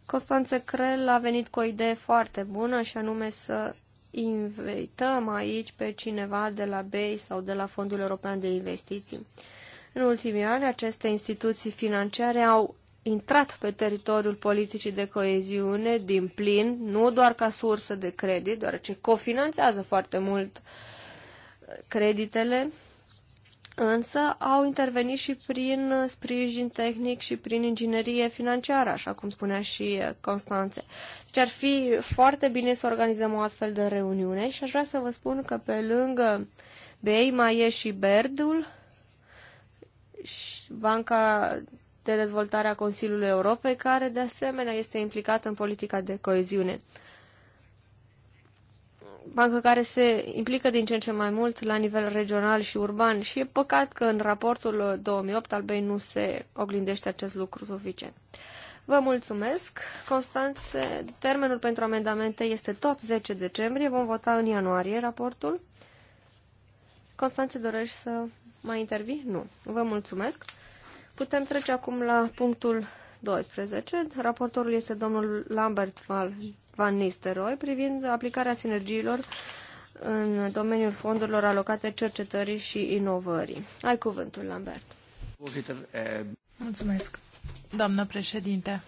Constanță Crel a venit cu o idee foarte bună și anume să invităm aici pe cineva de la BEI sau de la Fondul European de Investiții. În ultimii ani, aceste instituții financiare au intrat pe teritoriul politicii de coeziune din plin, nu doar ca sursă de credit, deoarece cofinanțează foarte mult creditele însă au intervenit și prin sprijin tehnic și prin inginerie financiară, așa cum spunea și Constanțe. Deci ar fi foarte bine să organizăm o astfel de reuniune și aș vrea să vă spun că pe lângă BEI mai e și Berdul, și Banca de Dezvoltare a Consiliului Europei, care de asemenea este implicată în politica de coeziune bancă care se implică din ce în ce mai mult la nivel regional și urban și e păcat că în raportul 2008 al BEI nu se oglindește acest lucru suficient. Vă mulțumesc. Constanțe, termenul pentru amendamente este tot 10 decembrie. Vom vota în ianuarie raportul. Constanțe, dorești să mai intervii? Nu. Vă mulțumesc. Putem trece acum la punctul 12. Raportorul este domnul Lambert Val Van Nistelrooy privind aplicarea sinergiilor în domeniul fondurilor alocate cercetării și inovării. Ai cuvântul, Lambert. Mulțumesc, doamnă președinte.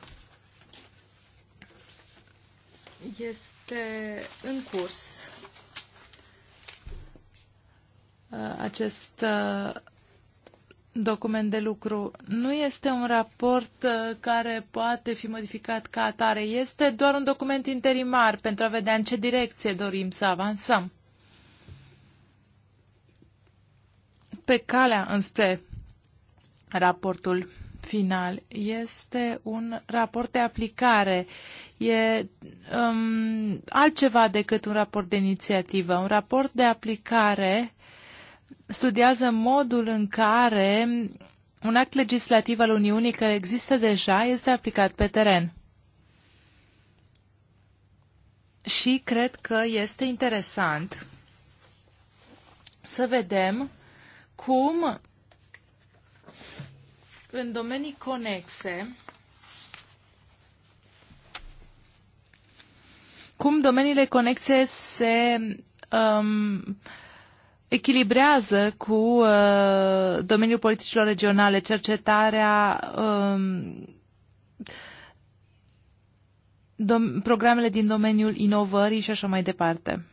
Este în curs uh, acest uh, document de lucru. Nu este un raport uh, care poate fi modificat ca atare. Este doar un document interimar pentru a vedea în ce direcție dorim să avansăm. Pe calea înspre raportul final. Este un raport de aplicare. E um, altceva decât un raport de inițiativă. Un raport de aplicare studiază modul în care un act legislativ al Uniunii care există deja este aplicat pe teren. Și cred că este interesant să vedem cum în domenii conexe cum domeniile conexe se um, echilibrează cu uh, domeniul politicilor regionale, cercetarea, um, dom- programele din domeniul inovării și așa mai departe.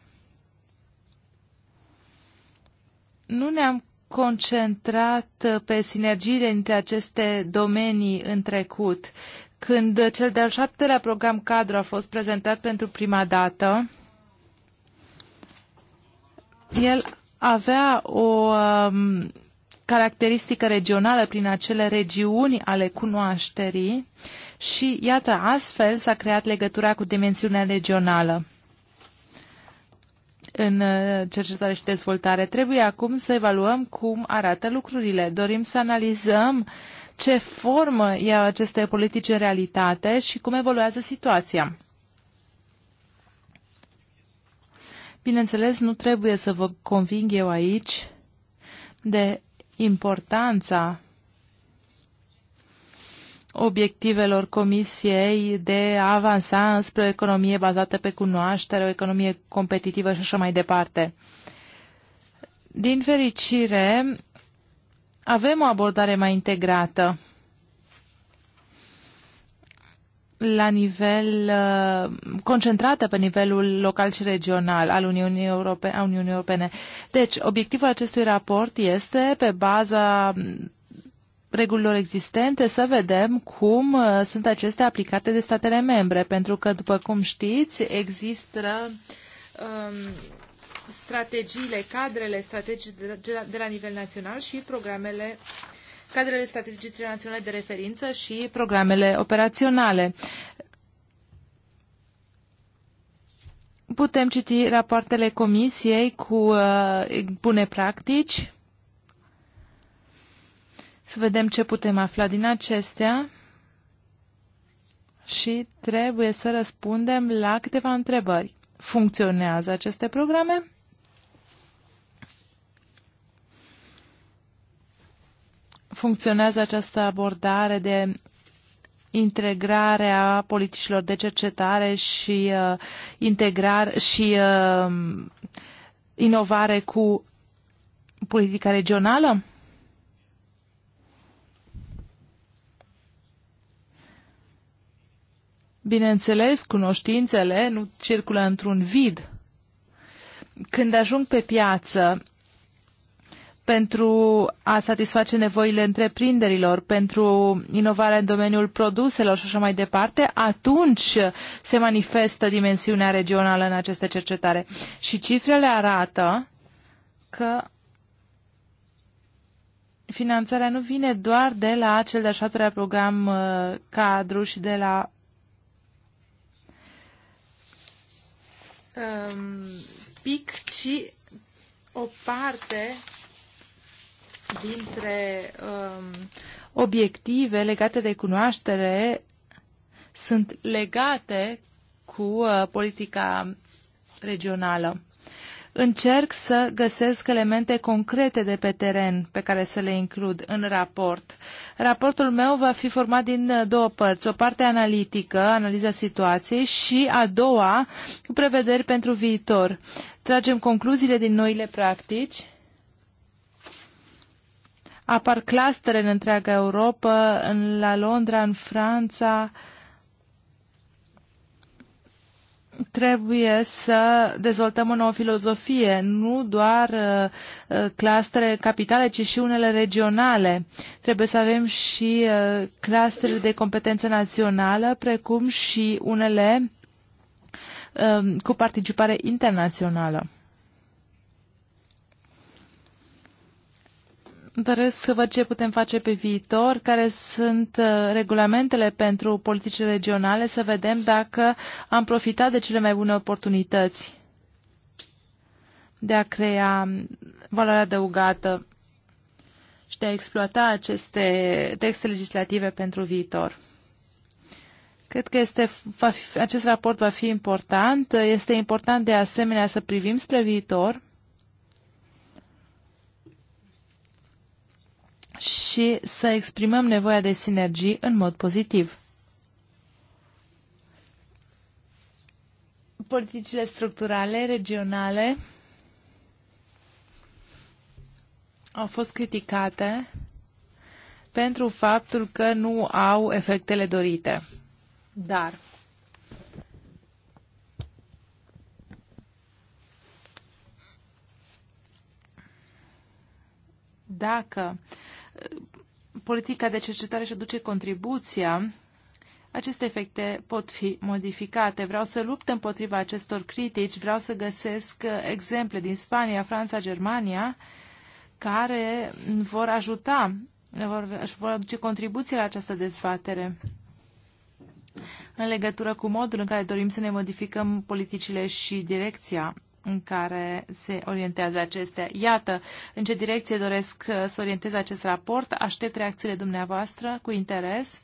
Nu ne-am concentrat uh, pe sinergiile între aceste domenii în trecut. Când cel de-al șaptelea program cadru a fost prezentat pentru prima dată, el avea o um, caracteristică regională prin acele regiuni ale cunoașterii și, iată, astfel s-a creat legătura cu dimensiunea regională în uh, cercetare și dezvoltare. Trebuie acum să evaluăm cum arată lucrurile. Dorim să analizăm ce formă iau aceste politici în realitate și cum evoluează situația. Bineînțeles, nu trebuie să vă conving eu aici de importanța obiectivelor Comisiei de a avansa spre o economie bazată pe cunoaștere, o economie competitivă și așa mai departe. Din fericire, avem o abordare mai integrată la nivel uh, concentrată pe nivelul local și regional al Uniunii, Europe, a Uniunii Europene. Deci, obiectivul acestui raport este, pe baza regulilor existente, să vedem cum uh, sunt acestea aplicate de statele membre, pentru că, după cum știți, există um, strategiile, cadrele strategice de la nivel național și programele uh, cadrele strategice naționale de referință și programele operaționale. Putem citi rapoartele comisiei cu uh, bune practici. Să vedem ce putem afla din acestea și trebuie să răspundem la câteva întrebări. Funcționează aceste programe? funcționează această abordare de integrare a politicilor de cercetare și uh, integrare și uh, inovare cu politica regională? Bineînțeles, cunoștințele nu circulă într-un vid. Când ajung pe piață, pentru a satisface nevoile întreprinderilor, pentru inovarea în domeniul produselor și așa mai departe, atunci se manifestă dimensiunea regională în aceste cercetare. Și cifrele arată că finanțarea nu vine doar de la cel de-al șaptelea program uh, cadru și de la um, PIC, ci o parte dintre um, obiective legate de cunoaștere sunt legate cu uh, politica regională. Încerc să găsesc elemente concrete de pe teren pe care să le includ în raport. Raportul meu va fi format din uh, două părți. O parte analitică, analiza situației, și a doua, cu prevederi pentru viitor. Tragem concluziile din noile practici apar clustere în întreaga Europa, în, la Londra, în Franța. Trebuie să dezvoltăm o nouă filozofie, nu doar uh, uh clustere capitale, ci și unele regionale. Trebuie să avem și uh, clustere de competență națională, precum și unele uh, cu participare internațională. doresc să văd ce putem face pe viitor, care sunt uh, regulamentele pentru politicile regionale, să vedem dacă am profitat de cele mai bune oportunități de a crea um, valoare adăugată și de a exploata aceste texte legislative pentru viitor. Cred că este, va fi, acest raport va fi important. Este important de asemenea să privim spre viitor și să exprimăm nevoia de sinergii în mod pozitiv. Politicile structurale, regionale, au fost criticate pentru faptul că nu au efectele dorite. Dar dacă politica de cercetare și aduce contribuția, aceste efecte pot fi modificate. Vreau să lupt împotriva acestor critici, vreau să găsesc exemple din Spania, Franța, Germania, care vor ajuta vor, vor aduce contribuții la această dezbatere în legătură cu modul în care dorim să ne modificăm politicile și direcția în care se orientează acestea. Iată în ce direcție doresc uh, să orientez acest raport. Aștept reacțiile dumneavoastră cu interes.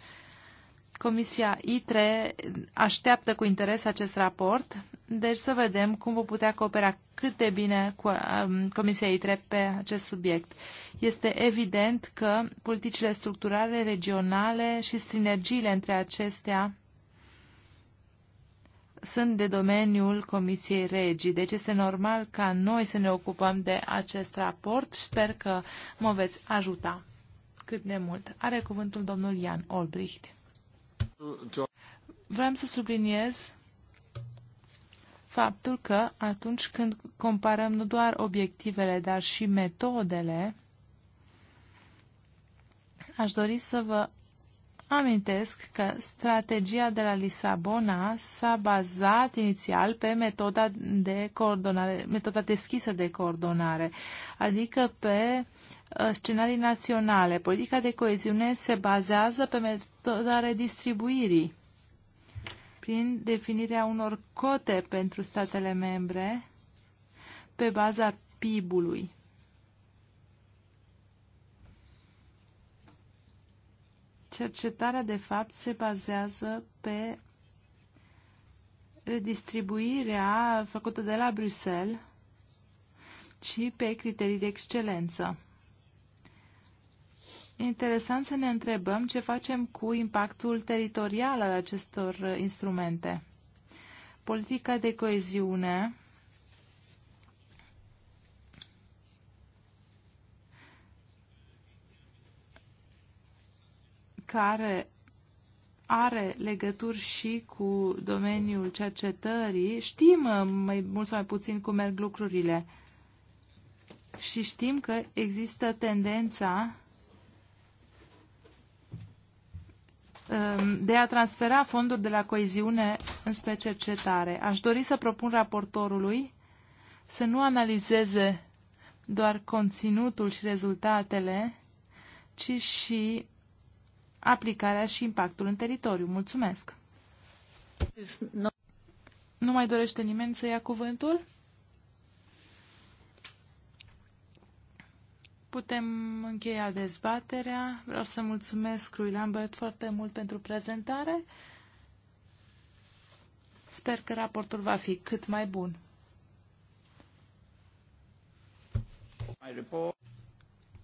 Comisia ITRE așteaptă cu interes acest raport, deci să vedem cum vă putea coopera cât de bine cu um, Comisia ITRE pe acest subiect. Este evident că politicile structurale, regionale și sinergiile între acestea sunt de domeniul Comisiei Regii, deci este normal ca noi să ne ocupăm de acest raport. Sper că mă veți ajuta cât de mult. Are cuvântul domnul Ian Olbricht. Vreau să subliniez faptul că atunci când comparăm nu doar obiectivele, dar și metodele, aș dori să vă amintesc că strategia de la Lisabona s-a bazat inițial pe metoda, de coordonare, metoda deschisă de coordonare, adică pe uh, scenarii naționale. Politica de coeziune se bazează pe metoda redistribuirii prin definirea unor cote pentru statele membre pe baza PIB-ului. Cercetarea, de fapt, se bazează pe redistribuirea făcută de la Bruxelles și pe criterii de excelență. Interesant să ne întrebăm ce facem cu impactul teritorial al acestor instrumente. Politica de coeziune care are legături și cu domeniul cercetării. Știm uh, mai mult sau mai puțin cum merg lucrurile și știm că există tendența um, de a transfera fonduri de la coeziune înspre cercetare. Aș dori să propun raportorului să nu analizeze doar conținutul și rezultatele, ci și aplicarea și impactul în teritoriu. Mulțumesc! Deci, nu mai dorește nimeni să ia cuvântul? Putem încheia dezbaterea. Vreau să mulțumesc lui Lambert foarte mult pentru prezentare. Sper că raportul va fi cât mai bun.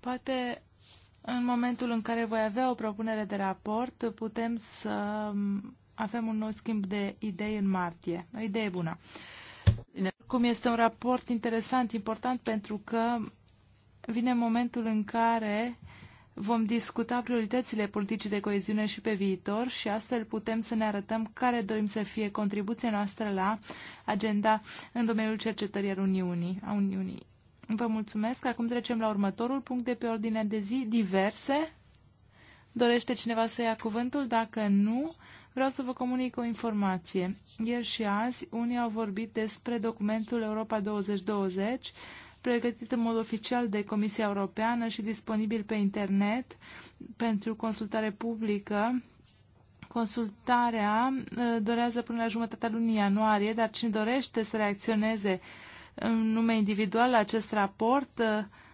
Poate în momentul în care voi avea o propunere de raport, putem să mm, avem un nou schimb de idei în martie. O idee bună. Cum este un raport interesant, important, pentru că vine momentul în care vom discuta prioritățile politicii de coeziune și pe viitor și astfel putem să ne arătăm care dorim să fie contribuția noastră la agenda în domeniul cercetării a Uniunii. A Uniunii. Vă mulțumesc. Acum trecem la următorul punct de pe ordinea de zi, diverse. Dorește cineva să ia cuvântul? Dacă nu, vreau să vă comunic o informație. Ieri și azi, unii au vorbit despre documentul Europa 2020, pregătit în mod oficial de Comisia Europeană și disponibil pe internet pentru consultare publică. Consultarea uh, dorează până la jumătatea lunii ianuarie, dar cine dorește să reacționeze în nume individual la acest raport.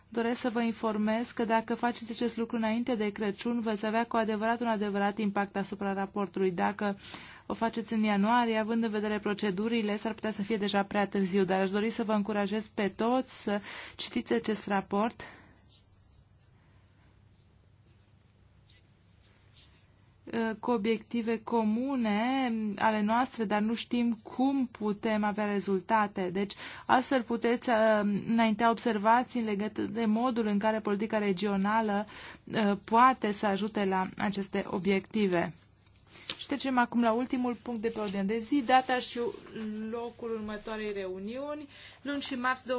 Doresc să vă informez că dacă faceți acest lucru înainte de Crăciun, veți avea cu adevărat un adevărat impact asupra raportului. Dacă o faceți în ianuarie, având în vedere procedurile, s-ar putea să fie deja prea târziu, dar aș dori să vă încurajez pe toți să citiți acest raport Eh, cu obiective comune ale noastre, dar nu știm cum putem avea rezultate. Deci, astfel puteți eh, înaintea observații legate de modul în care politica regională eh, poate să ajute la aceste obiective. Și trecem acum la ultimul punct de pe ordine de zi, data și locul următoarei reuniuni, luni și marți